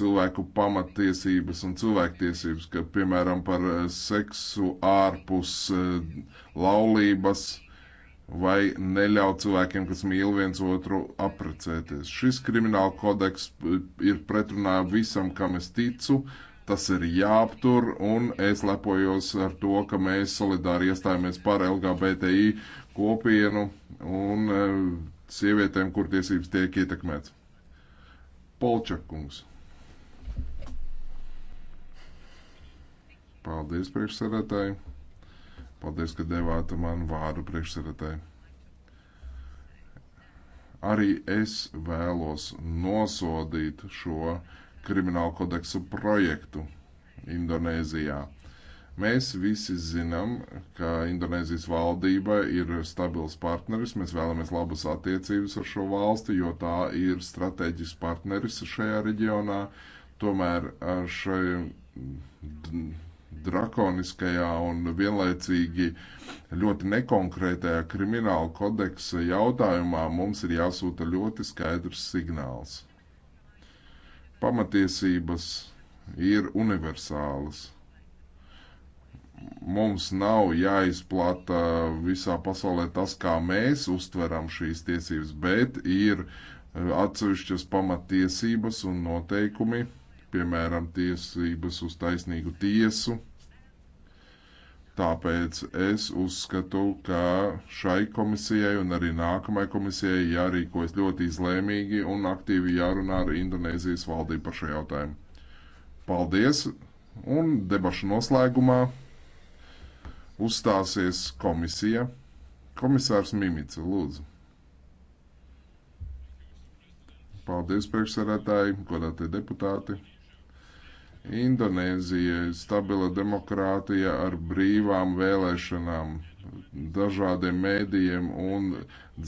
cilvēku pamatiesības un cilvēktiesības, ka, piemēram, par seksu ārpus eh, laulības vai neļaut cilvēkiem, kas mīl viens otru, apprecēties. Šis krimināla kodeks e, ir pretrunā visam, kam es ticu. Tas ir jāaptur, un es lepojos ar to, ka mēs solidāri iestājāmies par LGBTI kopienu un e, sievietēm, kur tiesības tiek ietekmēts. Polčakungs. Paldies, priekšsēdētāji! Paldies, ka devāt man vārdu priekšsēdētāji. Arī es vēlos nosodīt šo kriminālu kodeksu projektu Indonēzijā. Mēs visi zinām, ka Indonēzijas valdība ir stabils partneris. Mēs vēlamies labas attiecības ar šo valsti, jo tā ir strateģisks partneris šajā reģionā. Tomēr ar šai drakoniskajā un vienlaicīgi ļoti nekonkrētajā krimināla kodeksa jautājumā mums ir jāsūta ļoti skaidrs signāls. Pamatiesības ir universālas mums nav jāizplata visā pasaulē tas, kā mēs uztveram šīs tiesības, bet ir atsevišķas pamatiesības un noteikumi, piemēram, tiesības uz taisnīgu tiesu. Tāpēc es uzskatu, ka šai komisijai un arī nākamajai komisijai jārīkojas ļoti izlēmīgi un aktīvi jārunā ar Indonēzijas valdību par šo jautājumu. Paldies! Un debašu noslēgumā uzstāsies komisija. Komisārs Mimica, lūdzu. Paldies, priekšsēdētāji, godātie deputāti! Indonēzija ir stabila demokrātija ar brīvām vēlēšanām, dažādiem mēdījiem un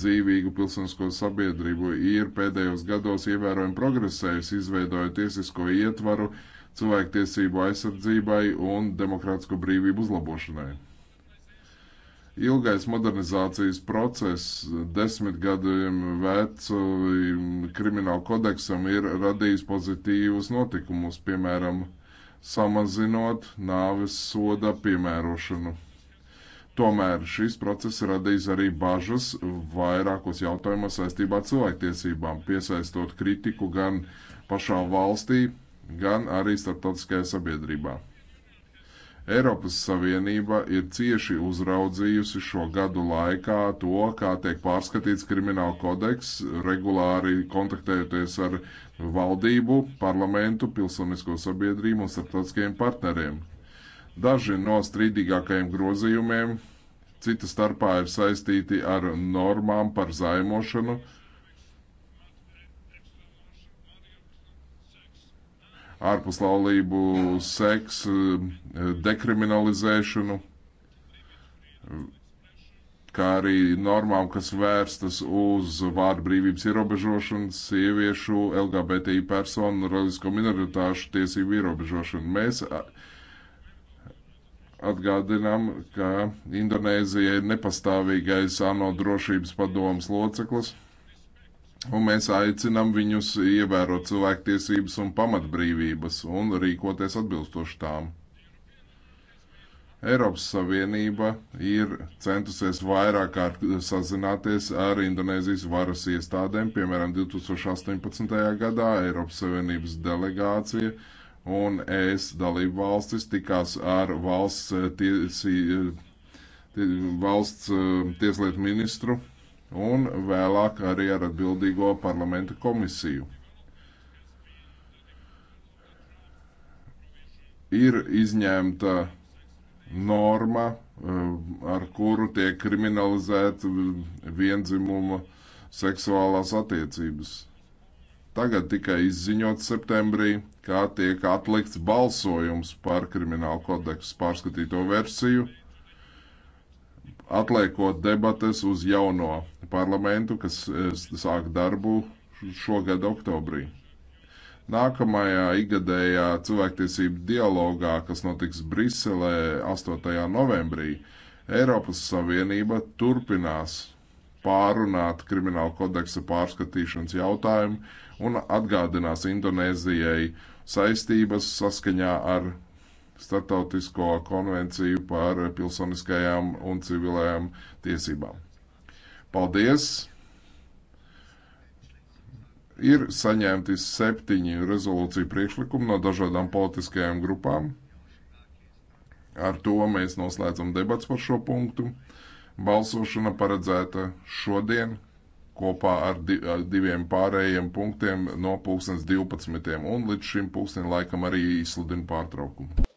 dzīvīgu pilsonisko sabiedrību ir pēdējos gados ievērojami progresējusi, izveidojot tiesisko ietvaru cilvēktiesību aizsardzībai un demokrātisko brīvību uzlabošanai. Ilgais modernizācijas process desmit gadiem vecu kriminālu kodeksam ir radījis pozitīvus notikumus, piemēram, samazinot nāves soda piemērošanu. Tomēr šis process radīs arī bažas vairākos jautājumos saistībā ar cilvēktiesībām, piesaistot kritiku gan pašā valstī, gan arī starptautiskajā sabiedrībā. Eiropas Savienība ir cieši uzraudzījusi šo gadu laikā to, kā tiek pārskatīts krimināla kodeks, regulāri kontaktējoties ar valdību, parlamentu, pilsonisko sabiedrību un starptautiskajiem partneriem. Daži no strīdīgākajiem grozījumiem cita starpā ir saistīti ar normām par zaimošanu, ārpuslaulību seksu eh, dekriminalizēšanu, kā arī normām, kas vērstas uz vārdu brīvības ierobežošanas, sieviešu, LGBTI personu un reliģisko minoritāšu tiesību ierobežošanu. Mēs atgādinām, ka Indonēzija ir nepastāvīgais ANO drošības padomas loceklis. Un mēs aicinām viņus ievērot cilvēktiesības un pamatbrīvības un rīkoties atbilstoši tām. Eiropas Savienība ir centusies vairāk kārt sazināties ar Indonēzijas varas iestādēm, piemēram, 2018. gadā Eiropas Savienības delegācija un ES dalību valstis tikās ar valsts, eh, tiesi, eh, valsts eh, tieslietu ministru un vēlāk arī ar atbildīgo parlamenta komisiju. Ir izņemta norma, eh, ar kuru tiek kriminalizēta vienzimuma seksuālās attiecības. Tagad tikai izziņot septembrī, kā tiek atlikts balsojums par kriminālu kodeksu pārskatīto versiju – atliekot debates uz jauno parlamentu, kas eh, sāk darbu šogad oktobrī. Nākamajā ikgadējā cilvēktiesību dialogā, kas notiks Briselē 8. novembrī, Eiropas Savienība turpinās pārunāt krimināla kodeksa pārskatīšanas jautājumu un atgādinās Indonēzijai saistības saskaņā ar Startautisko konvenciju par pilsoniskajām un civilajām tiesībām. Paldies! ir saņemti septiņi rezolūciju priekšlikumi no dažādām politiskajām grupām. Ar to mēs noslēdzam debats par šo punktu. Balsošana paredzēta šodien kopā ar di diviem pārējiem punktiem no 2012. un līdz šim pusdienlaikam arī izsludina pārtraukumu.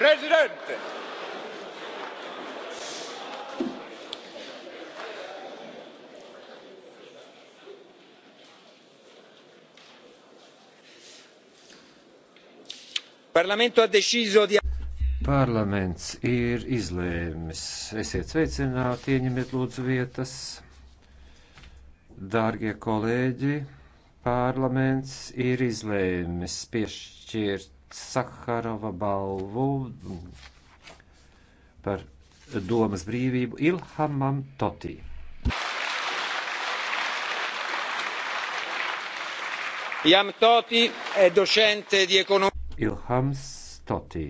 Presidente! Parlamento ha deciso di... Parlaments ir izlēmis. Esiet sveicināti, ieņemiet lūdzu vietas. Dārgie kolēģi, parlaments ir izlēmis piešķirt Saharova balvu par domas brīvību Ilhamam Totī. Ilham Totī, docente di ekonomija. Ilhams Totī,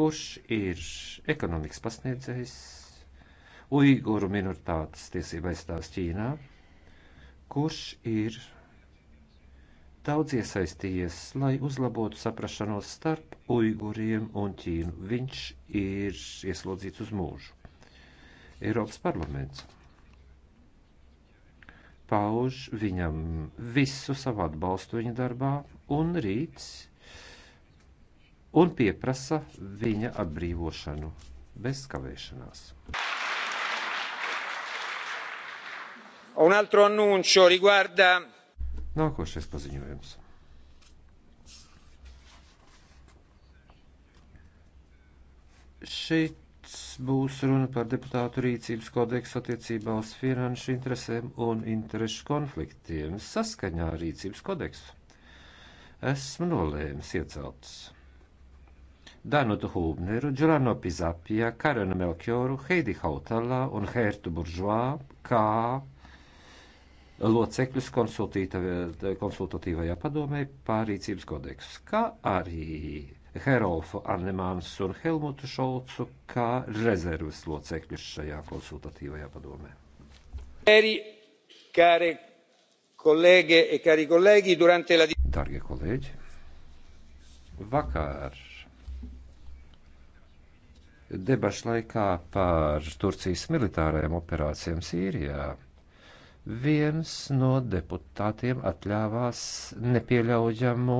kurš ir ekonomikas pasniedzējs, uiguru minoritātes tiesība aizstāvs Ķīnā, kurš ir daudz iesaistījies, lai uzlabotu saprašanos starp uiguriem un Ķīnu. Viņš ir ieslodzīts uz mūžu. Eiropas parlaments pauž viņam visu savu atbalstu viņa darbā un rīts un pieprasa viņa atbrīvošanu bez kavēšanās. Un altro annuncio riguarda Nākošais paziņojums. Šeit būs runa par deputātu rīcības kodeksu attiecībā uz finanšu interesēm un interešu konfliktiem saskaņā ar rīcības kodeksu. Esmu nolēmis iecelt Danutu Hūbneru, Džurano Pizapija, Karenu Melkjoru, Heidi Hautalā un Hērtu Buržvā kā locekļus konsultatīvajā padomē pār rīcības kodeksu, kā arī Herolfu Annemānsu un Helmutu Šolcu kā rezerves locekļus šajā konsultatīvajā padomē. E Dargie kolēģi, vakar debašu laikā par Turcijas militārajām operācijām Sīrijā viens no deputātiem atļāvās nepieļaujamu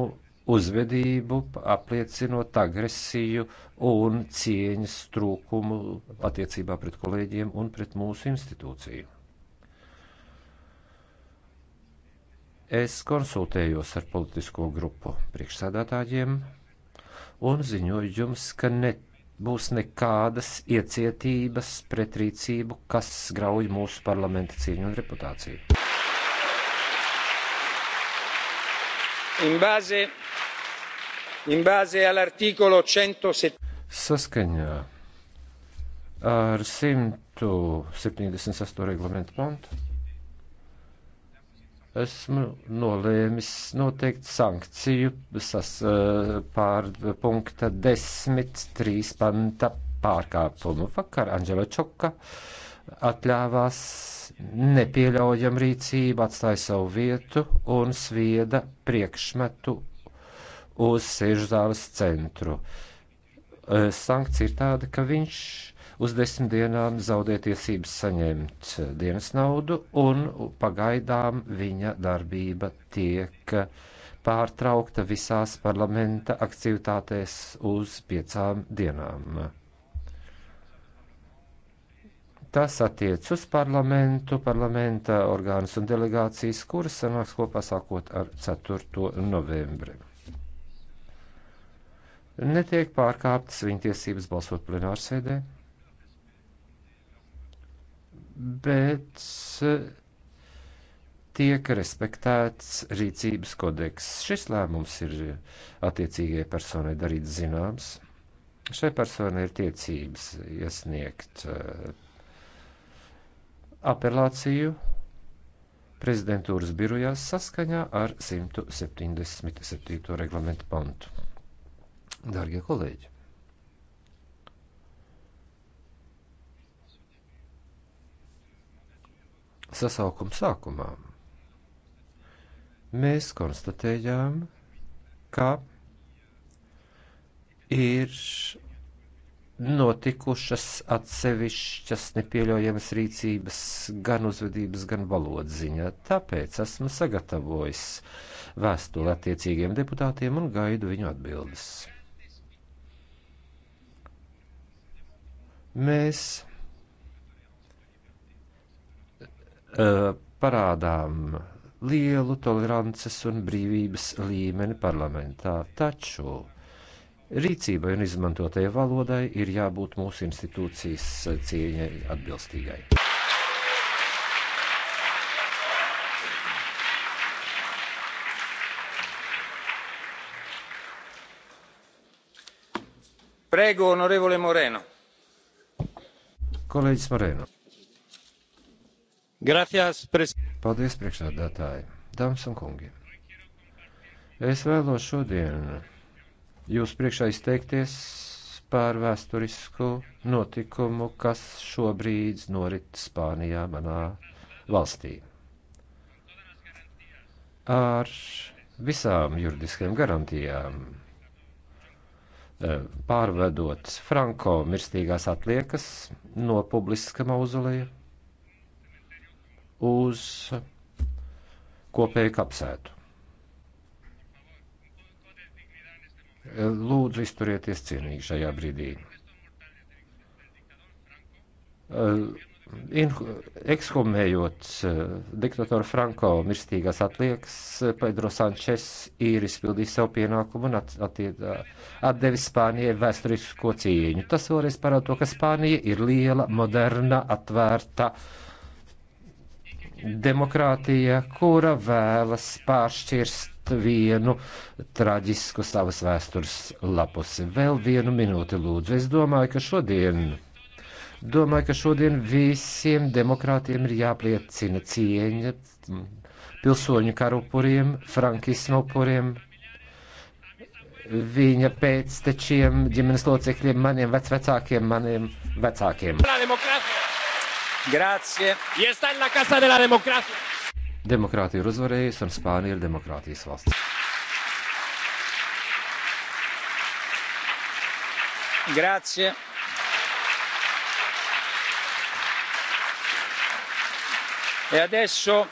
uzvedību, apliecinot agresiju un cieņas trūkumu attiecībā pret kolēģiem un pret mūsu institūciju. Es konsultējos ar politisko grupu priekšsādātājiem un ziņoju jums, ka ne būs nekādas iecietības pret rīcību, kas grauj mūsu parlamenta cīņu un reputāciju. In base, in base 107... Saskaņā ar 178. reglamentu pantu esmu nolēmis noteikt sankciju sas, eh, pār punkta 10.3 panta pārkāpumu. Vakar Anģela Čoka atļāvās nepieļaujam rīcību, atstāja savu vietu un svieda priekšmetu uz sežzāles centru. Eh, sankcija ir tāda, ka viņš uz desmit dienām zaudē tiesības saņemt eh, dienas naudu, un pagaidām viņa darbība tiek pārtraukta visās parlamenta aktivitātēs uz piecām dienām. Tas attiec uz parlamentu, parlamenta orgānus un delegācijas, kuras sanāks kopā sākot ar 4. novembri netiek pārkāptas viņa tiesības balsot plenārsēdē bet eh, tiek respektēts rīcības kodeks. Šis lēmums ir attiecīgajai personai darīts zināms. Šai personai ir tiecības iesniegt eh, apelāciju prezidentūras birojās saskaņā ar 177. reglamentu pantu. Dārgie kolēģi! sasaukuma sākumā. Mēs konstatējām, ka ir notikušas atsevišķas nepieļaujamas rīcības gan uzvedības, gan valodziņā. Tāpēc esmu sagatavojis vēstuli attiecīgiem deputātiem un gaidu viņu atbildes. Mēs Eh, parādām lielu tolerances un brīvības līmeni parlamentā, taču rīcībai un izmantotajai valodai ir jābūt mūsu institūcijas cieņai atbilstīgai. Prego, onorevole Moreno. Kolēģis Moreno. Gracias, pres... Paldies, priekšsādātāji, dāmas un kungi. Es vēlos šodien jūs priekšā izteikties par vēsturisku notikumu, kas šobrīd norit Spānijā, manā valstī. Ar visām juridiskajām garantijām, eh, pārvedot Franko mirstīgās atliekas no publiska mauzoleja uz kopēju kapsētu. Lūdzu, izturieties cienīgi šajā brīdī. Uh, Ekshumējot uh, diktatoru Franko mirstīgās atliekas, uh, Pedro Sančes ir izpildījis savu pienākumu un at, at, atdevis Spānijai vēsturisko cieņu. Tas vēlreiz parāda to, ka Spānija ir liela, moderna, atvērta uh, demokrātija, kura vēlas pāršķirst vienu traģisku savas vēstures lapusi. Vēl vienu minūti lūdzu. Es domāju, ka šodien. Domāju, ka šodien visiem demokrātiem ir jāpliecina cieņa pilsoņu karupuriem, frankismu upuriem, viņa pēctečiem, ģimenes locekļiem, maniem vecvecākiem, maniem vecākiem. La demokrātija! Grācie. Iestāj la casa de la demokrātija. Demokrātija ir uzvarējusi un Spānija ir demokrātijas valsts. Grācie. E adesso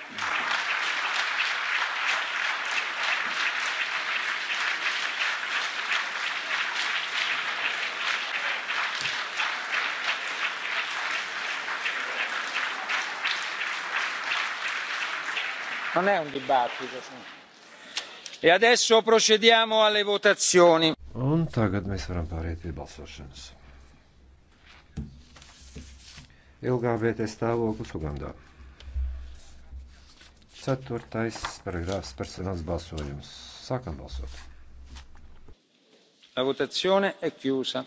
non è un dibattito. E adesso procediamo alle votazioni. Un tagad mēs varam pāriet pie balsošanas. LGBT stāvoklis Ugandā. Ceturtais paragrāfs personāls balsojums. Sākam balsot. La votazione è chiusa.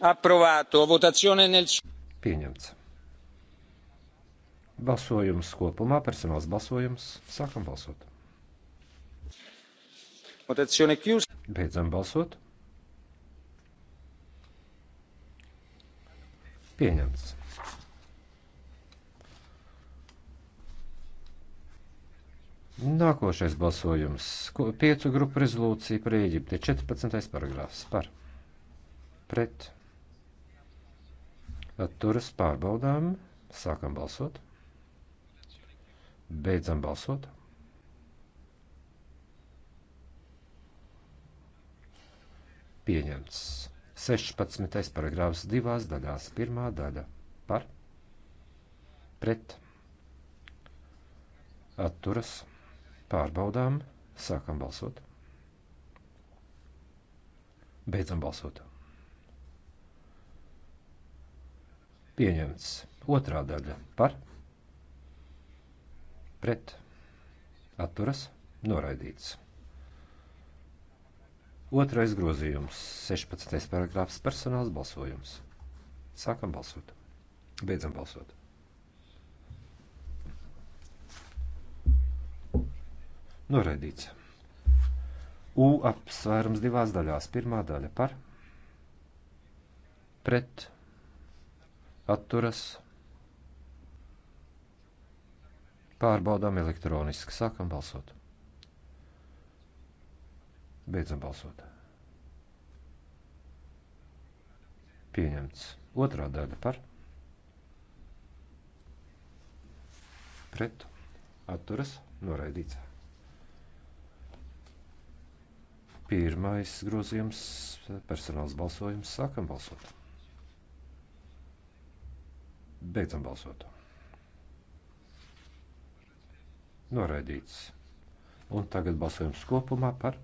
Approvato. Votazione nel. Pieņemts. Balsojums kopumā, personāls balsojums. Sākam balsot. Beidzam balsot. Pieņemts. Nākošais balsojums. Piecu grupu rezolūcija par Ēģipti. 14. paragrāfs par. Pret. Atturas pārbaudām. Sākam balsot. Beidzam balsot. Pieņemts. 16. paragrāfs divās daļās. Pirmā daļa par, pret, atturas, pārbaudām, sākam balsot. Beidzam balsot. Pieņemts. Otrā daļa par, pret pret atturas noraidīts. Otrais grozījums - 16. paragrāfs personāls balsojums. Sākam balsot. Beidzam balsot. Noraidīts. U apsvērums divās daļās. Pirmā daļa par pret atturas Pārbaudām elektroniski. Sākam balsot. Beidzam balsot. Pieņemts. Otrā daļa par. Pret. Atturas. Noraidīts. Pirmais grozījums - personāls balsojums. Sākam balsot. Beidzam balsot. noraidīts. Un tagad balsojums kopumā par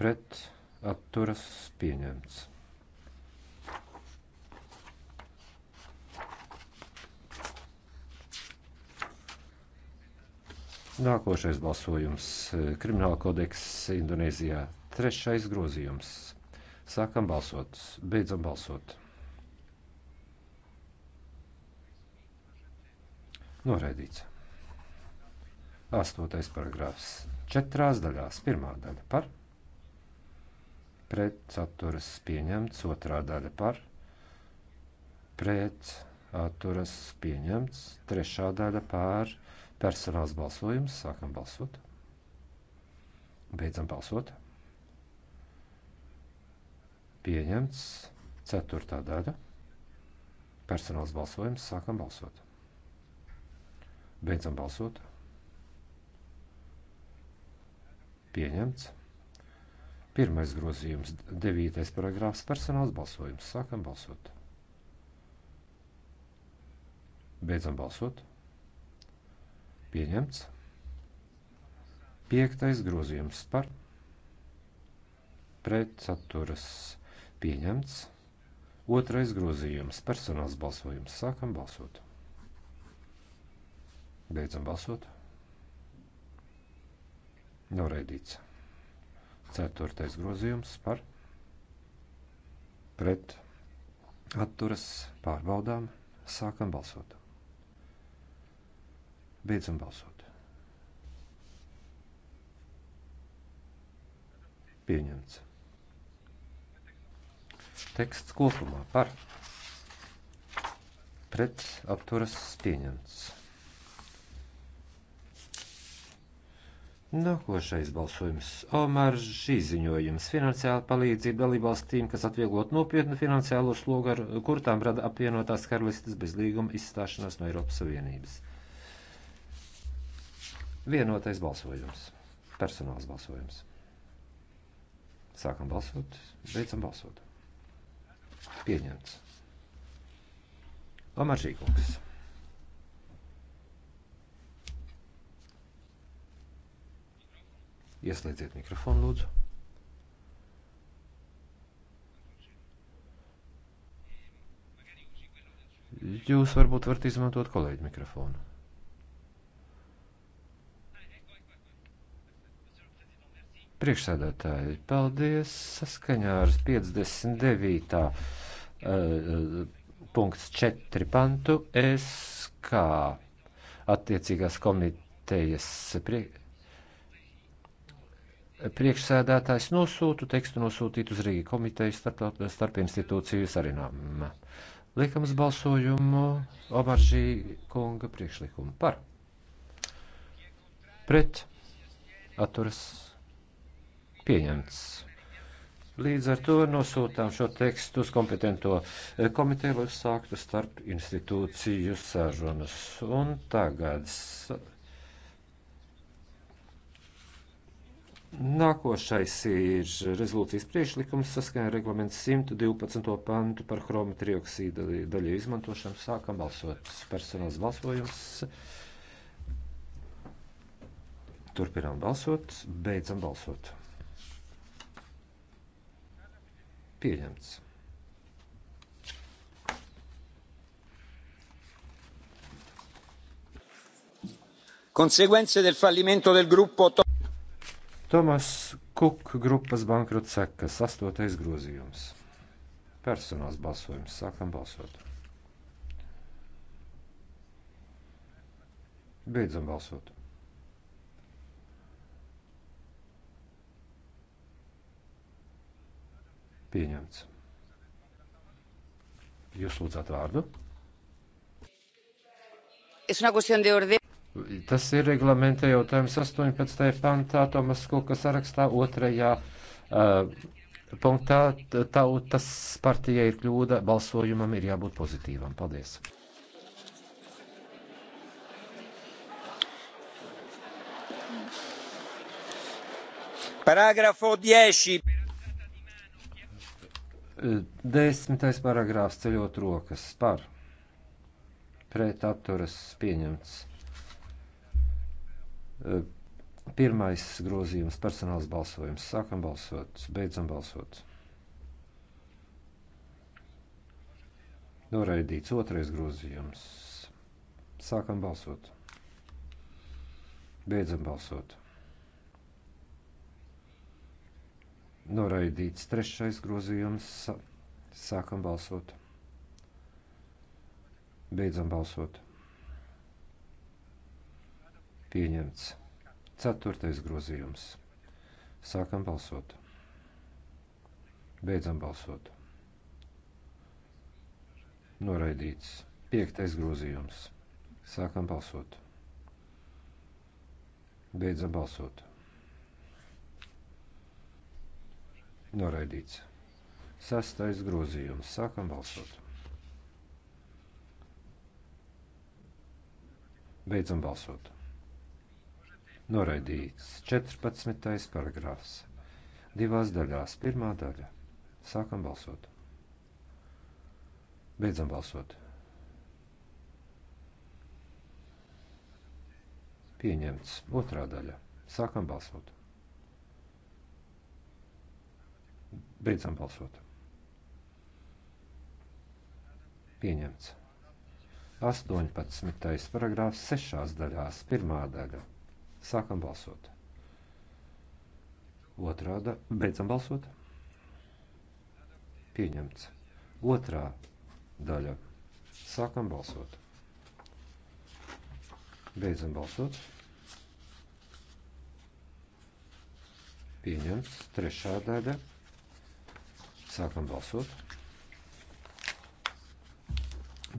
pret atturas pieņemts. Nākošais balsojums - Krimināla kodeks Indonēzijā. Trešais grozījums. Sākam balsot, beidzam balsot. Noraidīts. Astotais paragrāfs. Četrās daļās. Pirmā daļa par. Pret atturas pieņemts. Otrā daļa par. Pret atturas pieņemts. Trešā daļa par. Personāls balsojums. Sākam balsot. Beidzam balsot. Pieņemts. Ceturtā daļa. Personāls balsojums. Sākam balsot. Beidzam balsot. Pieņemts. Pirmais grozījums, devītais paragrāfs, personāls balsojums. Sākam balsot. Beidzam balsot. Pieņemts. Piektais grozījums par pretsaturas pieņemts. Otrais grozījums, personāls balsojums. Sākam balsot. Beidzam balsot. Noraidīts. Ceturtais grozījums par pret atturas pārbaudām. Sākam balsot. Beidzam balsot. Pieņemts. Teksts kopumā par pret apturas pieņemts. Nākošais balsojums. Omar šī ziņojums - finansiāla palīdzība dalībvalstīm, kas atvieglot nopietnu finansiālo slogu, ar kurtām rada apvienotās karalistes bezlīguma izstāšanās no Eiropas Savienības. Vienotais balsojums. Personāls balsojums. Sākam balsot, beidzam balsot. Pieņemts. Omar Šīkungs. Ieslēdziet mikrofonu, lūdzu. Jūs varbūt varat izmantot kolēģi mikrofonu. Priekšsēdētāji, paldies! Saskaņā ar 59. Uh, eh, punkts 4 pantu es kā attiecīgās komitejas priekšsēdētājs priekšsēdētājs nosūtu tekstu nosūtīt uz Rīgas komiteju starp, starp institūciju sarunām. Liekam uz balsojumu Omaržī kunga priekšlikumu par. Pret atturas pieņemts. Līdz ar to nosūtām šo tekstu uz kompetento komiteju, lai sāktu starp institūciju sarunas. Un tagad. Nākošais ir rezolūcijas priekšlikums saskaņā ar reglamentu 112. pantu par chromatrioksīda daļu izmantošanu. Sākam balsot. Personāls balsojums. Turpinām balsot. Beidzam balsot. Pieņemts. Conseguenze del fallimento del gruppo Tomas Kuk grupas bankrota sekas, astotais grozījums. Personāls balsojums. Sākam balsot. Beidzam balsot. Pieņemts. Jūs lūdzat vārdu? Es una cuestión de orden. Tas ir reglamenta jautājums 18. pantā, Tomas Kuka sarakstā 2. Uh, punktā. Tautas partija ir kļūda, balsojumam ir jābūt pozitīvam. Paldies! Paragrafo 10. Desmitais paragrāfs ceļot rokas par pret apturas pieņemts. Pirmais grozījums - personāls balsojums. Sākam balsot, beidzam balsot. Noraidīts otrais grozījums. Sākam balsot. Beidzam balsot. Noraidīts trešais grozījums. Sākam balsot. Beidzam balsot. Pieņemts. Ceturtais grozījums. Sākam balsot. Beidzam balsot. Noraidīts. Piektais grozījums. Sākam balsot. Beidzam balsot. Noraidīts. Sastais grozījums. Sākam balsot. Beidzam balsot. Noraidīts 14. paragrāfs. Divās daļās. Pirmā daļa. Sākam balsot. Beidzam balsot. Pieņemts. Otrā daļa. Sākam balsot. Beidzam balsot. Pieņemts. 18. paragrāfs sešās daļās. Pirmā daļa. Sākam balsot. Otrā daļa. Beidzam balsot. Pieņemts. Otrā daļa. Sākam balsot. Beidzam balsot. Pieņemts. Trešā daļa. Sākam balsot.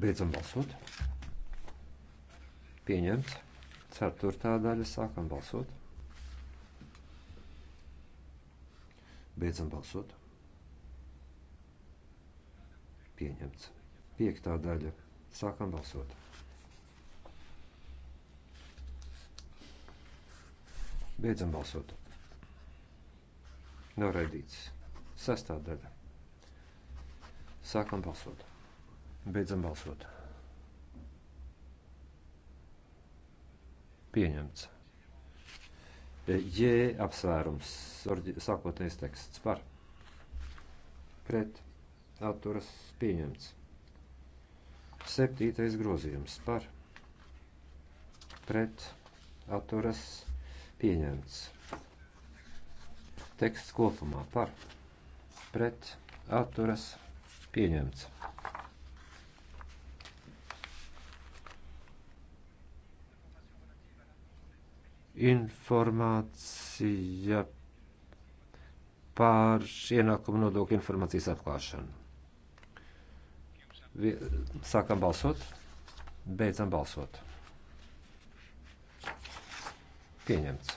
Beidzam balsot. Pieņemts. Ceturtā daļa sākam balsot. Beidzam balsot. Pieņemts. Piektā daļa. Sākam balsot. Beidzam balsot. Noraidīts. Sestā daļa. Sākam balsot. Beidzam balsot. pieņemts. E, J apsvērums, sākotnējais teksts par pret atturas pieņemts. Septītais grozījums par pret atturas pieņemts. Teksts kopumā par pret atturas pieņemts. informācija pār ienākumu nodokļu informācijas atklāšanu. Sākam balsot, beidzam balsot. Pieņemts.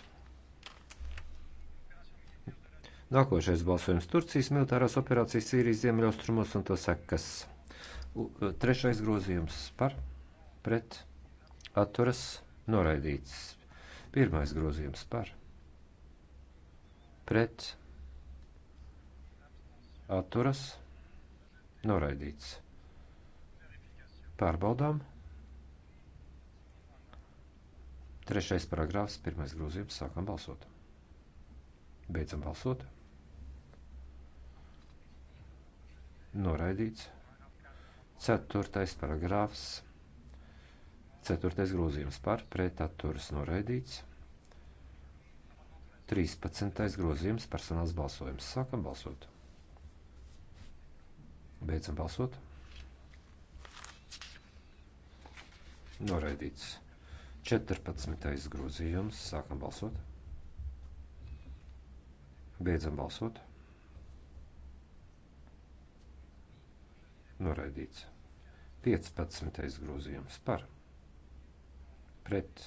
Nākošais balsojums - Turcijas militārās operācijas Sīrijas ziemeļaustrumos un to sekas. Trešais grozījums par, pret, atturas, noraidīts Pirmais grozījums par pret atturas noraidīts. Pārbaudām. Trešais paragrāfs, pirmais grozījums, sākam balsot. Beidzam balsot. Noraidīts. Ceturtais paragrāfs, Ceturtais grozījums par pretaturas noraidīts. 13. grozījums personāls balsojums. Sākam balsot. Beidzam balsot. Noraidīts. 14. grozījums. Sākam balsot. Beidzam balsot. Noraidīts. 15. grozījums par pret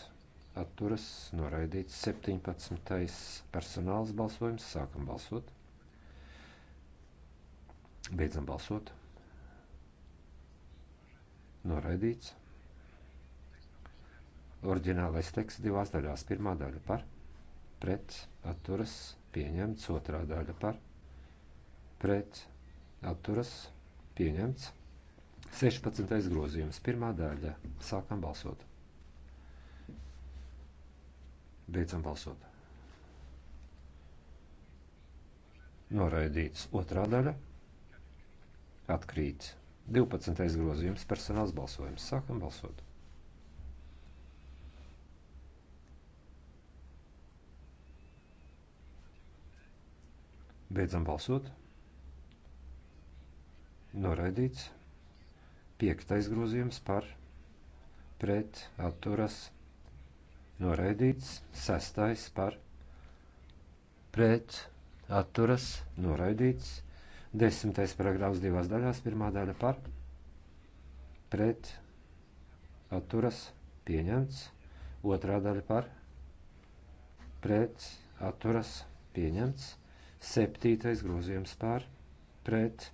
atturas noraidīts 17. personāls balsojums. Sākam balsot. Beidzam balsot. Noraidīts. Orģinālais teksts divās daļās. Pirmā daļa par, pret, atturas, pieņemts. Otrā daļa par, pret, atturas, pieņemts. 16. grozījums. Pirmā daļa. Sākam balsot. Beidzam balsot. Noraidīts otrā daļa. Atkrīt 12. grozījums personāls balsojums. Sākam balsot. Beidzam balsot. Noraidīts. Piektais grozījums par pret atturas balsojums noraidīts, sestais par pret atturas noraidīts, desmitais paragrāfs divās daļās, pirmā daļa par pret atturas pieņemts, otrā daļa par pret atturas pieņemts, septītais grozījums par pret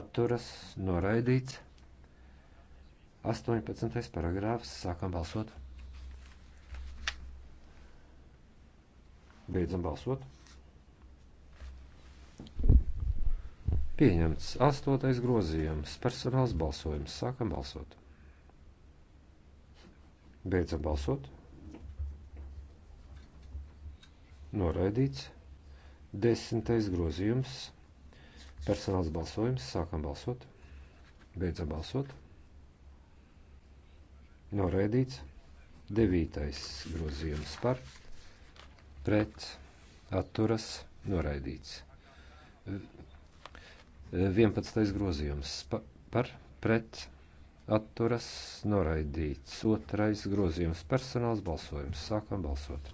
atturas noraidīts, 18. paragrāfs sākam balsot. Beidzam balsot. Pieņemts astotais grozījums, personāls balsojums. Sākam balsot. Beidzam balsot. Noraidīts. Desmitais grozījums, personāls balsojums. Sākam balsot. Beidzam balsot. Noraidīts. Devītais grozījums par pret atturas noraidīts. 11. grozījums par pret atturas noraidīts. Otrais grozījums personāls balsojums. Sākam balsot.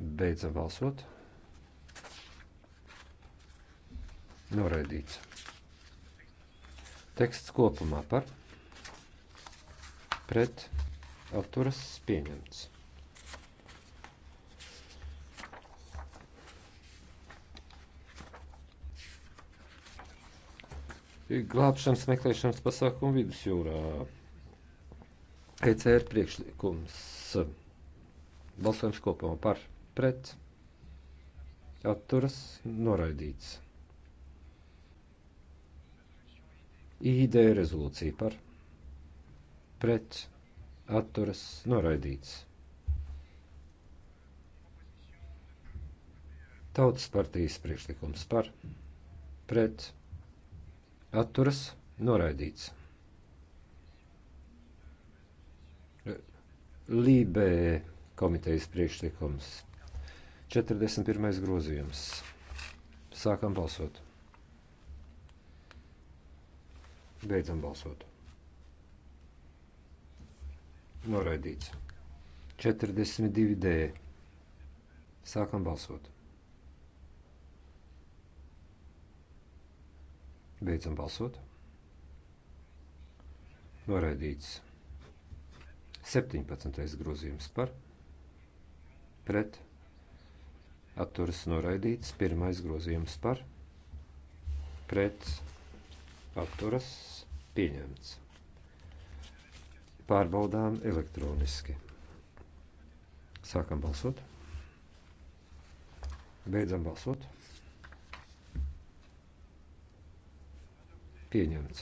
Beidzam balsot. Noraidīts. Teksts kopumā par pret atturas pieņemts. glābšanas meklēšanas pasākumu vidusjūrā. ECR priekšlikums balsojums kopumā par pret atturas noraidīts. ID rezolūcija par pret atturas noraidīts. Tautas partijas priekšlikums par pret atturas noraidīts atturas noraidīts. Lībē komitejas priekšlikums 41. grozījums. Sākam balsot. Beidzam balsot. Noraidīts. 42D. Sākam balsot. Beidzam balsot. Noraidīts. 17. grozījums par pret atturas noraidīts. Pirmais grozījums par pret atturas pieņemts. Pārbaudām elektroniski. Sākam balsot. Beidzam balsot. Pieņemts.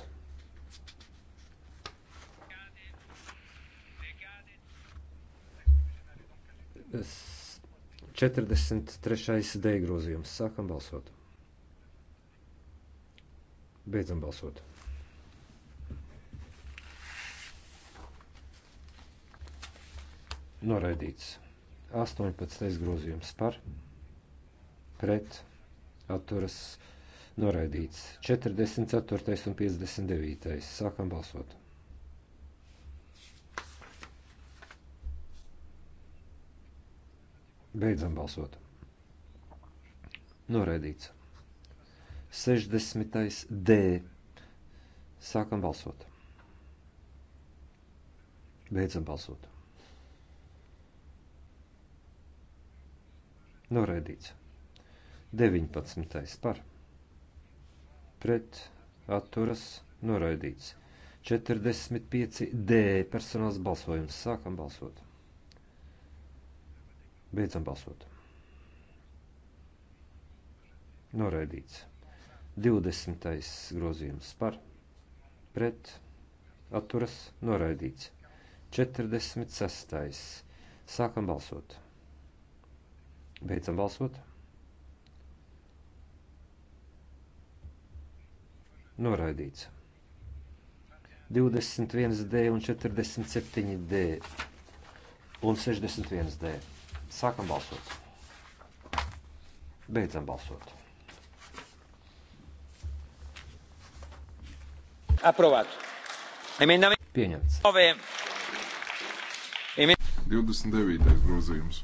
Es 43. D grozījums. Sākam balsot. Beidzam balsot. Noraidīts. 18. grozījums par pret atturas pret Noraidīts 44. un 59. Sākam balsot. Beidzam balsot. Noraidīts. 60. D. Sākam balsot. Beidzam balsot. Noraidīts. 19. par pret atturas noraidīts. 45 D personāls balsojums. Sākam balsot. Beidzam balsot. Noraidīts. 20. grozījums par pret atturas noraidīts. 46. Sākam balsot. Beidzam balsot. Noraidīts. 21D un 47D un 61D. Sākam balsot. Beidzam balsot. Aprobāts. Pieņemts. 29. grozījums.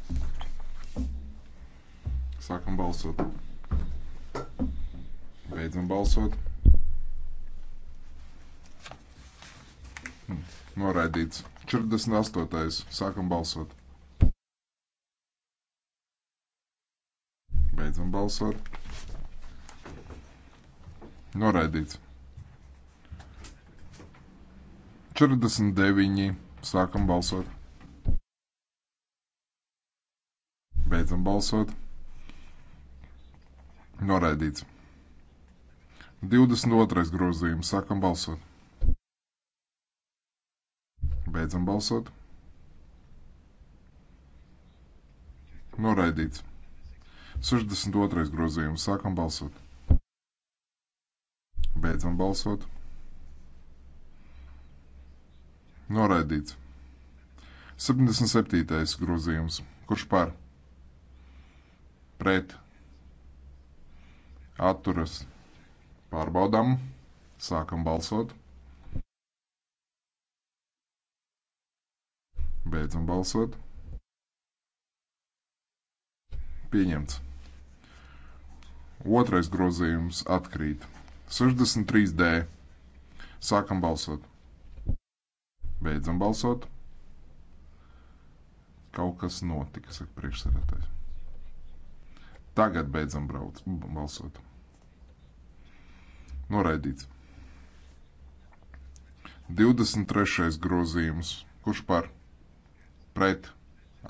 Sākam balsot. Beidzam balsot. Noraidīts. 48. Sākam balsot. Beidzam balsot. Noraidīts. 49. Sākam balsot. Beidzam balsot. Noraidīts. 22. grozījums. Sākam balsot. Beidzam balsot. Noraidīts. 62. grozījums. Sākam balsot. Beidzam balsot. Noraidīts. 77. grozījums. Kurš par? Pret. Atturas. Pārbaudām. Sākam balsot. Beidzam balsot. Pieņemts. Otrais grozījums atkrīt. 63D. Sākam balsot. Beidzam balsot. Kaut kas notika, saka priekšsēdētājs. Tagad beidzam brauc, balsot. Noraidīts. 23. grozījums. Kurš par? pret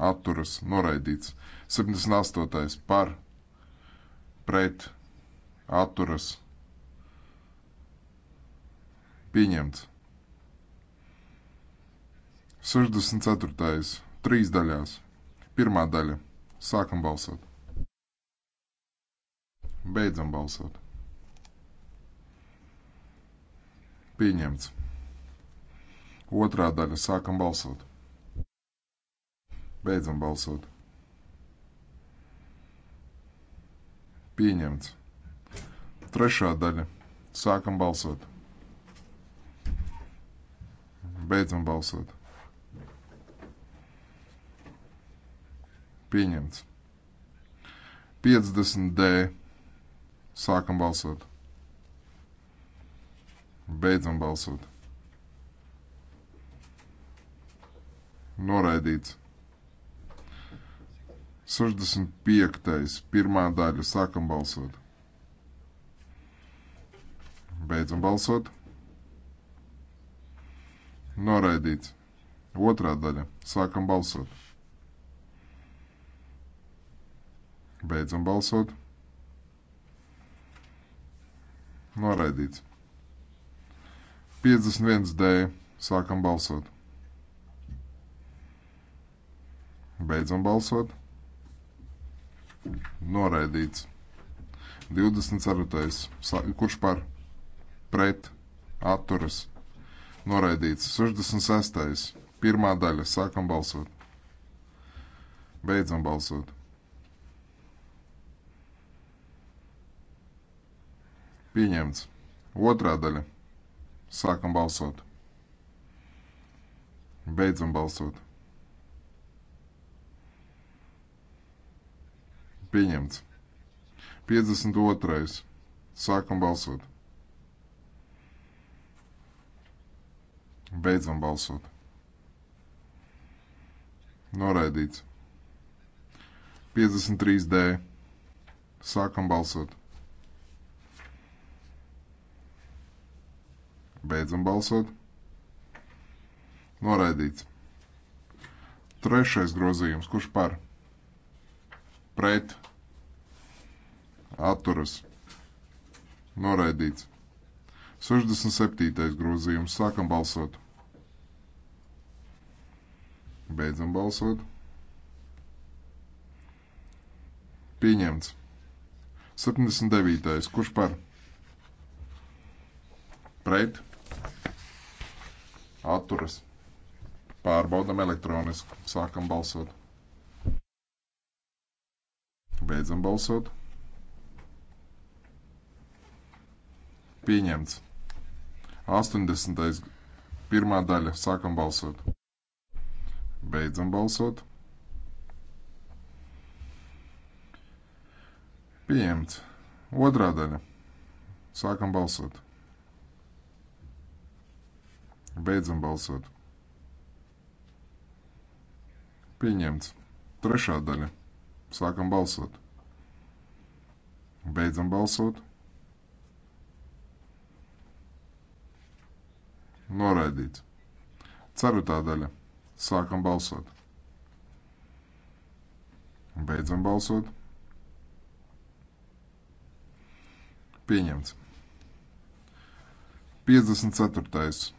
atturas noraidīts. 78. par pret atturas pieņemts. 64. trīs daļās. Pirmā daļa. Sākam balsot. Beidzam balsot. Pieņemts. Otrā daļa. Sākam balsot. Beidzam balsot. Pieņemts. Trešā daļa. Sākam balsot. Beidzam balsot. Pieņemts. 50D. Sākam balsot. Beidzam balsot. Noraidīts. 65. pirmā daļa. Sākam balsot. Beidzam balsot. Noraidīts. Otrā daļa. Sākam balsot. Beidzam balsot. Noraidīts. 51 D. Sākam balsot. Beidzam balsot noraidīts. 24. kurš par pret atturas noraidīts. 66. pirmā daļa sākam balsot. Beidzam balsot. Pieņemts. Otrā daļa. Sākam balsot. Beidzam balsot. Pieņemts. 52. Sākam balsot. Beidzam balsot. Noraidīts. 53D. Sākam balsot. Beidzam balsot. Noraidīts. Trešais grozījums. Kurš par? pret atturas noraidīts. 67. grozījums sākam balsot. Beidzam balsot. Pieņemts. 79. Kurš par? Pret. Atturas. Pārbaudam elektroniski. Sākam balsot. Beidzam balsot. Pieņemts. 80. pirmā daļa. Sākam balsot. Beidzam balsot. Pieņemts. Otrā daļa. Sākam balsot. Beidzam balsot. Pieņemts. Trešā daļa. Sākam balsot. Beidzam balsot. Noraidīts. Ceturtā daļa. Sākam balsot. Beidzam balsot. Pieņemts. 54.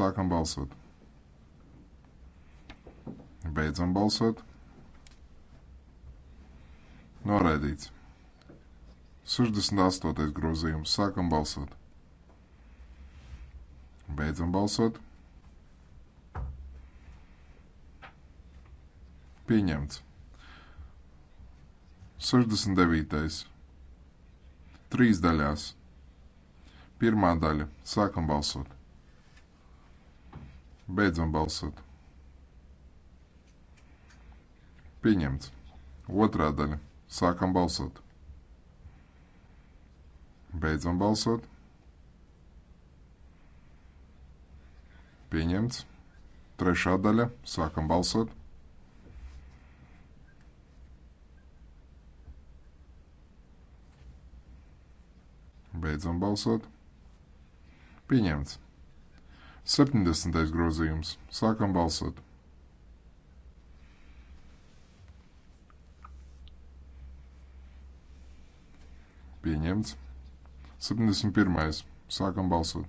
Sākam balsot. Beidzam balsot. Noraidīts. 68. grozījums. Sākam balsot. Beidzam balsot. Pieņemts. 69. Trīs daļās. Pirmā daļa. Sākam balsot. Beidzam balsot. Pieņemts. Otrā daļa. Sākam balsot. Beidzam balsot. Pieņemts. Trešā daļa. Sākam balsot. Beidzam balsot. Pieņemts. 70. grozījums. Sākam balsot. Pieņemts. 71. Sākam balsot.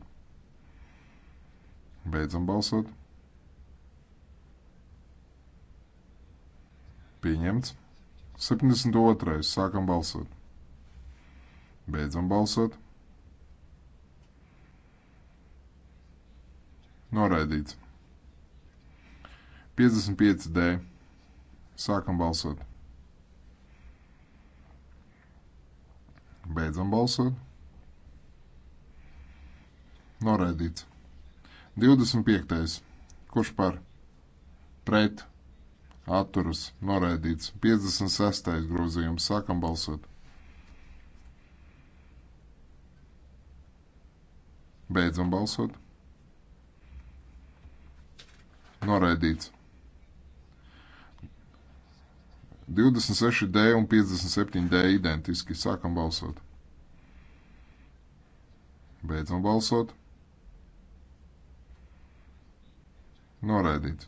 Beidzam balsot. Pieņemts. 72. Sākam balsot. Beidzam balsot. Noraidīts. 55D. Sākam balsot. Beidzam balsot. Noraidīts. 25. Kurš par? Pret. Atturas. Noraidīts. 56. grozījums. Sākam balsot. Beidzam balsot. Noraidīts. 26D un 57D identiski. Sākam balsot. Beidzam balsot. Noraidīts.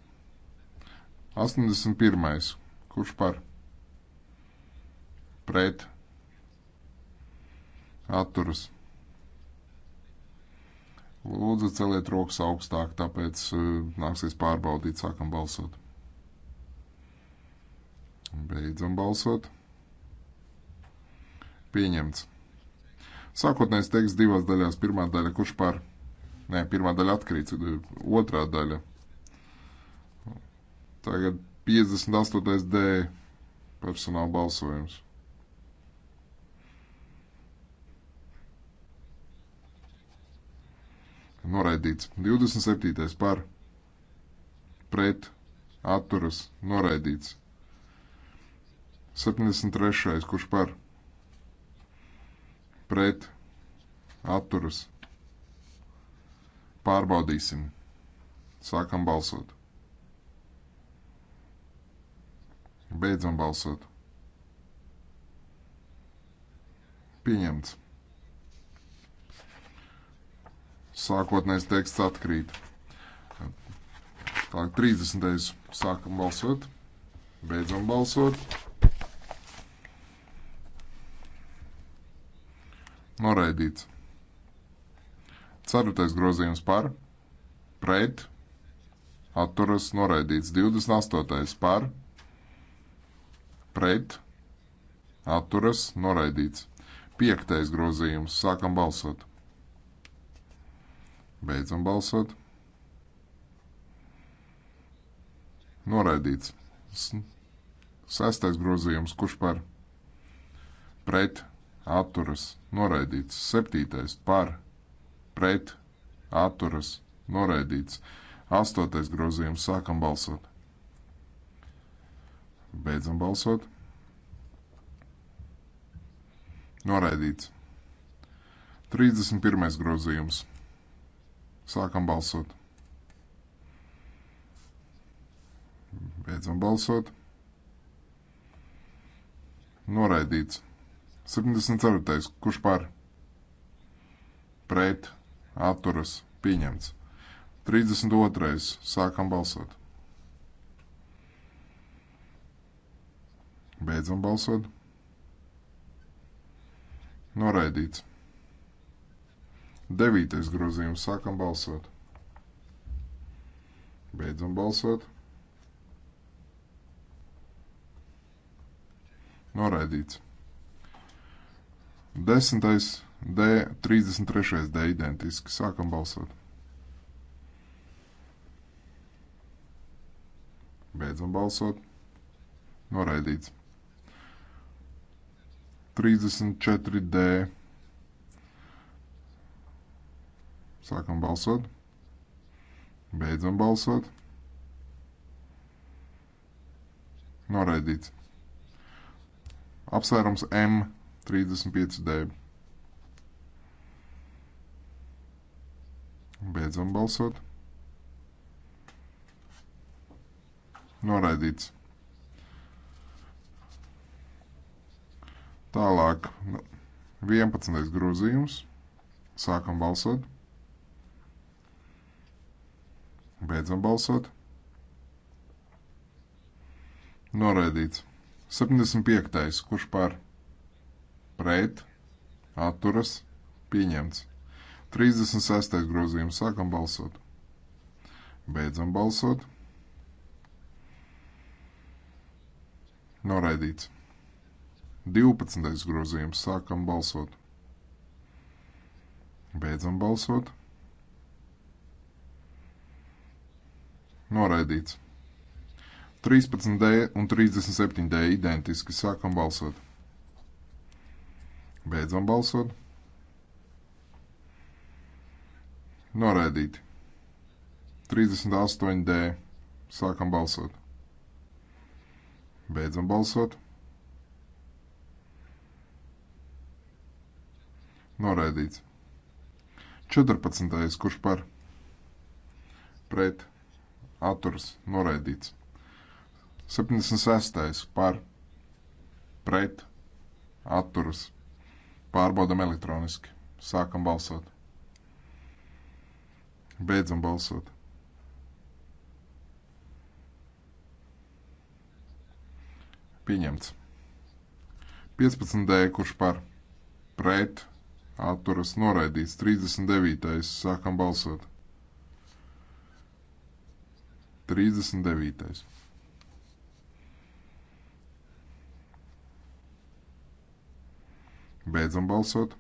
81. Kurš par? Pret. Atturas. Lūdzu, celiet rokas augstāk, tāpēc uh, nāksies pārbaudīt, sākam balsot. Beidzam balsot. Pieņemts. Sākotnējais teksts divās daļās. Pirmā daļa, kurš par? Nē, pirmā daļa atkrīt, otrā daļa. Tagad 58. D personāla balsojums. Noraidīts. 27. par pret atturas noraidīts. 73. kurš par pret atturas pārbaudīsim. Sākam balsot. Beidzam balsot. Pieņemts. Sākotnējais teksts atkrīt. Tālāk 30. sākam balsot. Beidzam balsot. Noraidīts. Ceturtais grozījums par, pret, atturas noraidīts. 28. par, pret, atturas noraidīts. Piektais grozījums. Sākam balsot. Beidzam balsot. Noraidīts. Sestais grozījums. Kurš par? Pret, atturas noraidīts. Septītais par pret atturas noraidīts. Astotais grozījums sākam balsot. Beidzam balsot. Noraidīts. 31. grozījums. Sākam balsot. Beidzam balsot. Noraidīts. 74. Kurš par? Pret. Atturas. Pieņemts. 32. Sākam balsot. Beidzam balsot. Noraidīts. 9. grozījums. Sākam balsot. Beidzam balsot. Noraidīts. Desmitais D, 33. D identiski. Sākam balsot. Beidzam balsot. Noraidīts. 34D. Sākam balsot. Beidzam balsot. Noraidīts. Apsvērums M 35 dēļ. Beidzam balsot. Noraidīts. Tālāk 11. Nu, grozījums. Sākam balsot. Beidzam balsot. Noraidīts. 75. Kurš par? pret, atturas, pieņemts. 36. grozījums. Sākam balsot. Beidzam balsot. Noraidīts. 12. grozījums. Sākam balsot. Beidzam balsot. Noraidīts. 13D un 37D identiski. Sākam balsot. Beidzam balsot. Noraidīti. 38D. Sākam balsot. Beidzam balsot. Noraidīts. 14. Kurš par? Pret. Atturs. Noraidīts. 76. Par. Pret. Atturs. Pārbaudam elektroniski. Sākam balsot. Beidzam balsot. Pieņemts. 15D, kurš par pret atturas noraidīts. 39. Sākam balsot. 39. Beidzam balsot.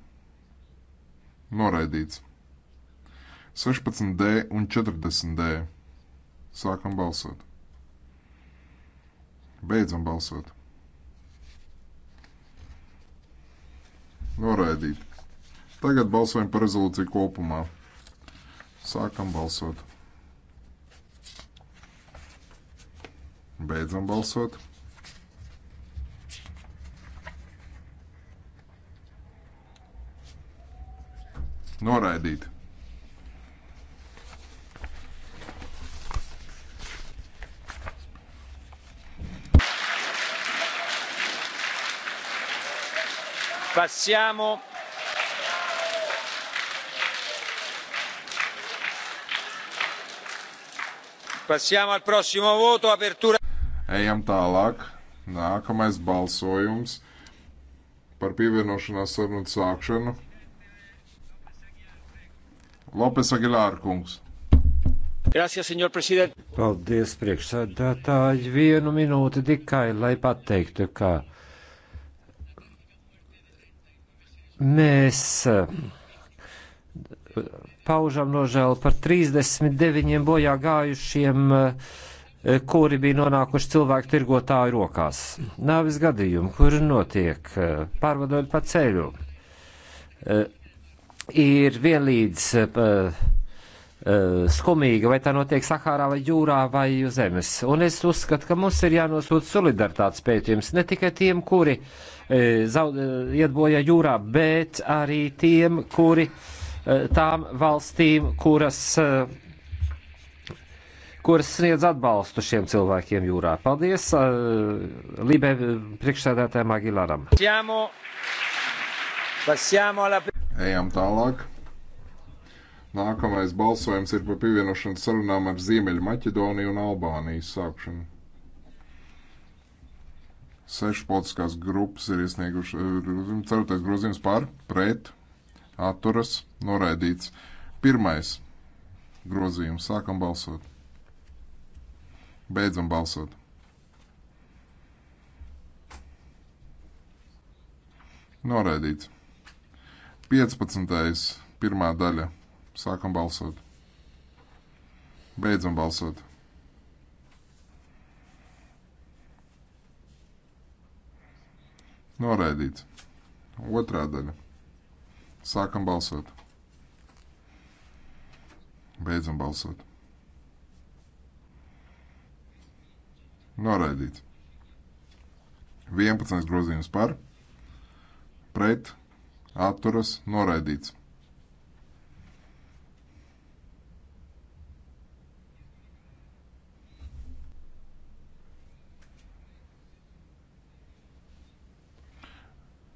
Noraidīts. 16D un 40D. Sākam balsot. Beidzam balsot. Noraidīt. Tagad balsojam par rezolūciju kopumā. Sākam balsot. Beidzam balsot. Noraidīt. Passiamo Passiamo al prossimo voto, apertura. Ejam tālāk. Nākamais balsojums par pievienošanās sarunu sākšanu Lopes Agilāra kungs. Gracias, senor president. Paldies, priekšsēdētāji. Vienu minūti tikai, lai pateiktu, ka mēs eh, paužam nožēlu par 39 bojā gājušiem, eh, kuri bija nonākuši cilvēku tirgotāju rokās. Nāvis gadījumi, kuri notiek, eh, pārvadojot pa ceļu ir vienlīdz uh, skumīga, vai tā notiek Sahārā, vai jūrā, vai uz zemes. Un es uzskatu, ka mums ir jānosūta solidaritātes pētījums ne tikai tiem, kuri e, zaud, iet bojā jūrā, bet arī tiem, kuri e, tām valstīm, kuras, e, kuras sniedz atbalstu šiem cilvēkiem jūrā. Paldies e, Libē priekšsēdētājiem Agilaram. Passiamo alla... Ejam tālāk. Nākamais balsojums ir par pievienošanas sarunām ar Ziemeļu Maķedoniju un Albānijas sākšanu. Sešas politiskās grupas ir iesnieguši grozījumu. Eh, ceturtais grozījums par, pret, atturas, noraidīts. Pirmais grozījums. Sākam balsot. Beidzam balsot. Noraidīts. 15. pirmā daļa. Sākam balsot. Beidzam balsot. Noraidīts. Otrā daļa. Sākam balsot. Beidzam balsot. Noraidīts. 11. grozījums par, pret, atturas noraidīts.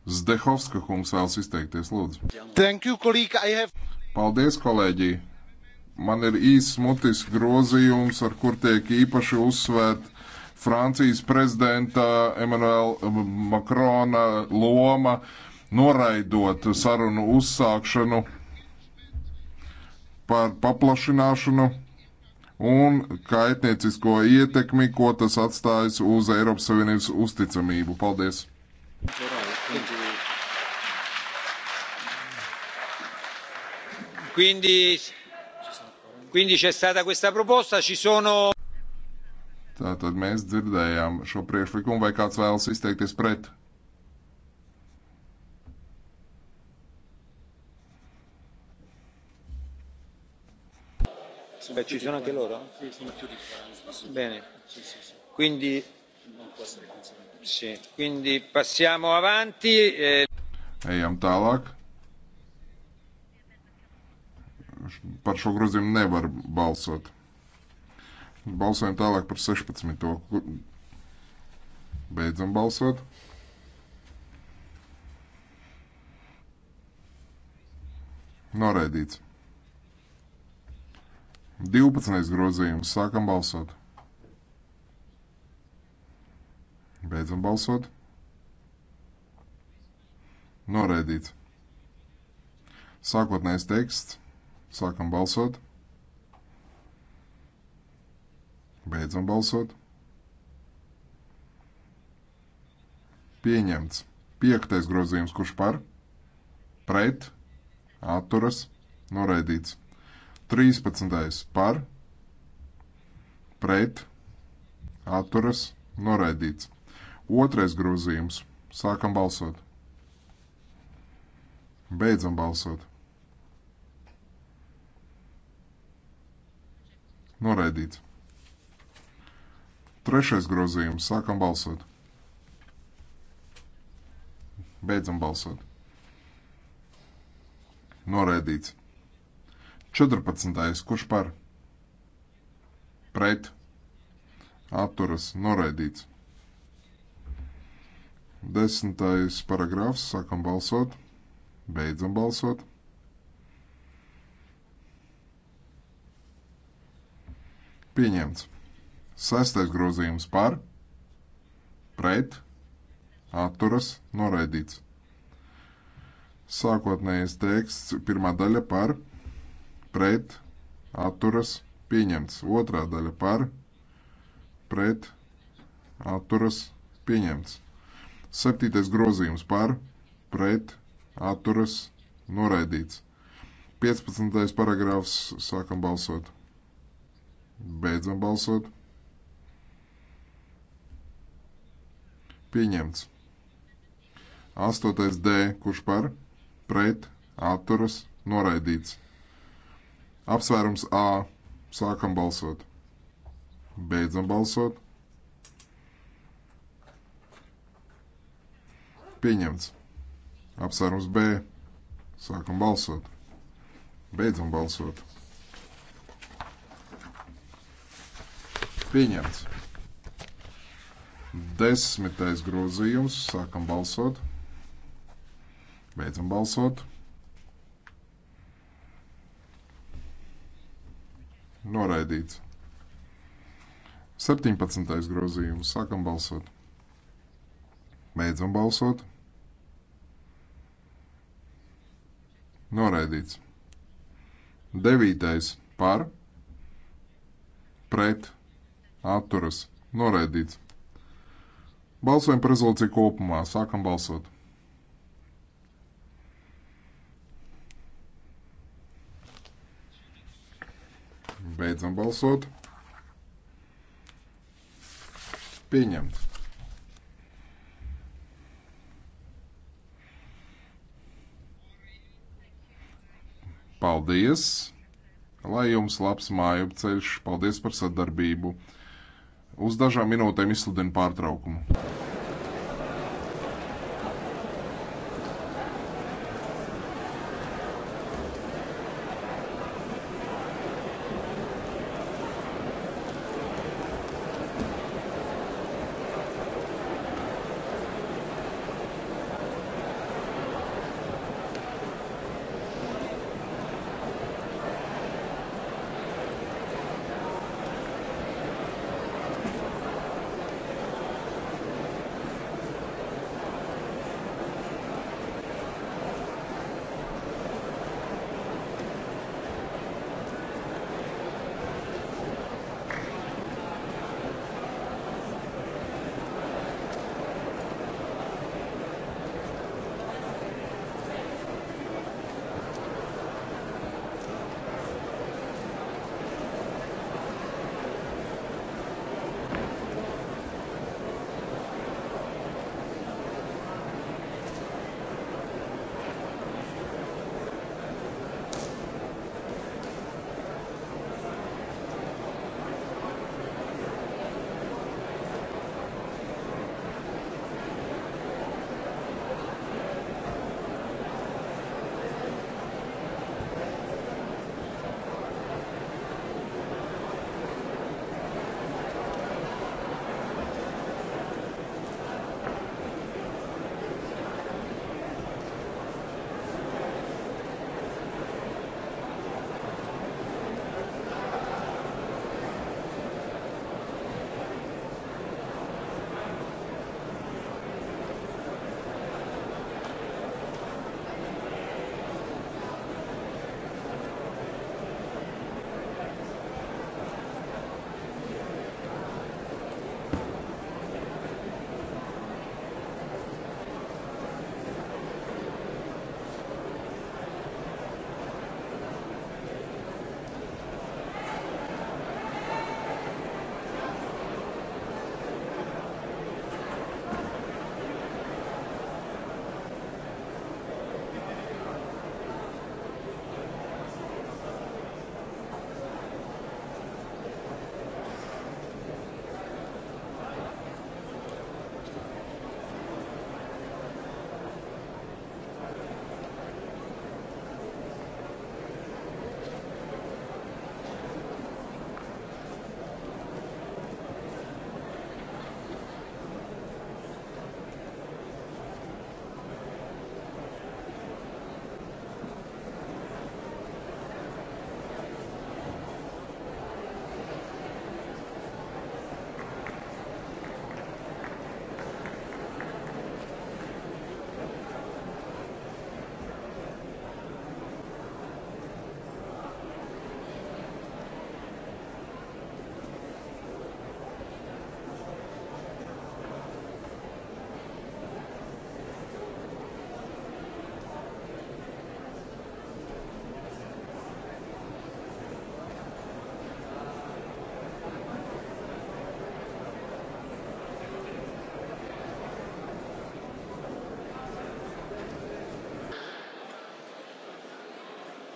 Zdehovska kungs vēlas izteikties, lūdzu. Thank you, kolīga, I have... Paldies, kolēģi. Man ir īsts mutisks grozījums, ar kur tiek īpaši uzsvērt Francijas prezidenta Emanuela Makrona loma uh, noraidot sarunu uzsākšanu par paplašināšanu un kaitniecisko ietekmi, ko tas atstājas uz Eiropas Savienības uzticamību. Paldies! Quindi, quindi c'è stata questa proposta, ci sono. Tātad mēs dzirdējām šo priekšlikumu, vai kāds vēlas izteikties pret? Sono Beh, ci sono anche loro? Sì, sono più di 40. Bene. Sì, sì, sì. Quindi, sì. Quindi passiamo avanti. E... Eh. Ejam tālāk. Par šo grozījumu nevar balsot. Balsojam tālāk par 16. Beidzam balsot. Noraidīts. 12. grozījums. Sākam balsot. Beidzam balsot. Noraidīts. Sākotnējais teksts. Sākam balsot. Beidzam balsot. Pieņemts. Piektais grozījums. Kurš par? Pret. Atturas. Noraidīts. 13. par, pret, atturas, noraidīts. Otrais grozījums. Sākam balsot. Beidzam balsot. Noraidīts. Trešais grozījums. Sākam balsot. Beidzam balsot. Noraidīts. 14. Kurš par? Pret. Atturas. Noraidīts. 10. paragrāfs. Sākam balsot. Beidzam balsot. Pieņemts. Sestais grozījums par, pret, atturas, noraidīts. Sākotnējais teksts, pirmā daļa par, pret pret, atturas, pieņemts. Otrā daļa par, pret, atturas, pieņemts. Septītais grozījums par, pret, atturas, noraidīts. 15. paragrāfs sākam balsot. Beidzam balsot. Pieņemts. 8. D, kurš par, pret, atturas, noraidīts. Apsvērums A. Sākam balsot. Beidzam balsot. Pieņemts. Apsvērums B. Sākam balsot. Beidzam balsot. Pieņemts. Desmitais grozījums. Sākam balsot. Beidzam balsot. Noraidīts. 17. grozījums. Sākam balsot. Beidzam balsot. Noraidīts. 9. par, pret, atturas. Noraidīts. Balsojam par rezolūciju kopumā. Sākam balsot. Beidzam balsot. Pieņemts. Paldies! Lai jums labs mājupceļš, paldies par sadarbību! Uz dažām minūtēm izsludinu pārtraukumu.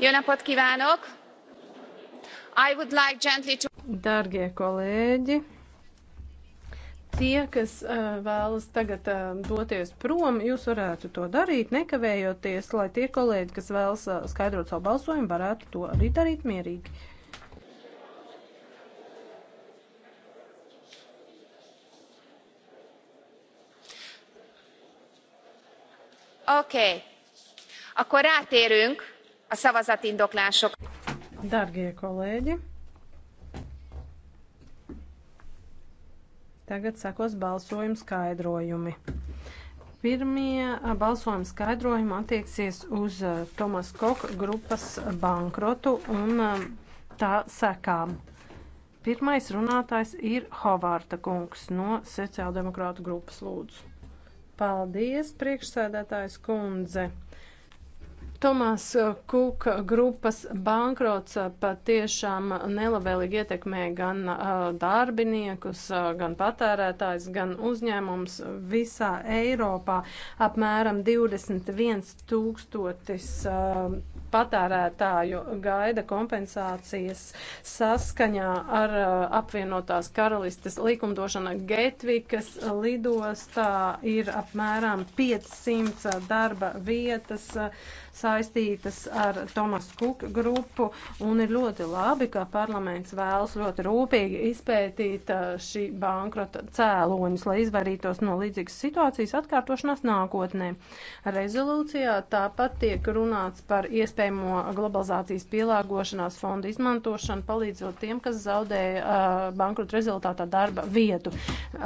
Jó napot kívánok! I would like gently to... Dargie kolēģi, tie, kas uh, vēlas tagad uh, doties prom, jūs varētu to darīt, nekavējoties, lai tie kolēģi, kas vēlas uh, skaidrot savu balsojumu, varētu to arī darīt mierīgi. Okay. Akkor rátérünk a szavazatindoklások. Dargie kolēģi, tagad sakos balsojumu skaidrojumi. Pirmie balsojuma skaidrojumi attieksies uz Tomas Koka grupas bankrotu un tā sekām. Pirmais runātājs ir Havārta kungs no sociāldemokrātu grupas lūdzu. Paldies, priekšsēdētājs kundze! Tomās eh, Kuka grupas bankrots eh, patiešām nelabvēlīgi ietekmē gan eh, darbiniekus, gan patērētājs, gan uzņēmums visā Eiropā. Apmēram 21 tūkstotis patērētāju gaida kompensācijas saskaņā ar apvienotās karalistes likumdošana Getvikas lidostā ir apmēram 500 darba vietas. Uh, saistītas ar Tomas Cook grupu, un ir ļoti labi, ka parlaments vēlas ļoti rūpīgi izpētīt uh, šī bankrota cēloņus, lai izvairītos no līdzīgas situācijas atkārtošanās nākotnē. Rezolūcijā tāpat tiek runāts par iespējamo globalizācijas pielāgošanās fondu izmantošanu, palīdzot tiem, kas zaudēja uh, bankrota rezultātā darba vietu.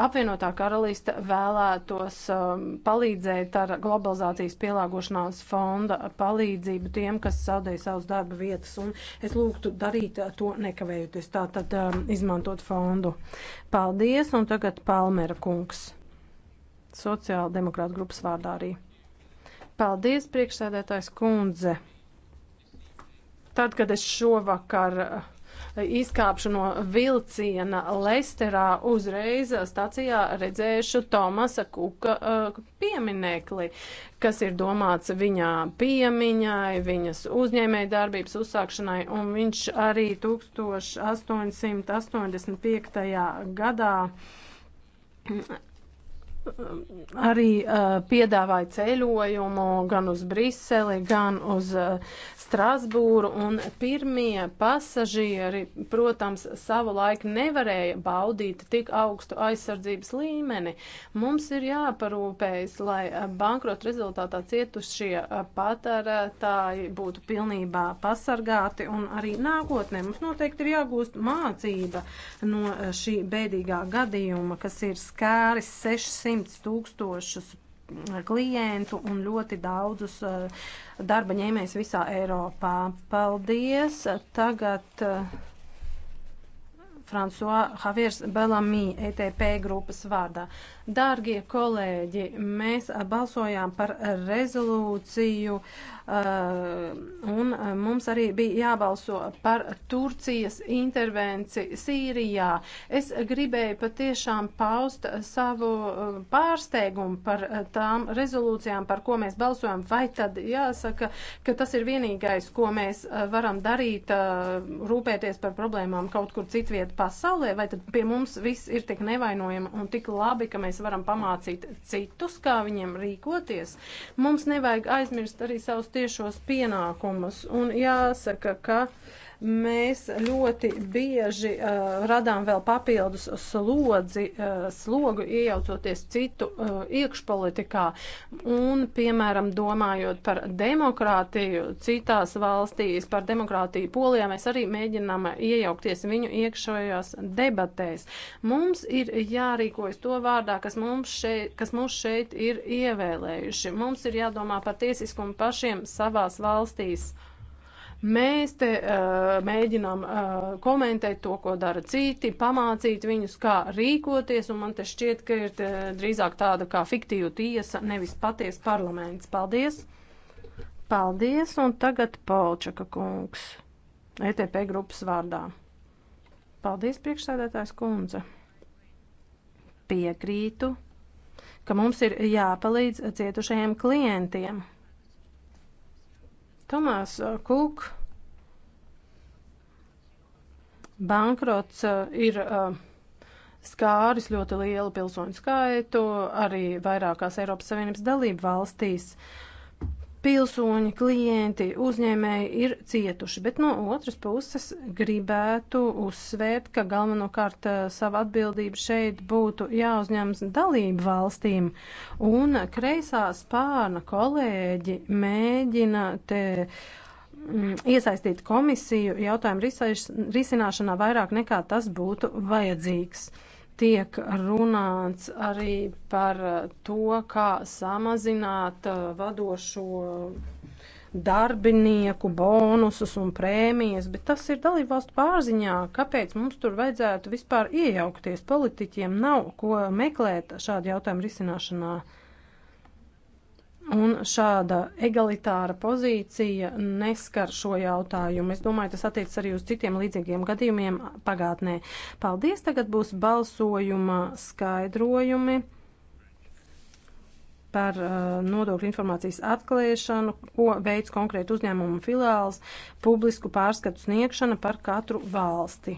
Apvienotā karalista vēlētos um, palīdzēt ar globalizācijas pielāgošanās fonda palīdzību palīdzību tiem, kas zaudēja savus darba vietas, un es lūgtu darīt to nekavējoties, tātad um, izmantot fondu. Paldies, un tagad Palmera kungs, sociāldemokrāta grupas vārdā arī. Paldies, priekšsēdētājs kundze. Tad, kad es šovakar izkāpšu no vilciena Lesterā, uzreiz stacijā redzēšu Tomasa Kuka uh, pieminekli, kas ir domāts viņa piemiņai, viņas uzņēmēja darbības uzsākšanai, un viņš arī 1885. gadā arī uh, piedāvāja ceļojumu gan uz Briseli, gan uz uh, Strasbūru, un pirmie pasažieri, protams, savu laiku nevarēja baudīt tik augstu aizsardzības līmeni. Mums ir jāparūpējas, lai uh, bankrota rezultātā cietušie uh, patērētāji būtu pilnībā pasargāti, un arī nākotnē mums noteikti ir jāgūst mācība no uh, šī bēdīgā gadījuma, kas ir skāris 600 simtus tūkstošus klientu un ļoti daudzus eh, darba ņēmējus visā Eiropā. Paldies! Tagad eh, François Javiers Bellamy, ETP grupas vārdā. Dārgie kolēģi, mēs balsojām par rezolūciju uh, Uh, un uh, mums arī bija jābalso par Turcijas intervenci Sīrijā. Es gribēju patiešām paust savu uh, pārsteigumu par tām rezolūcijām, par ko mēs balsojam, vai tad jāsaka, ka tas ir vienīgais, ko mēs varam darīt, rūpēties par problēmām kaut kur citviet pasaulē, vai tad pie mums viss ir tik nevainojami un tik labi, ka mēs varam pamācīt citus, kā viņiem rīkoties. Mums nevajag aizmirst arī savus tiešos pienākumus. Un jāsaka, ka mēs ļoti bieži uh, radām vēl papildus slodzi, uh, slogu iejaucoties citu uh, iekšpolitikā. Un, piemēram, domājot par demokrātiju citās valstīs, par demokrātiju Polijā, mēs arī mēģinām iejaukties viņu iekšējās debatēs. Mums ir jārīkojas to vārdā, kas mums šeit, kas mums šeit ir ievēlējuši. Mums ir jādomā par tiesiskumu pašiem savās valstīs. Mēs te uh, mēģinām uh, komentēt to, ko dara citi, pamācīt viņus, kā rīkoties, un man te šķiet, ka ir te drīzāk tāda kā fiktīva tiesa, nevis paties parlaments. Paldies! Paldies, un tagad Polčaka kungs, ETP grupas vārdā. Paldies, priekšsēdētājs kundze. Piekrītu, ka mums ir jāpalīdz cietušajiem klientiem Tomās Kūk uh, bankrots uh, ir uh, skāris ļoti lielu pilsoņu skaitu arī vairākās Eiropas Savienības dalību valstīs. Uh, pilsoņi, klienti, uzņēmēji ir cietuši, bet no otras puses gribētu uzsvērt, ka galvenokārt eh, savu atbildību šeit būtu jāuzņems dalību valstīm, un kreisā spārna kolēģi mēģina te mm, iesaistīt komisiju jautājumu risināšanā vairāk nekā tas būtu vajadzīgs tiek runāts arī par to, kā samazināt uh, vadošo darbinieku bonusus un prēmijas, bet tas ir dalībvalstu pārziņā. Kāpēc mums tur vajadzētu vispār iejaukties? Politiķiem nav ko meklēt šādu jautājumu risināšanā. Un šāda egalitāra pozīcija neskar šo jautājumu. Es domāju, tas attiecas arī uz citiem līdzīgiem gadījumiem pagātnē. Paldies, tagad būs balsojuma skaidrojumi par uh, nodokļu informācijas atklāšanu, ko veids konkrēti uzņēmumu filiāls, publisku pārskatu sniegšana par katru valsti.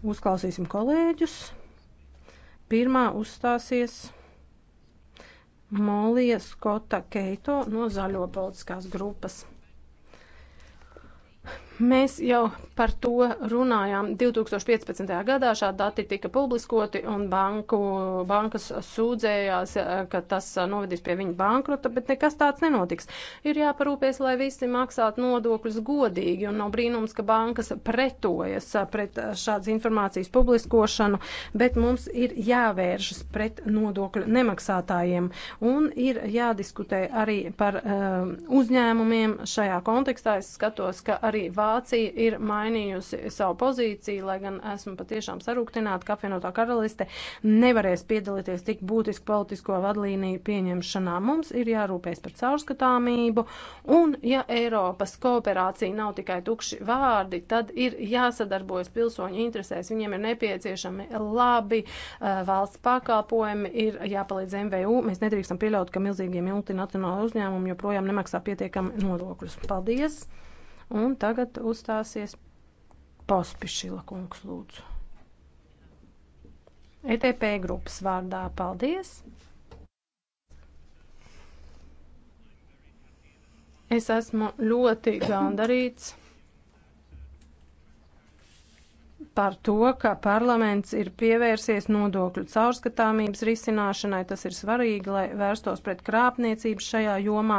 Uzklausīsim kolēģus. Pirmā uzstāsies. Molija Skota Keito no Zaļo politiskās grupas. Mēs jau par to runājām 2015. gadā, šādi dati tika publiskoti un banku, bankas sūdzējās, ka tas uh, novedīs pie viņa bankrota, bet nekas tāds nenotiks. Ir jāparūpēs, lai visi maksātu nodokļus godīgi un nav brīnums, ka bankas pretojas uh, pret uh, šādas informācijas publiskošanu, bet mums ir jāvēršas pret nodokļu nemaksātājiem un ir jādiskutē arī par um, uzņēmumiem šajā kontekstā. Es skatos, ka arī valsts Vācija ir mainījusi savu pozīciju, lai gan esmu patiešām sarūktināta, ka apvienotā karaliste nevarēs piedalīties tik būtisku politisko vadlīniju pieņemšanā. Mums ir jārūpēs par caurskatāmību, un ja Eiropas kooperācija nav tikai tukši vārdi, tad ir jāsadarbojas pilsoņu interesēs. Viņiem ir nepieciešami labi uh, valsts pakalpojumi, ir jāpalīdz MVU. Mēs nedrīkstam pieļaut, ka milzīgiem multinacionālajiem uzņēmumiem joprojām nemaksā pietiekami nodokļus. Paldies! Un tagad uzstāsies Pospišila kungs lūdzu. ETP grupas vārdā paldies. Es esmu ļoti gandarīts par to, ka parlaments ir pievērsies nodokļu caurskatāmības risināšanai. Tas ir svarīgi, lai vērstos pret krāpniecību šajā jomā,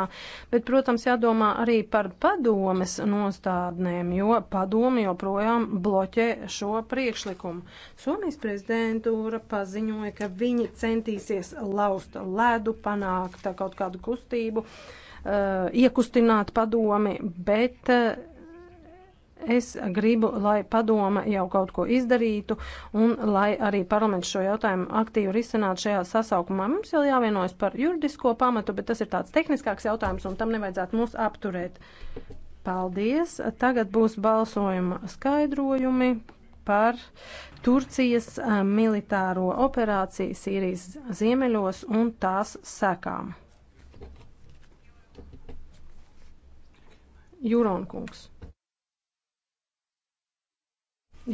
bet, protams, jādomā arī par padomes nostādnēm, jo padome joprojām bloķē šo priekšlikumu. Somijas prezidentūra paziņoja, ka viņi centīsies laust ledu, panākt kaut kādu kustību, uh, iekustināt padomi, bet. Uh, Es gribu, lai padoma jau kaut ko izdarītu un lai arī parlaments šo jautājumu aktīvi risinātu šajā sasaukumā. Mums jau jāvienojas par juridisko pamatu, bet tas ir tāds tehniskāks jautājums un tam nevajadzētu mūs apturēt. Paldies! Tagad būs balsojuma skaidrojumi par Turcijas eh, militāro operāciju Sīrijas ziemeļos un tās sekām. Jūronkungs.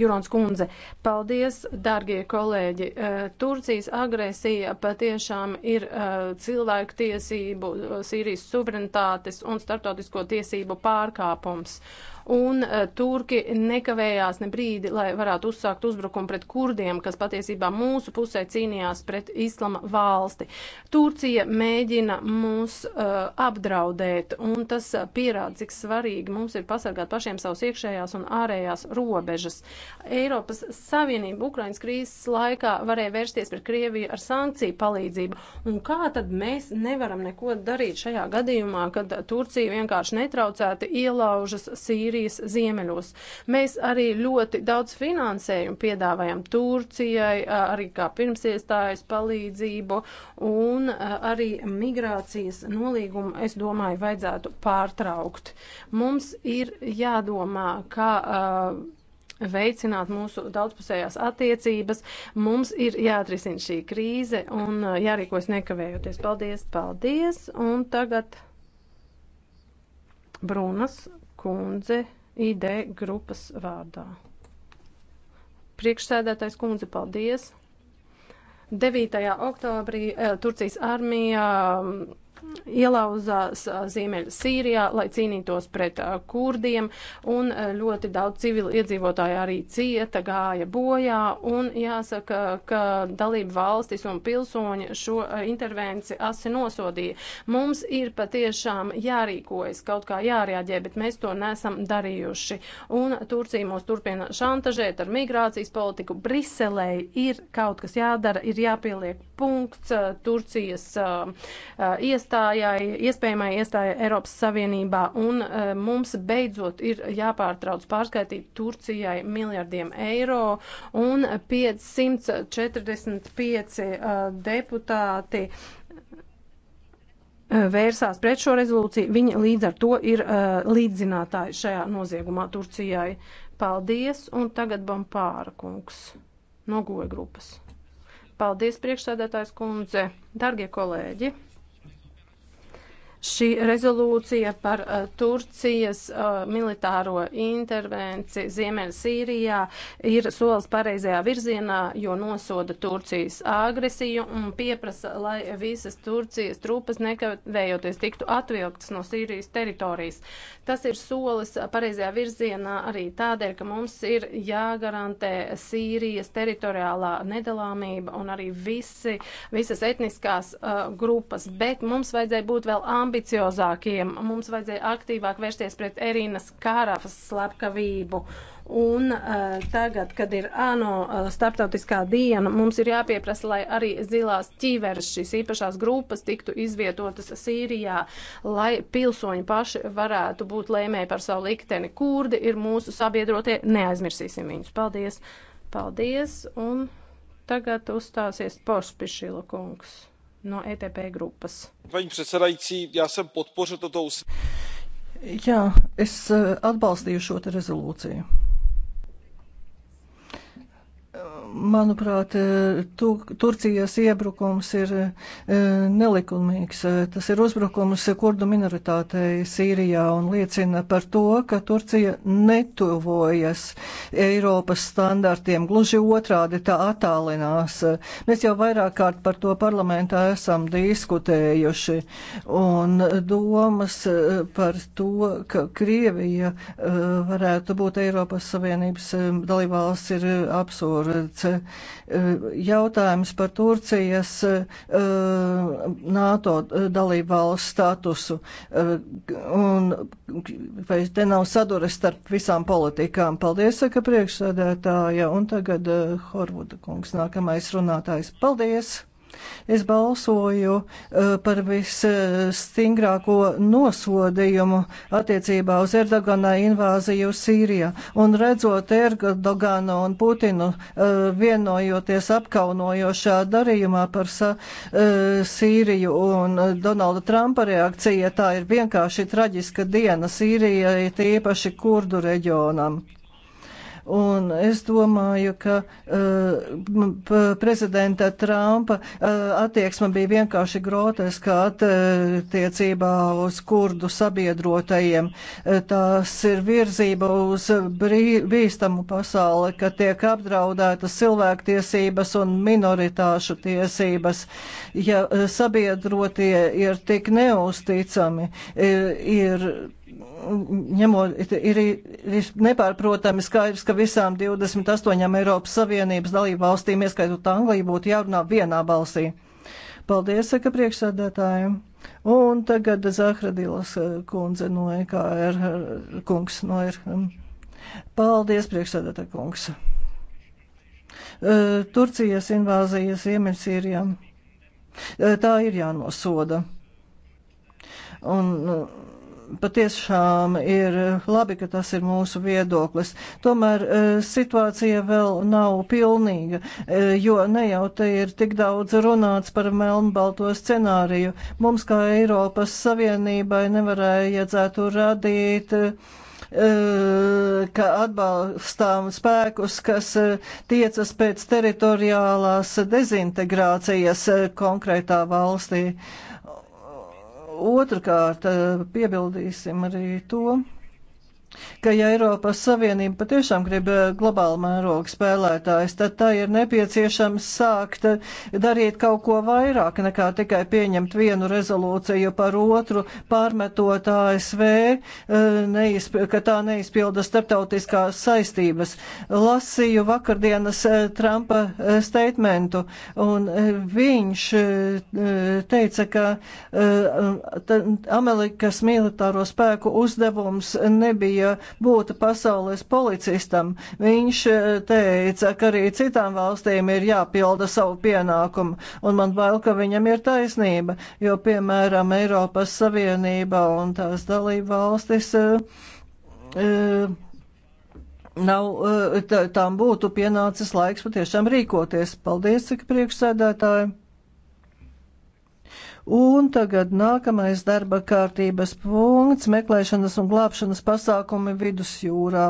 Jurons kundze, paldies, dārgie kolēģi. Eh, Turcijas agresija patiešām ir eh, cilvēku tiesību, eh, Sīrijas suverenitātes un starptautisko tiesību pārkāpums un uh, turki nekavējās ne brīdi, lai varētu uzsākt uzbrukumu pret kurdiem, kas patiesībā mūsu pusē cīnījās pret islama valsti. Turcija mēģina mūs uh, apdraudēt, un tas eh, pierāda, cik svarīgi mums ir pasargāt pašiem savus iekšējās un ārējās robežas. Eiropas Savienība Ukrainas krīzes laikā varēja vērsties pret Krieviju ar sankciju palīdzību, un kā tad mēs nevaram neko darīt šajā gadījumā, kad Turcija vienkārši netraucēti ielaužas Sīriju? Sīrijas ziemeļos. Mēs arī ļoti daudz finansējumu piedāvājam Turcijai, arī kā pirmsiestājas palīdzību un arī migrācijas nolīgumu, es domāju, vajadzētu pārtraukt. Mums ir jādomā, kā. Uh, veicināt mūsu daudzpusējās attiecības. Mums ir jāatrisina šī krīze un jārīkojas nekavējoties. Paldies, paldies! Un tagad Brunas kundze ID grupas vārdā. Priekšsēdētājs kundze, paldies! 9. oktobrī eh, Turcijas armija ielauzās Ziemeļa Sīrijā, lai cīnītos pret kurdiem, un ļoti daudz civili iedzīvotāji arī cieta, gāja bojā, un jāsaka, ka dalība valstis un pilsoņi šo intervenci asi nosodīja. Mums ir patiešām jārīkojas, kaut kā jārēģē, bet mēs to nesam darījuši, un Turcija mūs turpina šantažēt ar migrācijas politiku. Briselē ir kaut kas jādara, ir jāpieliek punkts Turcijas uh, uh, iestādēm iestājai, iespējamai iestājai Eiropas Savienībā, un uh, mums beidzot ir jāpārtrauc pārskaitīt Turcijai miljardiem eiro, un 545 uh, e, deputāti e, vērsās pret šo rezolūciju. Viņi līdz ar to ir uh, līdzinātāji šajā noziegumā Turcijai. Paldies, un tagad Bampāra kungs no goja grupas. Paldies, priekšsēdētājs kundze, dargie kolēģi! Šī rezolūcija par uh, Turcijas uh, militāro intervenci Ziemeļsīrijā ir solis pareizajā virzienā, jo nosoda Turcijas agresiju un pieprasa, lai visas Turcijas trupas nekavējoties tiktu atvilktas no Sīrijas teritorijas. Tas ir solis pareizajā virzienā arī tādēļ, ka mums ir jāgarantē Sīrijas teritoriālā nedalāmība un arī visi, visas etniskās uh, grupas, bet mums vajadzēja būt vēl ambiciozākiem ambiciozākiem. Mums vajadzēja aktīvāk vērsties pret Erinas Kārafas slepkavību. Un uh, tagad, kad ir ANO uh, starptautiskā diena, mums ir jāpieprasa, lai arī zilās ķīveres šīs īpašās grupas tiktu izvietotas Sīrijā, lai pilsoņi paši varētu būt lēmēji par savu likteni. Kurdi ir mūsu sabiedrotie, neaizmirsīsim viņus. Paldies! Paldies! Un tagad uzstāsies Pošpišila kungs no ETP grupas. Paņi predsedājīcī, jāsam podporu toto uzsākumu. Jā, es eh, atbalstīju šo te rezolūciju. Manuprāt, tu, Turcijas iebrukums ir e, nelikumīgs. Tas ir uzbrukums kurdu minoritātei Sīrijā un liecina par to, ka Turcija netuvojas Eiropas standartiem. Gluži otrādi tā attālinās. Mēs jau vairāk kārt par to parlamentā esam diskutējuši. Un domas e, par to, ka Krievija e, varētu būt Eiropas Savienības dalībvalsts ir absurds punkts. E, jautājums par Turcijas e, NATO dalību valsts statusu. E, un vai te nav sadures starp visām politikām? Paldies, saka priekšsēdētāja. Un tagad Horvuda kungs, nākamais runātājs. Paldies! Es balsoju eh, par visstingrāko nosodījumu attiecībā uz Erdogana invāziju Sīrijā. Un redzot Erdoganu un Putinu eh, vienojoties apkaunojošā darījumā par eh, Sīriju un Donalda Trumpa reakcija, tā ir vienkārši traģiska diena Sīrijai, tīpaši kurdu reģionam. Un es domāju, ka uh, prezidenta Trumpa uh, attieksme bija vienkārši groteska attiecībā uz kurdu sabiedrotajiem. Uh, tās ir virzība uz brī, bīstamu pasauli, ka tiek apdraudētas cilvēktiesības un minoritāšu tiesības. Ja uh, sabiedrotie ir tik neusticami, uh, ir ņemot, ir, ir nepārprotami skaidrs, ka visām 28 Eiropas Savienības dalību valstīm, ieskaitot Angliju, būtu jārunā vienā balsī. Paldies, saka priekšsēdētājiem. Un tagad Zahradilas eh, kundze no EKR, kungs no ir. E Paldies, priekšsēdētāj kungs. Eh, Turcijas invāzija Ziemeļsīrijā. Eh, tā ir jānosoda. Un, patiešām ir labi, ka tas ir mūsu viedoklis. Tomēr e, situācija vēl nav pilnīga, e, jo ne jau te ir tik daudz runāts par melnbalto scenāriju. Mums kā Eiropas Savienībai nevarējadzētu radīt e, ka atbalstām spēkus, kas tiecas pēc teritoriālās dezintegrācijas konkrētā valstī. Uh, Otrakārt, eh, piebildīsim arī to, ka ja Eiropas Savienība patiešām grib eh, globāli mērogu spēlētājs, tad tā ir nepieciešams sākt eh, darīt kaut ko vairāk nekā tikai pieņemt vienu rezolūciju par otru, pārmetot ASV, eh, neizp, ka tā neizpilda starptautiskās saistības. Lasīju vakardienas Trumpa statementu, un viņš teica, ka Amerikas militāro spēku uzdevums nebija Krievija būtu pasaules policistam. Viņš eh, teica, ka arī citām valstīm ir jāpilda savu pienākumu, un man bail, ka viņam ir taisnība, jo, piemēram, Eiropas Savienība un tās dalība valstis. Uh, uh, Nav, tām būtu pienācis laiks patiešām rīkoties. Paldies, cik priekšsēdētāji! Un tagad nākamais darba kārtības punkts - meklēšanas un glābšanas pasākumi vidusjūrā.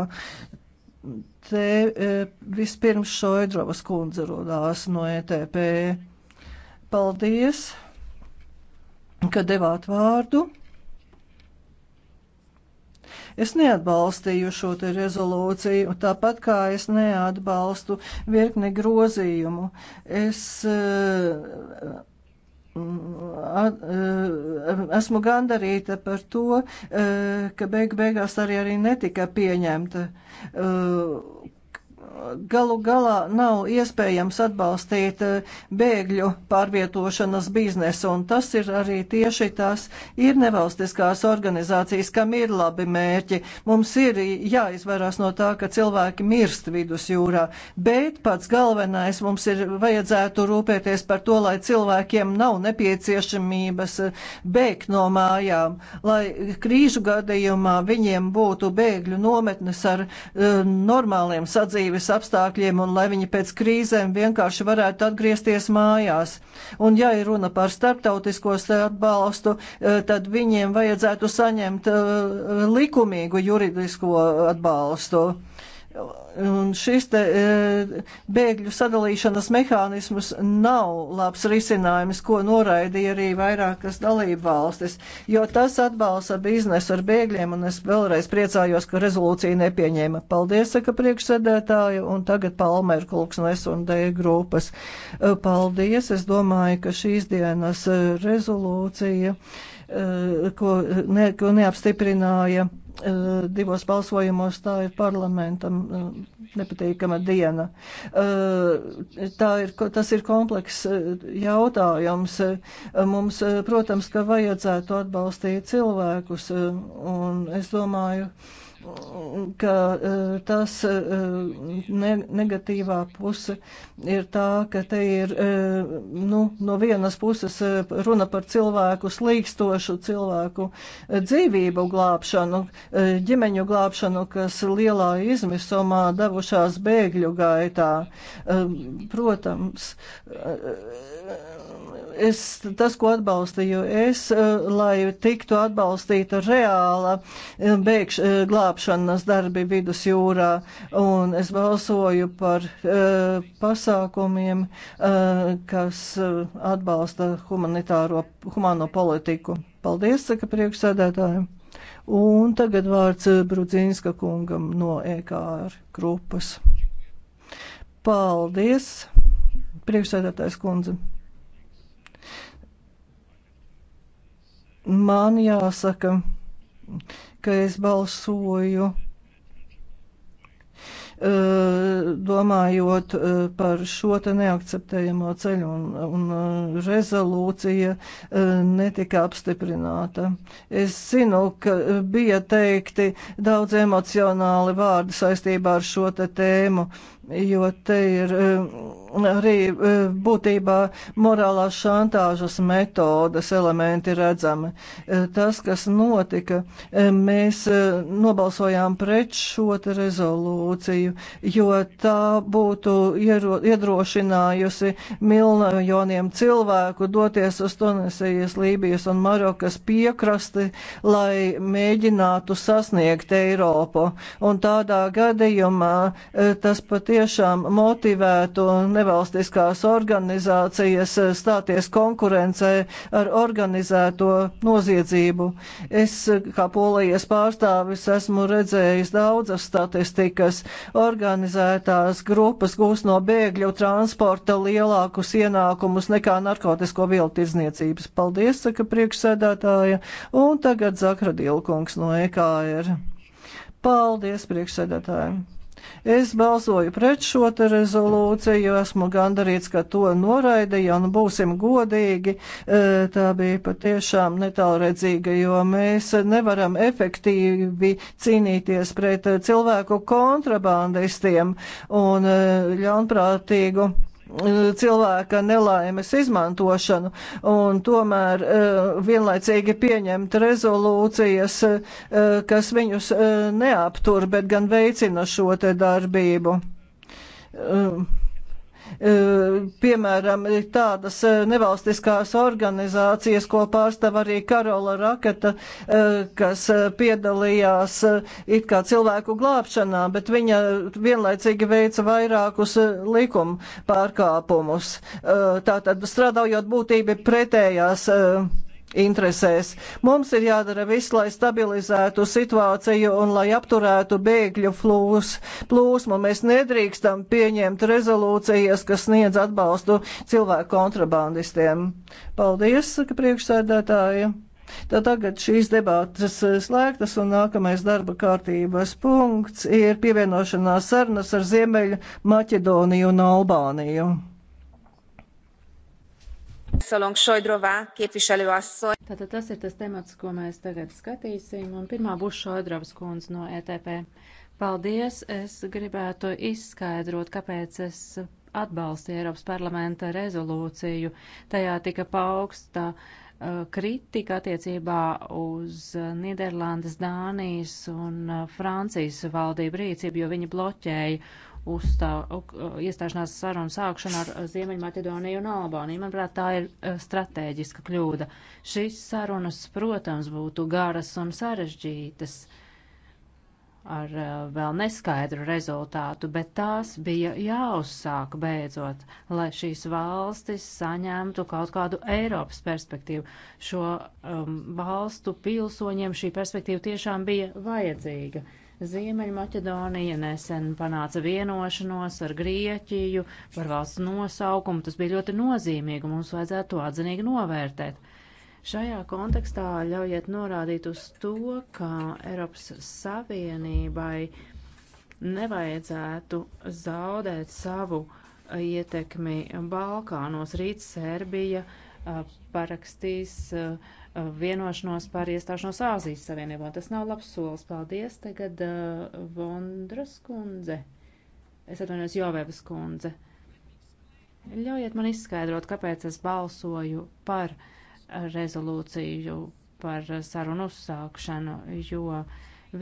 Te e, vispirms Šoidrovas kundze rodās no ETP. Paldies, ka devāt vārdu. Es neatbalstīju šo te rezolūciju, tāpat kā es neatbalstu virkni grozījumu. Es, uh, Eh, esmu gandarīta par to, eh, ka beig beigās arī, arī netika pieņemta eh, galu galā nav iespējams atbalstīt eh, bēgļu pārvietošanas biznesu, un tas ir arī tieši tās ir nevalstiskās organizācijas, kam ir labi mērķi. Mums ir jāizvairās no tā, ka cilvēki mirst vidusjūrā, bet pats galvenais mums ir vajadzētu rūpēties par to, lai cilvēkiem nav nepieciešamības eh, bēgt no mājām, lai krīžu gadījumā viņiem būtu bēgļu nometnes ar uh, normāliem sadzīves apstākļiem un lai viņi pēc krīzēm vienkārši varētu atgriezties mājās. Un ja ir runa par starptautiskos atbalstu, eh, tad viņiem vajadzētu saņemt eh, likumīgu juridisko atbalstu. Un šis te, e, bēgļu sadalīšanas mehānismus nav labs risinājums, ko noraidīja arī vairākas dalību valstis, jo tas atbalsta biznesu ar bēgļiem, un es vēlreiz priecājos, ka rezolūcija nepieņēma. Paldies, saka priekšsēdētāja, un tagad Palmer Kulks no S&D grupas. E, paldies, es domāju, ka šīs dienas e, rezolūcija, e, ko, ne, ko neapstiprināja. Eh, divos balsojumos tā ir parlamentam mm, eh, nepatīkama diena. Eh, tā ir, tas ir kompleks jautājums. Mums, protams, ka vajadzētu atbalstīt cilvēkus, un es domāju, ka e, tas e, negatīvā puse ir tā, ka te ir e, nu, no vienas puses runa par cilvēku slīkstošu, cilvēku dzīvību glābšanu, ģimeņu glābšanu, kas lielā izmisumā devušās bēgļu gaitā. Protams, es, tas, ko atbalstīju es, eh, lai tiktu atbalstīta reāla eh, bēgš, eh, glābšanas darbi vidus jūrā, un es balsoju par pasākumiem, kas atbalsta humanitāro, humano politiku. Paldies, saka priekšsēdētājiem. Un tagad vārds Brudzīnska kungam no EKR grupas. Paldies, priekšsēdētājs kundze. man jāsaka, ka es balsoju eh, domājot eh, par šo te neakceptējamo ceļu, un, un eh, rezolūcija netika apstiprināta. Es zinu, ka bija teikti daudz emocionāli vārdi saistībā ar šo te tēmu, jo te ir eh, arī eh, būtībā morālās šantāžas metodas elementi redzami. Eh, tas, kas notika, mēs nobalsojām pret šo rezolūciju, jo tā būtu iedrošinājusi miljoniem cilvēku doties uz Tunisijas, Lībijas un Marokas piekrasti, lai mēģinātu sasniegt Eiropu. Un tādā gadījumā tas pat tiešām motivētu nevalstiskās organizācijas stāties konkurencē ar organizēto noziedzību. Es, kā polijas pārstāvis, esmu redzējis daudzas statistikas. Organizētās grupas gūs no bēgļu transporta lielākus ienākumus nekā narkotisko vielu tirzniecības. Paldies, saka priekšsēdētāja. Un tagad Zakradīlkungs no EKR. Paldies priekšsēdētājiem! Es balsoju pret šo te rezolūciju, esmu gandarīts, ka to noraidīja, un nu būsim godīgi, e, tā bija patiešām netālredzīga, jo mēs nevaram efektīvi cīnīties pret cilvēku kontrabandistiem un e, ļaunprātīgu cilvēka nelaimes izmantošanu un tomēr e, vienlaicīgi pieņemt rezolūcijas, e, kas viņus e, neaptur, bet gan veicina šo te darbību. Um E, piemēram, ir tādas e, nevalstiskās organizācijas, ko pārstāv arī Karola Raketa, e, kas piedalījās it kā cilvēku glābšanā, bet viņa vienlaicīgi veica vairākus likuma pārkāpumus. Tātad strādājot būtība pretējās interesēs. Mums ir jādara viss, lai stabilizētu situāciju un lai apturētu bēgļu flūs, plūsmu. Mēs nedrīkstam pieņemt rezolūcijas, kas sniedz atbalstu cilvēku kontrabandistiem. Paldies, saka priekšsēdētāji. Tad tagad šīs debātas slēgtas un nākamais darba kārtības punkts ir pievienošanās sarunas ar Ziemeļu Maķedoniju un Albāniju. Szolong Šoidrovā, képviselő asszony. Tātad tas ir tas temats, ko mēs tagad skatīsim, un pirmā būs Šoidrovas kundze no ETP. Paldies, es gribētu izskaidrot, kāpēc es atbalstu Eiropas parlamenta rezolūciju. Tajā tika paugsta uh, kritika attiecībā uz uh, Niderlandes, Dānijas un uh, Francijas valdību rīcību, jo viņi bloķēja uzstā, uh, eh, iestāšanās sarunu sākšanu ar eh, Ziemeļmaķedoniju un Albāniju. Manuprāt, tā ir uh, strateģiska kļūda. Šīs sarunas, protams, būtu garas un sarežģītas ar uh, vēl neskaidru rezultātu, bet tās bija jāuzsāk beidzot, lai šīs valstis saņemtu kaut kādu Eiropas perspektīvu. Šo um, valstu pilsoņiem šī perspektīva tiešām bija vajadzīga. Uh, Ziemeļmaķedonija nesen panāca vienošanos ar Grieķiju par valsts nosaukumu. Tas bija ļoti nozīmīgi, mums vajadzētu to atzinīgi novērtēt. Šajā kontekstā ļaujiet norādīt uz to, ka Eiropas Savienībai nevajadzētu zaudēt savu ietekmi Balkānos. Rīt Serbija uh, parakstīs vienošanos par iestāšanos Āzijas Savienībā. Tas nav labs solis. Paldies. Tagad Vondras kundze. Es atvainojos Jovēvas kundze. Ļaujiet man izskaidrot, kāpēc es balsoju par rezolūciju par sarunu uzsākšanu, jo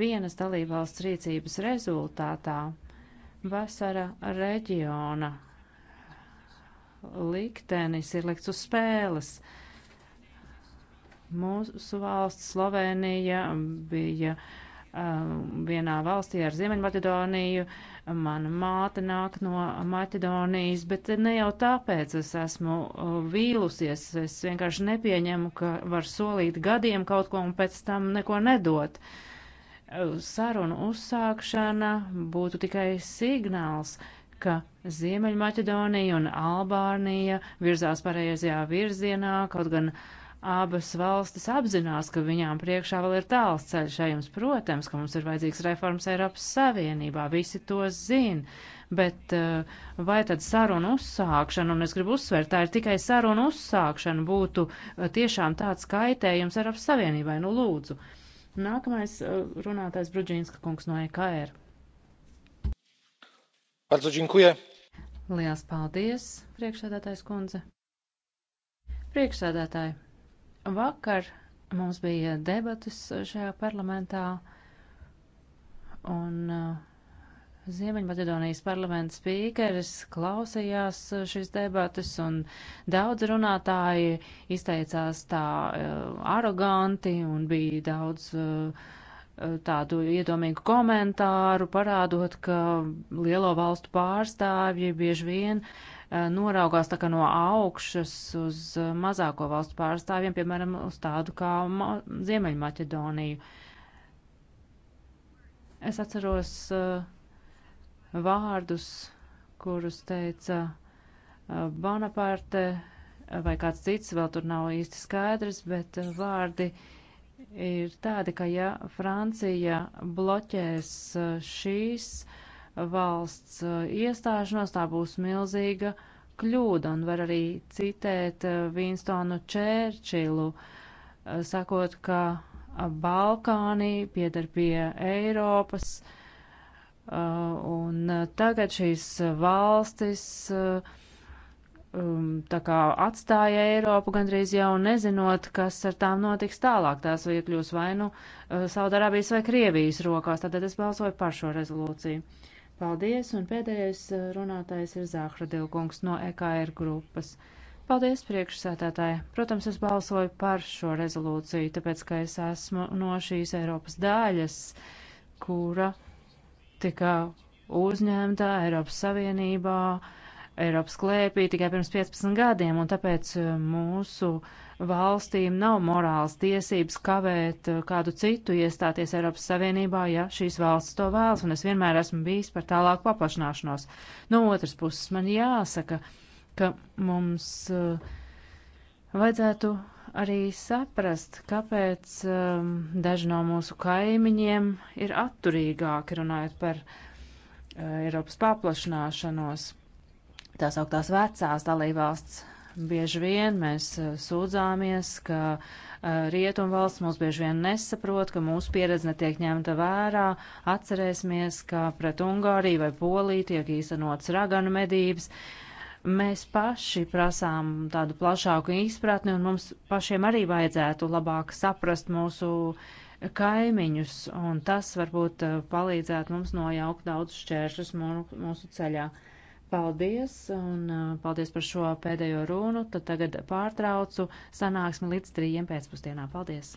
vienas dalībvalsts rīcības rezultātā vasara reģiona liktenis ir likts uz spēles. Mūsu valsts Slovenija bija um, vienā valstī ar Ziemeņmaķedoniju. Mana māte nāk no Maķedonijas, bet ne jau tāpēc es esmu uh, vīlusies. Es vienkārši nepieņemu, ka var solīt gadiem kaut ko un pēc tam neko nedot. Sarunu uzsākšana būtu tikai signāls, uh, ka Ziemeļmaķedonija un Albānija virzās pareizajā virzienā, kaut gan abas valstis apzinās, ka viņām priekšā vēl ir tāls ceļš ejams. Protams, ka mums ir vajadzīgs reformas Eiropas Savienībā, visi to zina, bet eh, vai tad saruna uzsākšana, un es gribu uzsvērt, tā ir tikai saruna uzsākšana, būtu eh, tiešām tāds kaitējums Eiropas Savienībai, nu lūdzu. Nākamais eh, runātājs Brudžīnska kungs no EKR. Lielas paldies, priekšsēdētājs kundze. Priekšsēdētāji, vakar mums bija debatas šajā parlamentā, un uh, Ziemeņmaķedonijas parlamenta spīkeris klausījās šīs debatas, un daudz runātāji izteicās tā uh, aroganti, un bija daudz uh, Eh, tādu iedomīgu komentāru, parādot, ka lielo valstu pārstāvji bieži vien eh, noraugās tā kā no augšas uz eh, mazāko valstu pārstāvjiem, piemēram, uz tādu kā Ziemeļmaķedoniju. Es atceros vārdus, kurus teica Bonaparte vai kāds cits, vēl tur nav īsti skaidrs, bet vārdi uh, ir tāda, ka ja Francija bloķēs uh, šīs uh, valsts uh, iestāšanos, tā būs milzīga kļūda, un var arī citēt Vinstonu Čērčilu, sakot, ka Balkāni pieder pie Eiropas, un tagad šīs valstis uh, um, tā kā atstāja Eiropu gandrīz jau nezinot, kas ar tām notiks tālāk. Tās iekļūs vai nu uh, Saudarābijas vai Krievijas rokās, tātad es balsoju par šo rezolūciju. Paldies, un pēdējais uh, runātājs ir Zāhradilkungs no EKR grupas. Paldies, priekšsētātāji. Protams, es balsoju par šo rezolūciju, tāpēc, ka es esmu no šīs Eiropas daļas, kura tika uzņemta Eiropas Savienībā. Uh, Eiropas klēpī tikai pirms 15 gadiem, un tāpēc eh, mūsu valstīm nav morāls tiesības kavēt eh, kādu citu iestāties Eiropas Savienībā, ja šīs valsts to vēlas, un es vienmēr esmu bijis par tālāku paplašanāšanos. No otras puses, man jāsaka, ka mums eh, vajadzētu arī saprast, kāpēc um, daži no mūsu kaimiņiem ir atturīgāki runājot par uh, Eiropas paplašanāšanos tās augtās vecās dalībvalsts. Bieži vien mēs eh, sūdzāmies, ka eh, rietumvalsts mūs bieži vien nesaprot, ka mūsu pieredze netiek ņemta vērā. Atcerēsimies, ka pret Ungāriju vai Poliju tiek īstenots raganu medības. Mēs paši prasām tādu plašāku izpratni, un mums pašiem arī vajadzētu labāk saprast mūsu kaimiņus, un tas varbūt eh, palīdzētu mums nojaukt daudz šķēršus mūsu ceļā. Paldies, un paldies par šo pēdējo runu. Tad tagad pārtraucu sanāksmi līdz trījiem pēcpusdienā. Paldies!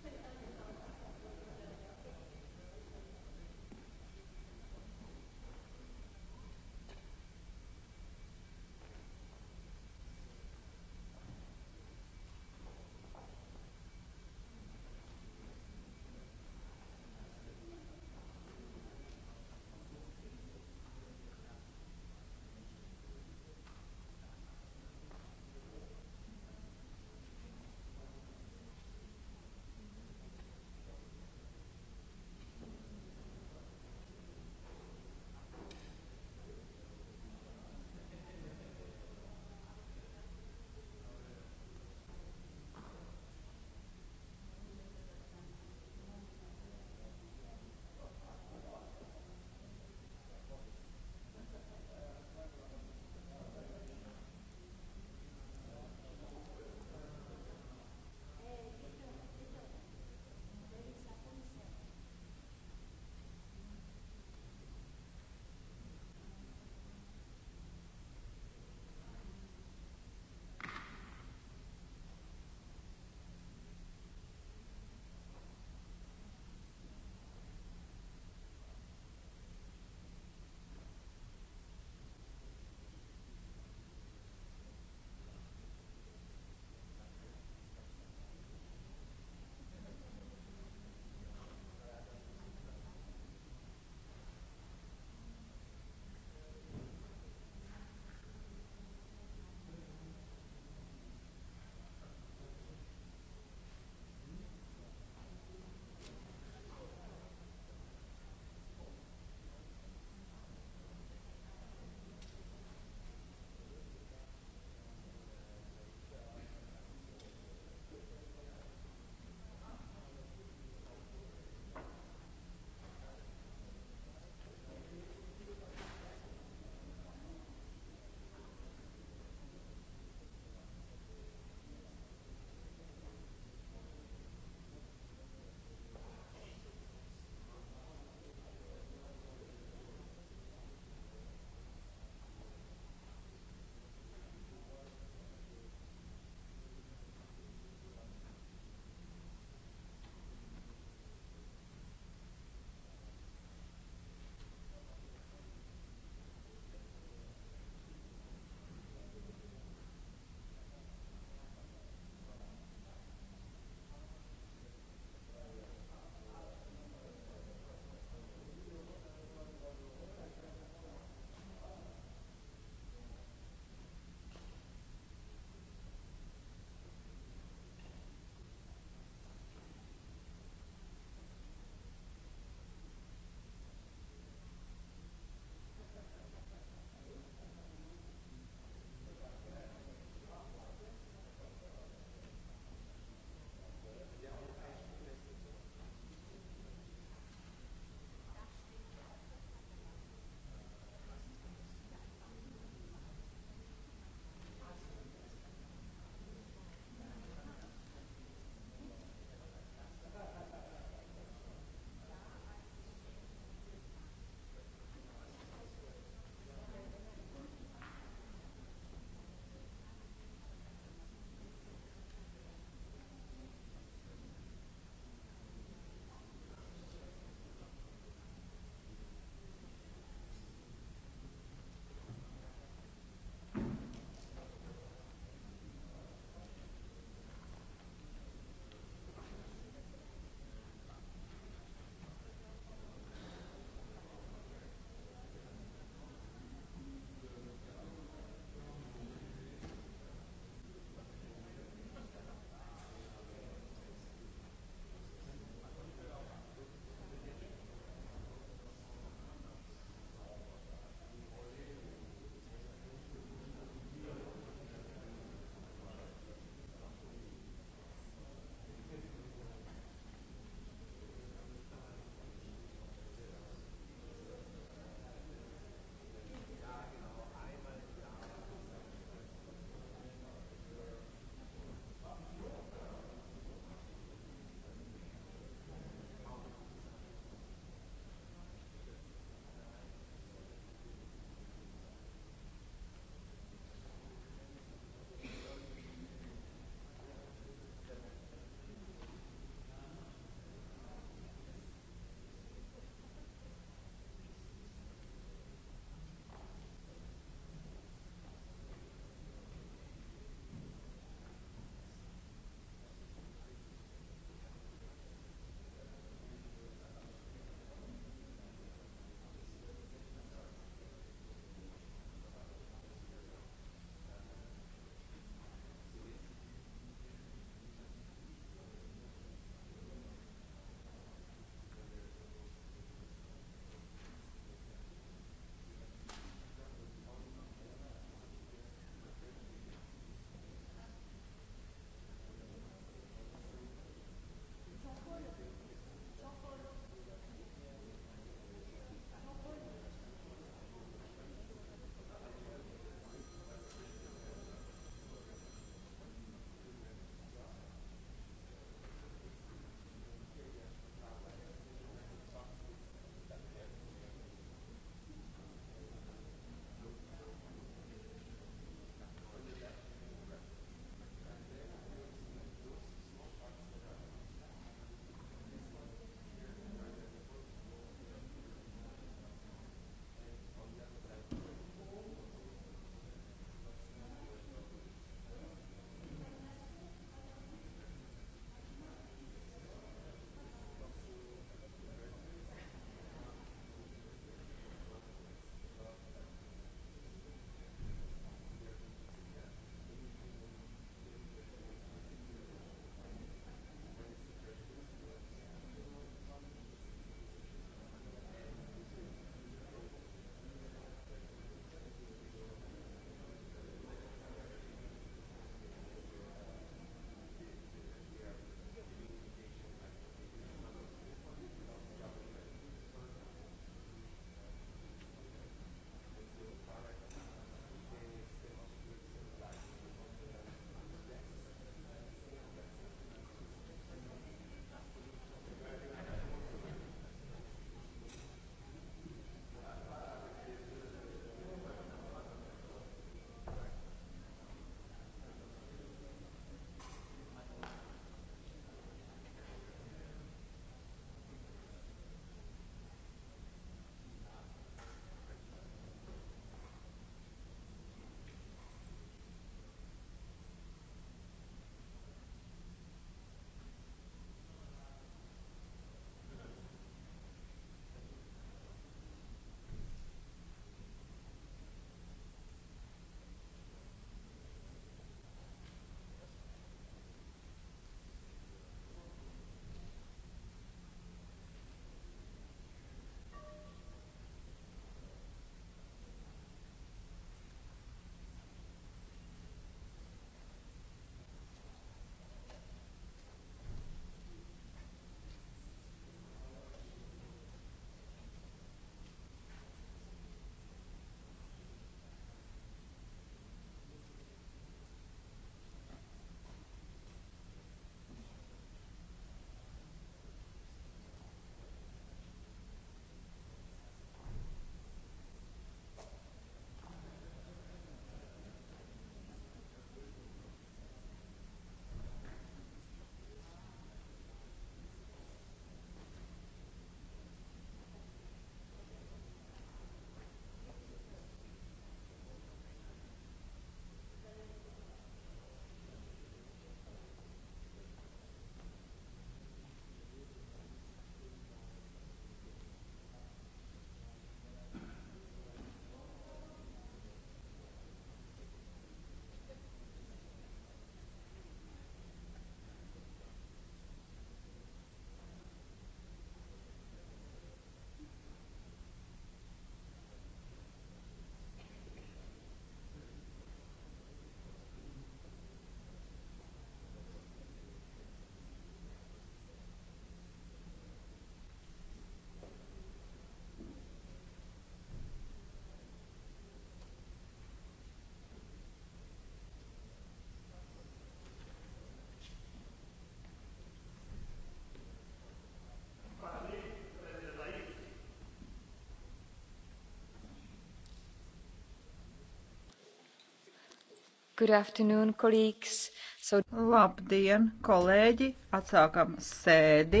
Good afternoon, colleagues. So... Labdien, kolēģi! Atsākam sēdi.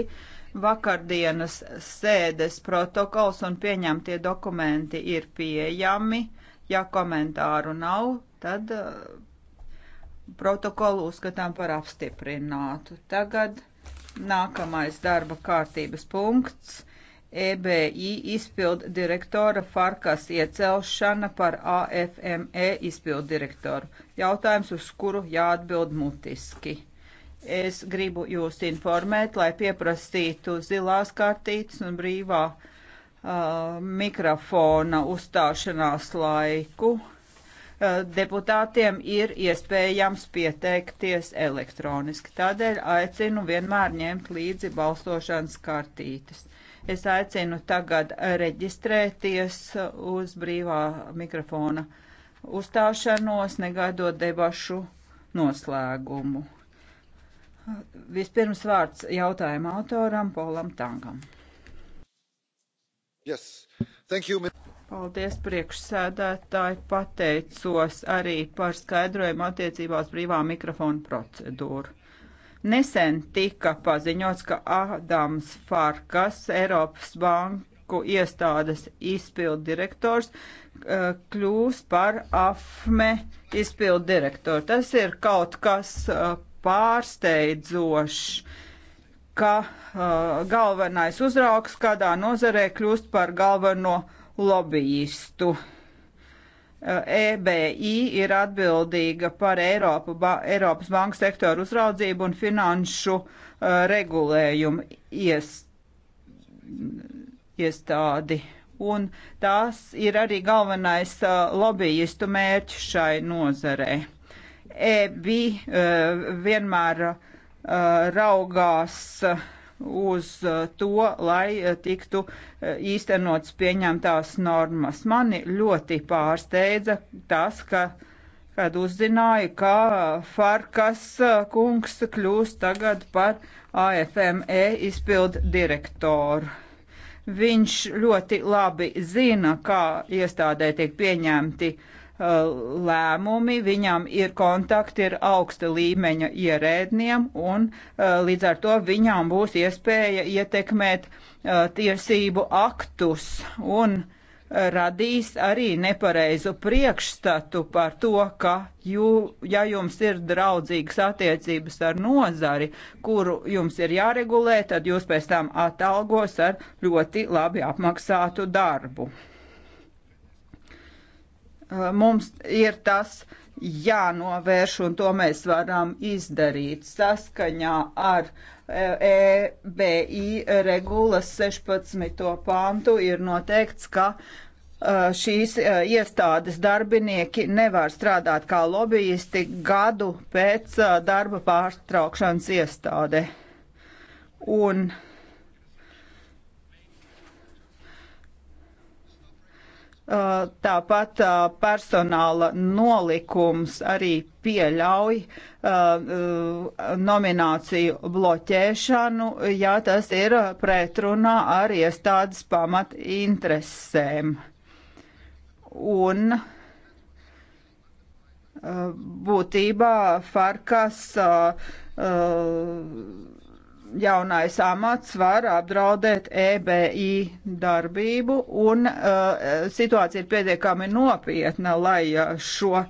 Vakardienas sēdes protokols un pieņemtie dokumenti ir pieejami. Ja komentāru nav, tad uh, protokolu uzskatām par apstiprinātu. Tagad nākamais darba kārtības punkts. EBI izpildu direktora Farkas iecelšana par AFME izpildu direktoru. Jautājums, uz kuru jāatbild mutiski. Es gribu jūs informēt, lai pieprasītu zilās kartītes un brīvā uh, mikrofona uzstāšanās laiku. Uh, deputātiem ir iespējams pieteikties elektroniski. Tādēļ aicinu vienmēr ņemt līdzi balsošanas kartītes. Es aicinu tagad reģistrēties uz brīvā mikrofona uzstāšanos, negaidot debašu noslēgumu. Vispirms vārds jautājuma autoram Polam Tangam. Yes. Thank you. Paldies priekšsēdētāji, pateicos arī par skaidrojumu attiecībā uz brīvā mikrofona procedūru. Nesen tika paziņots, ka Ādams Farkas, Eiropas banku iestādes izpildirektors, eh, kļūs par AFME izpildirektoru. Tas ir kaut kas eh, pārsteidzošs, ka eh, galvenais uzrauks kādā nozarē kļūst par galveno lobbyistu. EBI ir atbildīga par Eiropu, ba, Eiropas banku sektoru uzraudzību un finanšu uh, regulējumu ies, iestādi. Un tās ir arī galvenais uh, lobbyistu mērķis šai nozarē. EBI uh, vienmēr uh, raugās uh, uz uh, to, lai uh, tiktu uh, īstenots pieņemtās normas. Mani ļoti pārsteidza tas, ka, kad uzzināju, ka Farkas kungs kļūs tagad par AFME izpildu direktoru. Viņš ļoti labi zina, kā iestādē tiek pieņemti uh, Uh, lēmumi, viņam ir kontakti ar augsta līmeņa ierēdniem, un uh, līdz ar to viņām būs iespēja ietekmēt uh, tiesību aktus un radīs arī nepareizu priekšstatu par to, ka, jū, ja jums ir draudzīgas attiecības ar nozari, kuru jums ir jāregulē, tad jūs pēc tam atalgos ar ļoti labi apmaksātu darbu. Eh, mums ir tas jānovērš, un to mēs varam izdarīt saskaņā ar EBI eh, e regulas 16. pantu. Ir noteikts, ka eh, šīs iestādes darbinieki nevar strādāt kā lobbyisti gadu pēc darba pārtraukšanas iestādē. Un Tāpat personāla nolikums arī pieļauj nomināciju bloķēšanu, ja tas ir pretrunā ar iestādes pamat interesēm. Un būtībā Farkas uh, uh, jaunais amats var apdraudēt EBI darbību, un uh, situācija ir pietiekami nopietna, lai uh, šo uh,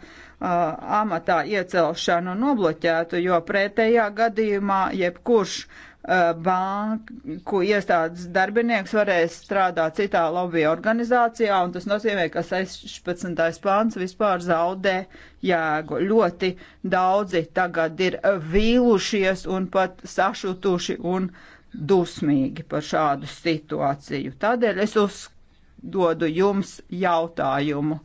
amatā iecelšanu nobloķētu, jo pretējā gadījumā jebkurš uh, Uh, banku iestādes darbinieks varēs strādāt citā lobby organizācijā, un tas nozīmē, ka 16. pāns vispār zaudē jēgu. Ļoti daudzi tagad ir vīlušies un pat sašutuši un dusmīgi par šādu situāciju. Tādēļ es uzdodu jums jautājumu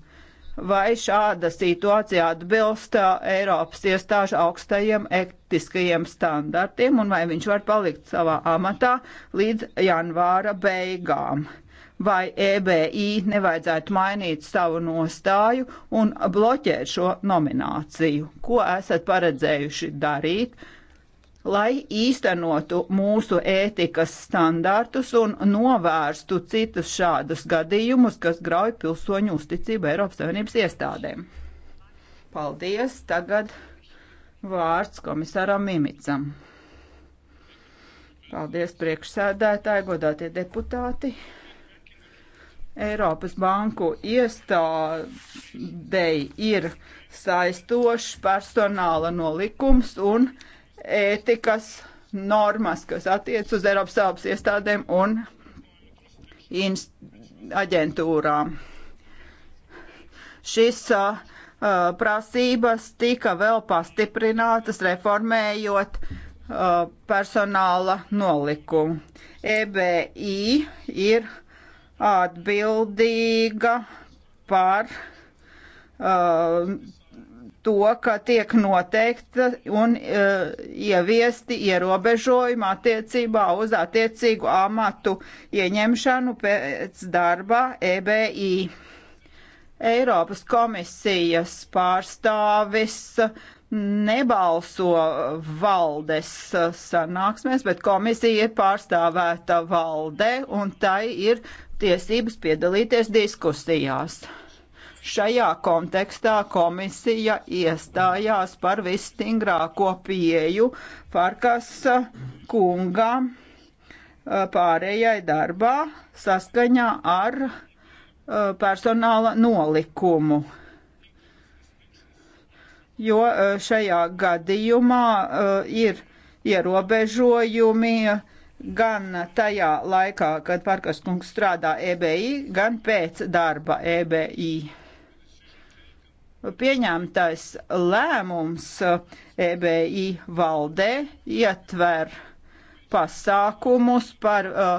vai šāda situācija atbilst uh, Eiropas iestāžu augstajiem etiskajiem standartiem un vai viņš var palikt savā amatā līdz janvāra beigām. Vai EBI nevajadzētu mainīt savu nostāju un bloķēt šo nomināciju? Ko esat paredzējuši darīt? lai īstenotu mūsu ētikas standartus un novērstu citus šādus gadījumus, kas grauj pilsoņu uzticību Eiropas Savienības iestādēm. Paldies! Tagad vārds komisāram Mimicam. Paldies priekšsēdētāji, godātie deputāti. Eiropas banku iestādei ir saistošs personāla nolikums un ētikas normas, kas attiec uz Eiropas Savienības iestādēm un aģentūrām. Šis uh, prasības tika vēl pastiprinātas, reformējot uh, personāla nolikumu. EBI ir atbildīga par uh, to, ka tiek noteikta un uh, ieviesti ierobežojumi attiecībā uz attiecīgu amatu ieņemšanu pēc darba EBI. Eiropas komisijas pārstāvis nebalso valdes sanāksmēs, bet komisija ir pārstāvēta valde un tai ir tiesības piedalīties diskusijās. Šajā kontekstā komisija iestājās par visstingrāko pieju Farkas kunga pārējai darbā saskaņā ar personāla nolikumu jo šajā gadījumā ir ierobežojumi gan tajā laikā, kad Parkas kungs strādā EBI, gan pēc darba EBI pieņemtais lēmums EBI eh, e valdē ietver pasākumus par uh,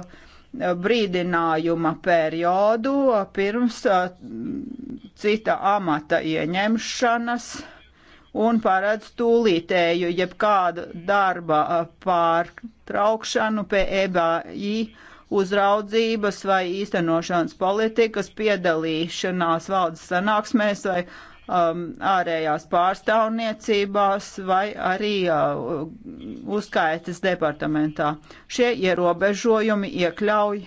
brīdinājuma periodu pirms uh, cita amata ieņemšanas un paredz tūlītēju jebkādu darba pārtraukšanu pie EBI uzraudzības vai īstenošanas politikas piedalīšanās valdes sanāksmēs vai uh, um, ārējās pārstāvniecībās vai arī uh, uzskaitas departamentā. Šie ierobežojumi iekļauj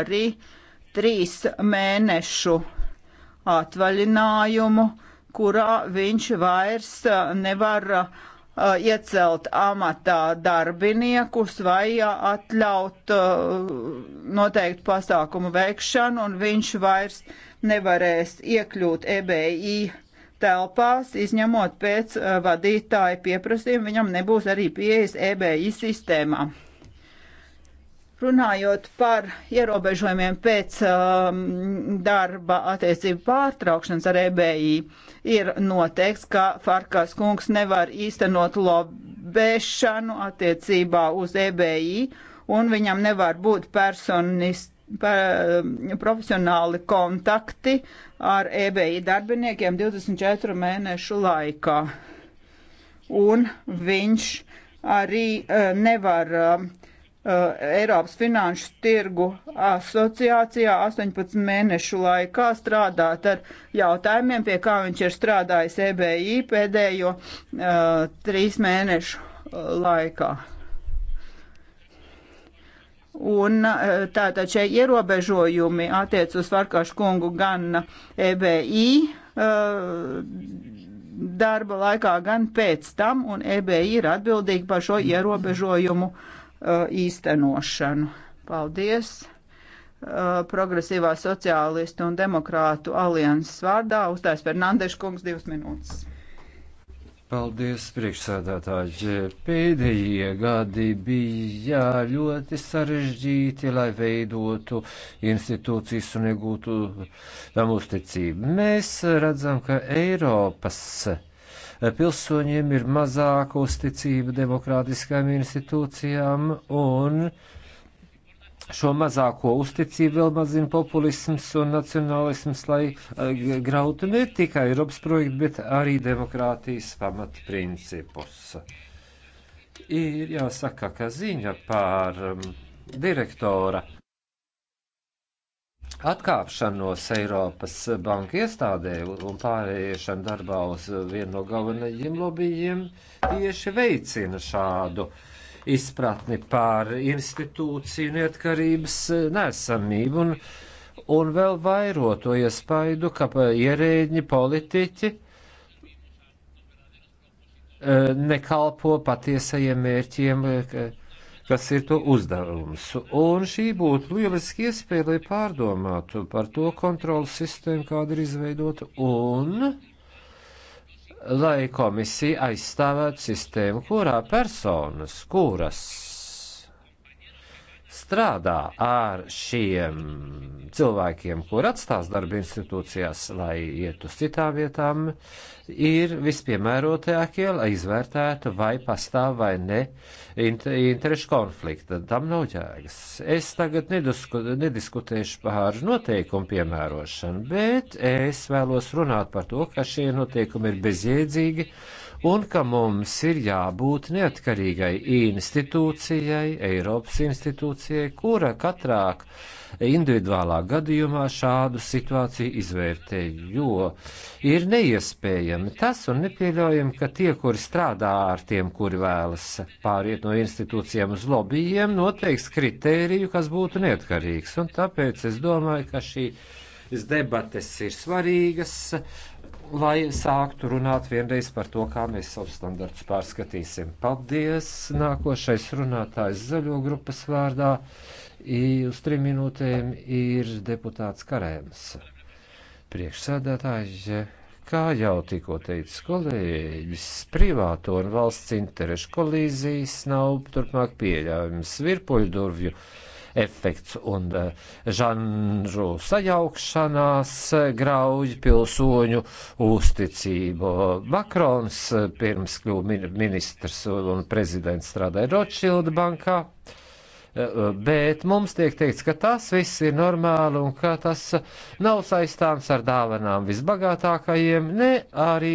arī trīs mēnešu atvaļinājumu, kurā viņš vairs uh, nevar uh, iecelt amatā darbiniekus vai uh, atļaut noteiktu pasākumu veikšanu, un viņš vairs nevarēs iekļūt EBI telpās, izņemot pēc eh, vadītāja pieprasījuma, viņam nebūs arī pieejas EBI sistēmā. Runājot par ierobežojumiem pēc um, darba attiecību pārtraukšanas ar EBI, ir noteikts, ka Farkas kungs nevar īstenot lobēšanu attiecībā uz EBI, un viņam nevar būt personist par, profesionāli kontakti ar EBI darbiniekiem 24 mēnešu laikā. Un viņš arī e, nevar e, e, Eiropas Finanšu tirgu asociācijā 18 mēnešu laikā strādāt ar jautājumiem, pie kā viņš ir strādājis EBI pēdējo uh, trīs mēnešu laikā. Un eh, tātad šie ierobežojumi attiec uz Farkašu kungu gan EBI eh, darba laikā, gan pēc tam, un EBI ir atbildīgi par šo ierobežojumu eh, īstenošanu. Paldies! Progresīvā sociālistu un demokrātu alianses vārdā uzstājas Fernandeša kungs divas minūtes. Paldies, priekšsēdētāji. Pēdējie gadi bija ļoti sarežģīti, lai veidotu institūcijas un iegūtu tam uzticību. Mēs redzam, ka Eiropas pilsoņiem ir mazāka uzticība demokrātiskām institūcijām un uh, šo mazāko uzticību vēl mazina populisms un nacionālisms, lai eh, grautu ne tikai Eiropas projektu, bet arī demokrātijas pamatprincipus. Ir jāsaka, ka ziņa par um, direktora atkāpšanos Eiropas banka iestādē un pārējiešanu darbā uz vienu no galvenajiem lobbyiem tieši veicina šādu uh, izpratni pār institūciju neatkarības eh, nesamību un, un vēl vairo to iespaidu, ka ierēģi politiķi eh, nekalpo patiesajiem mērķiem, eh, kas ir to uzdevums. Un šī būtu lieliski iespēja, lai pārdomātu par to kontrolas sistēmu, kāda ir izveidota, un lai komisija aizstāvētu sistēmu, kurā personas, kuras strādā ar šiem cilvēkiem, kur atstās darba institūcijās, lai iet uz citām vietām, ir vispiemērotākie, lai izvērtētu, vai pastāv vai ne interešu konflikta. Tam nav ķēgas. Es tagad nedisku, nediskutēšu par noteikumu piemērošanu, bet es vēlos runāt par to, ka šie noteikumi ir bezjēdzīgi un ka mums ir jābūt neatkarīgai institūcijai, Eiropas institūcijai, kura katrā individuālā gadījumā šādu situāciju izvērtē, jo ir neiespējami tas un nepieļaujami, ka tie, kuri strādā ar tiem, kuri vēlas pāriet no institūcijiem uz lobbyiem, noteiks kritēriju, kas būtu neatkarīgs. Un tāpēc es domāju, ka šī debates ir svarīgas, lai sāktu runāt vienreiz par to, kā mēs savus standartus pārskatīsim. Paldies! Nākošais runātājs zaļo grupas vārdā uz trim minūtēm ir deputāts Karēms. Priekšsēdētāji, kā jau tikko teica kolēģis, privāto un valsts interešu kolīzijas nav turpmāk pieļaujams virpuļdurvju efekts un eh, žanru sajaukšanās grauj pilsoņu uzticību. Makrons eh, pirms kļuva ministrs un prezidents strādāja Rothschild bankā. Eh, eh, bet mums tiek teikts, ka tas viss ir normāli un ka tas nav saistāms ar dāvanām visbagātākajiem, ne arī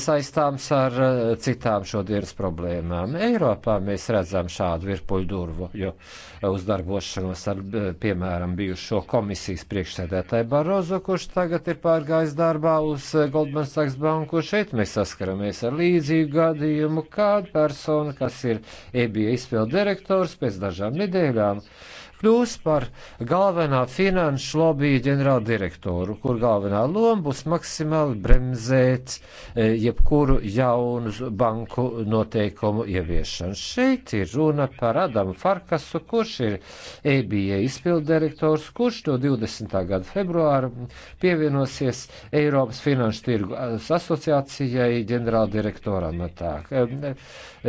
saistāms ar eh, citām šodienas problēmām. Eiropā mēs redzam šādu virpuļu durvu, jo uzdarbošanos ar, piemēram, bijušo komisijas priekšsēdētāju Barozo, kurš tagad ir pārgājis darbā uz Goldman Sachs banku, šeit mēs saskaramies ar līdzīgu gadījumu, kāda persona, kas ir EBA izpildu direktors pēc dažām nedēļām, nedēļām kļūs par galvenā finanšu lobby ģenerāldirektoru, kur galvenā loma būs maksimāli bremzēt e, jebkuru jaunu banku noteikumu ieviešanu. Šeit ir runa par Adamu Farkasu, kurš ir EBA izpildirektors, kurš to 20. gada februāru pievienosies Eiropas Finanšu tirgu asociācijai ģenerāldirektora amatā. E,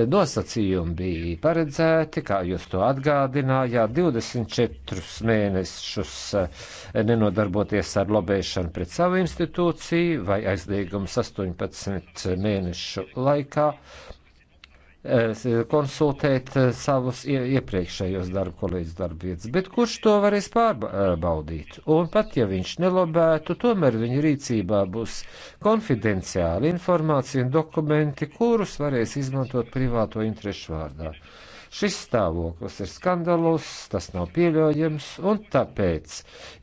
e, nosacījumi bija paredzēti, kā jūs to atgādinājāt, 20. 24 mēnešus eh, nenodarboties ar lobēšanu pret savu institūciju vai aizliegums 18 mēnešu laikā eh, konsultēt eh, savus iepriekšējos darba kolēģis darba vietas, bet kurš to varēs pārbaudīt? Un pat ja viņš nelobētu, tomēr viņa rīcībā būs konfidenciāla informācija un dokumenti, kurus varēs izmantot privāto interešu vārdā. Uh, Šis stāvoklis ir skandalos, tas nav pieļaujams, un tāpēc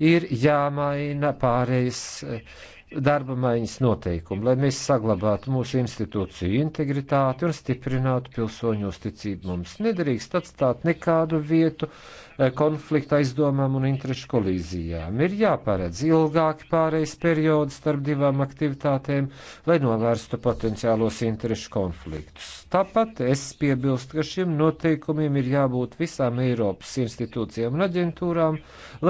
ir jāmaina pārējais eh, darba maiņas noteikumi, lai mēs saglabātu mūsu institūciju integritāti un stiprinātu pilsoņu uzticību mums. Nedrīkst atstāt nekādu vietu Eh, konflikta aizdomām un interešu kolīzijām. Ir jāparedz ilgāki pārejas periodi starp divām aktivitātēm, lai novērstu potenciālos interešu konfliktus. Tāpat es piebilstu, ka šiem noteikumiem ir jābūt visām Eiropas institūcijām un aģentūrām,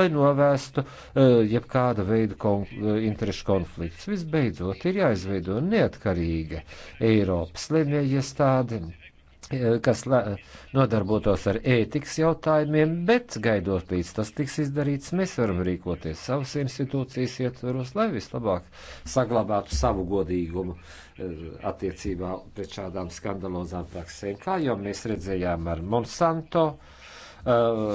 lai novērstu uh, jebkāda veida kon eh, interešu konfliktus. Visbeidzot, ir jāizveido neatkarīga Eiropas lēmējiestāde. Ja Eh, kas nodarbotos ar ētikas jautājumiem, bet gaidot līdz tas tiks izdarīts, mēs varam rīkoties savas institūcijas ietvaros, lai vislabāk saglabātu savu godīgumu eh, attiecībā pret šādām skandalozām praksēm, kā jau mēs redzējām ar Monsanto. Uh,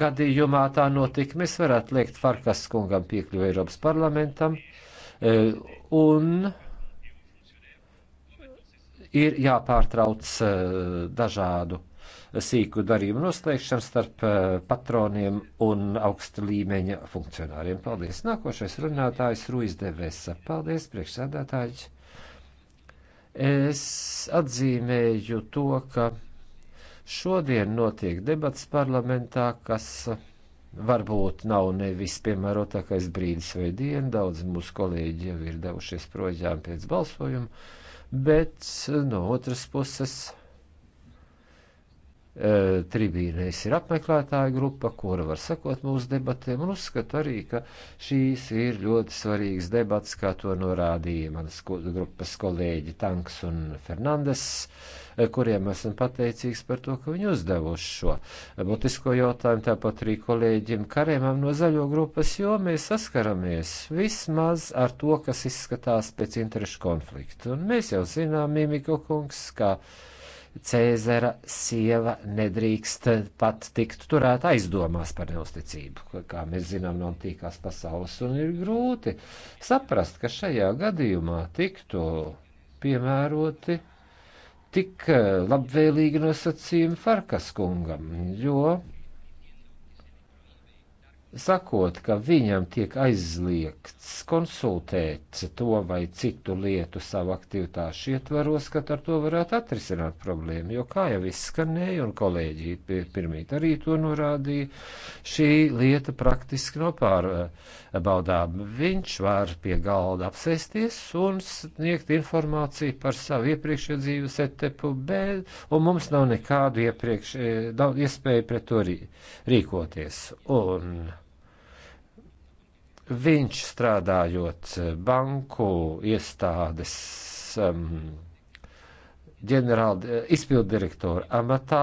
gadījumā tā notika, mēs varētu liekt Farkas kungam piekļuvi Eiropas parlamentam, un ir jāpārtrauc eh, dažādu eh, sīku darījumu noslēgšanu starp eh, patroniem un augsta līmeņa funkcionāriem. Paldies! Nākošais runātājs Ruiz Devesa. Paldies, priekšsēdētāji! Es atzīmēju to, ka šodien notiek debats parlamentā, kas varbūt nav nevis piemērotākais brīdis vai diena. Daudz mūsu kolēģi jau ir devušies projām pēc balsojuma bet no otras puses e, tribīnēs ir apmeklētāja grupa, kura var sekot mūsu debatēm, un uzskatu arī, ka šīs ir ļoti svarīgas debatas, kā to norādīja manas grupas kolēģi Tanks un Fernandes. Uh, Eh, kuriem esmu pateicīgs par to, ka viņi uzdevuši šo mutisko jautājumu, tāpat arī kolēģim Karēmam no zaļo grupas, jo mēs saskaramies vismaz ar to, kas izskatās pēc interešu konflikta. Un mēs jau zinām, Mimiko kungs, ka Cēzara sieva nedrīkst pat tikt turēta aizdomās par neusticību, kā mēs zinām no antīkās pasaules, un ir grūti saprast, ka šajā gadījumā tiktu piemēroti tik eh, labvēlīgi nosacījumi Farkas kungam, jo sakot, ka viņam tiek aizliegts konsultēt to vai citu lietu savu aktivitāšu ietvaros, ka ar to varētu atrisināt problēmu, jo kā jau izskanēja, un kolēģi pirmīt arī to norādīja, šī lieta praktiski nav pārbaudāma. Viņš var pie galda apsēsties un sniegt informāciju par savu iepriekšējo dzīves etapu, bet, un mums nav nekādu iepriekš, eh, nav iespēju pret to rīkoties. Un, Viņš strādājot banku iestādes um, ģenerāla izpildirektora amatā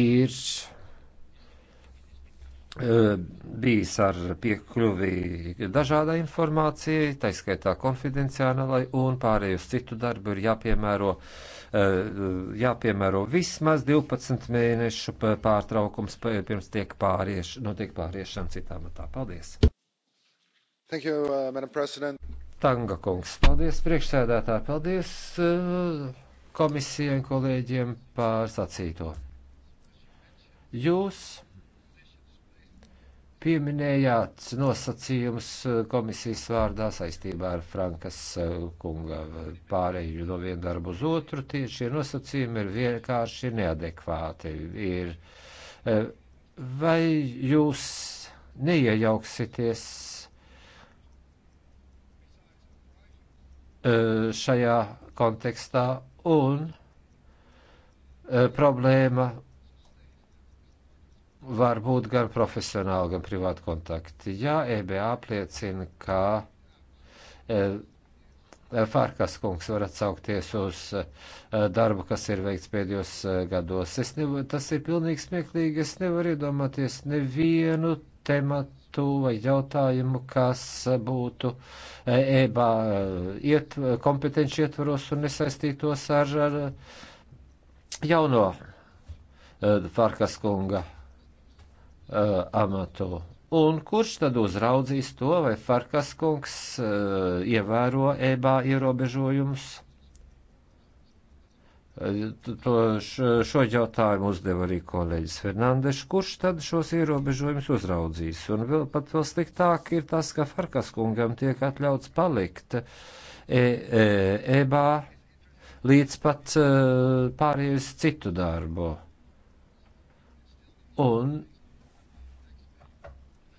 ir uh, bijis ar piekļuvi dažādai informācijai, tā skaitā konfidenciālai, un pārējus citu darbu ir jāpiemēro, uh, jāpiemēro vismaz 12 mēnešu pārtraukums pirms tiek pārieš, notiek pāriešana citā matā. Paldies! You, uh, Tanga kungs, paldies priekšsēdētāji, paldies uh, komisijai un kolēģiem par sacīto. Jūs pieminējāt nosacījumus uh, komisijas vārdā saistībā ar Frankas uh, kunga pārēju no vienu darbu uz otru. Tieši šie nosacījumi ir vienkārši neadekvāti. Ir, uh, vai jūs neiejauksieties šajā kontekstā un problēma var būt gan profesionāli, gan privāti kontakti. Jā, EBA apliecina, ka e, Fārkas kungs var atsaukties uz e, darbu, kas ir veikts pēdējos e, gados. Es nevar, tas ir pilnīgi smieklīgi. Es nevaru iedomāties nevienu tematu uzdotu jautājumu, kas būtu EBA iet, kompetenci ietvaros un nesaistītos ar, ar jauno e, Farkas kunga e, amatu. Un kurš tad uzraudzīs to, vai Farkas kungs e, ievēro EBA ierobežojumus? To šo jautājumu uzdeva arī kolēģis Fernandeša, kurš tad šos ierobežojumus uzraudzīs. Un vēl pat vēl sliktāk ir tas, ka Farkas kungam tiek atļauts palikt e, e, ebā līdz pat e, pārējais citu darbu. Un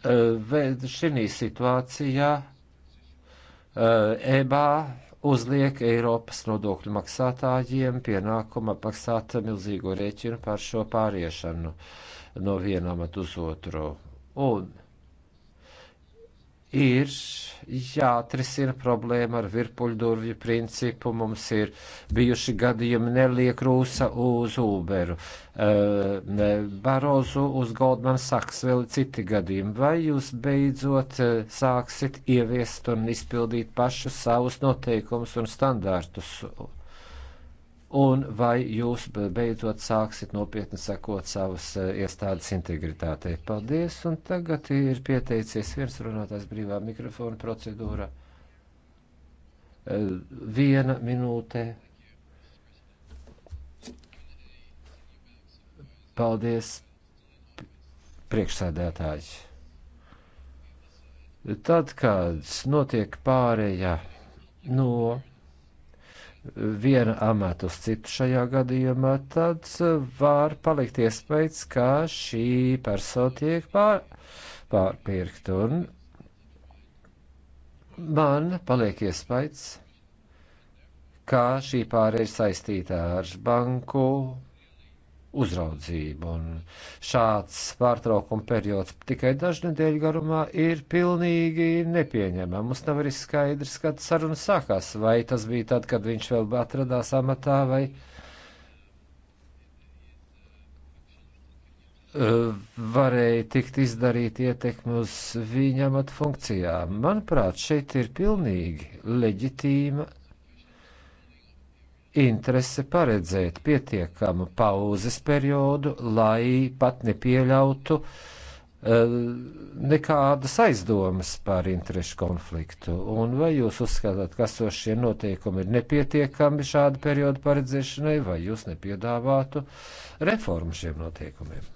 e, šī situācijā e, ebā uzliek Eiropas nodokļu maksātājiem pienākumu maksāt milzīgo rēķinu par šo pāriešanu no viena amata uz otru. Un ir jāatrisina problēma ar virpuļdurvju principu. Mums ir bijuši gadījumi neliek rūsa uz Uberu, Barozu uz Goldman Sachs, vēl citi gadījumi. Vai jūs beidzot sāksit ieviest un izpildīt pašu savus noteikumus un standārtus? un vai jūs beidzot sāksit nopietni sekot savas eh, iestādes integritātei. Paldies, un tagad ir pieteicies viens runātājs brīvā mikrofona procedūra. Eh, viena minūte. Paldies, priekšsēdētāji. Tad, kad notiek pārējā no viena amata uz citu šajā gadījumā, tad var palikt iespējas, ka šī persona tiek pār, pārpirkt. Un man paliek iespējas, ka šī pārēja ir saistīta ar banku uzraudzību. Un šāds pārtraukuma periods tikai dažu nedēļu garumā ir pilnīgi nepieņemams. Mums nav arī skaidrs, kad saruna sākās, vai tas bija tad, kad viņš vēl atradās amatā, vai, eh, varēja tikt izdarīt ietekmi uz viņa amata funkcijām. Manuprāt, šeit ir pilnīgi leģitīma interese paredzēt pietiekamu pauzes periodu, lai pat nepieļautu eh, nekādas aizdomas par interešu konfliktu. Un vai jūs uzskatāt, ka sošie noteikumi ir nepietiekami šādu periodu paredzēšanai, vai jūs nepiedāvātu reformu šiem noteikumiem?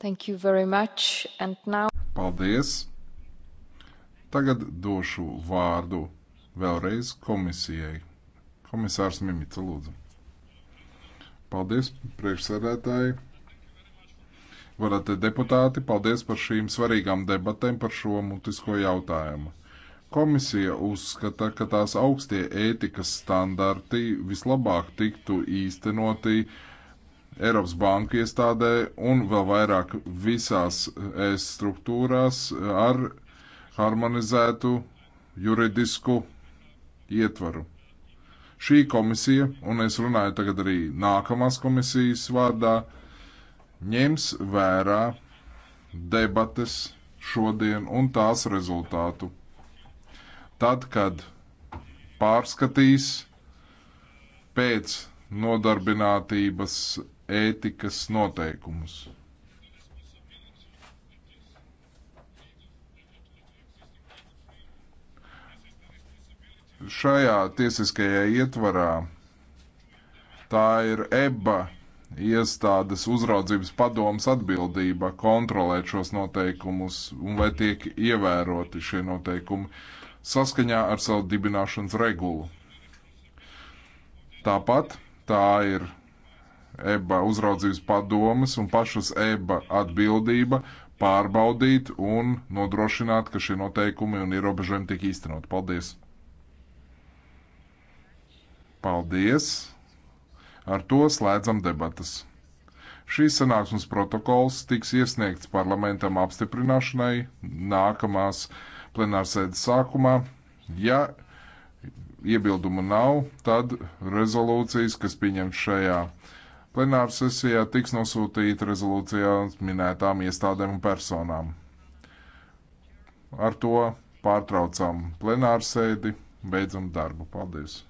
Thank you very much. And now... Paldies! Tagad došu vārdu vēlreiz komisijai. Komisārs Mimica, lūdzu. Paldies, priekšsēdētāji. Varat deputāti, paldies par šīm svarīgām debatēm par šo mutisko jautājumu. Komisija uzskata, ka tās augstie ētikas standarti vislabāk tiktu īstenoti Eiropas banku iestādē un vēl vairāk visās e struktūrās ar harmonizētu juridisku ietvaru. Šī komisija, un es runāju tagad arī nākamās komisijas vārdā, ņems vērā debates šodien un tās rezultātu. Tad, kad pārskatīs pēc nodarbinātības ētikas noteikumus. šajā tiesiskajā ietvarā tā ir EBA iestādes uzraudzības padomas atbildība kontrolēt šos noteikumus un vai tiek ievēroti šie noteikumi saskaņā ar savu dibināšanas regulu. Tāpat tā ir EBA uzraudzības padomas un pašas EBA atbildība pārbaudīt un nodrošināt, ka šie noteikumi un ierobežojumi tiek īstenot. Paldies! Paldies! Ar to slēdzam debatas. Šīs sanāksmes protokols tiks iesniegts parlamentam apstiprināšanai nākamās plenārsēdes sākumā. Ja iebildumu nav, tad rezolūcijas, kas pieņemts šajā plenārsesijā, tiks nosūtīta rezolūcijā minētām iestādēm un personām. Ar to pārtraucam plenārsēdi, beidzam darbu. Paldies!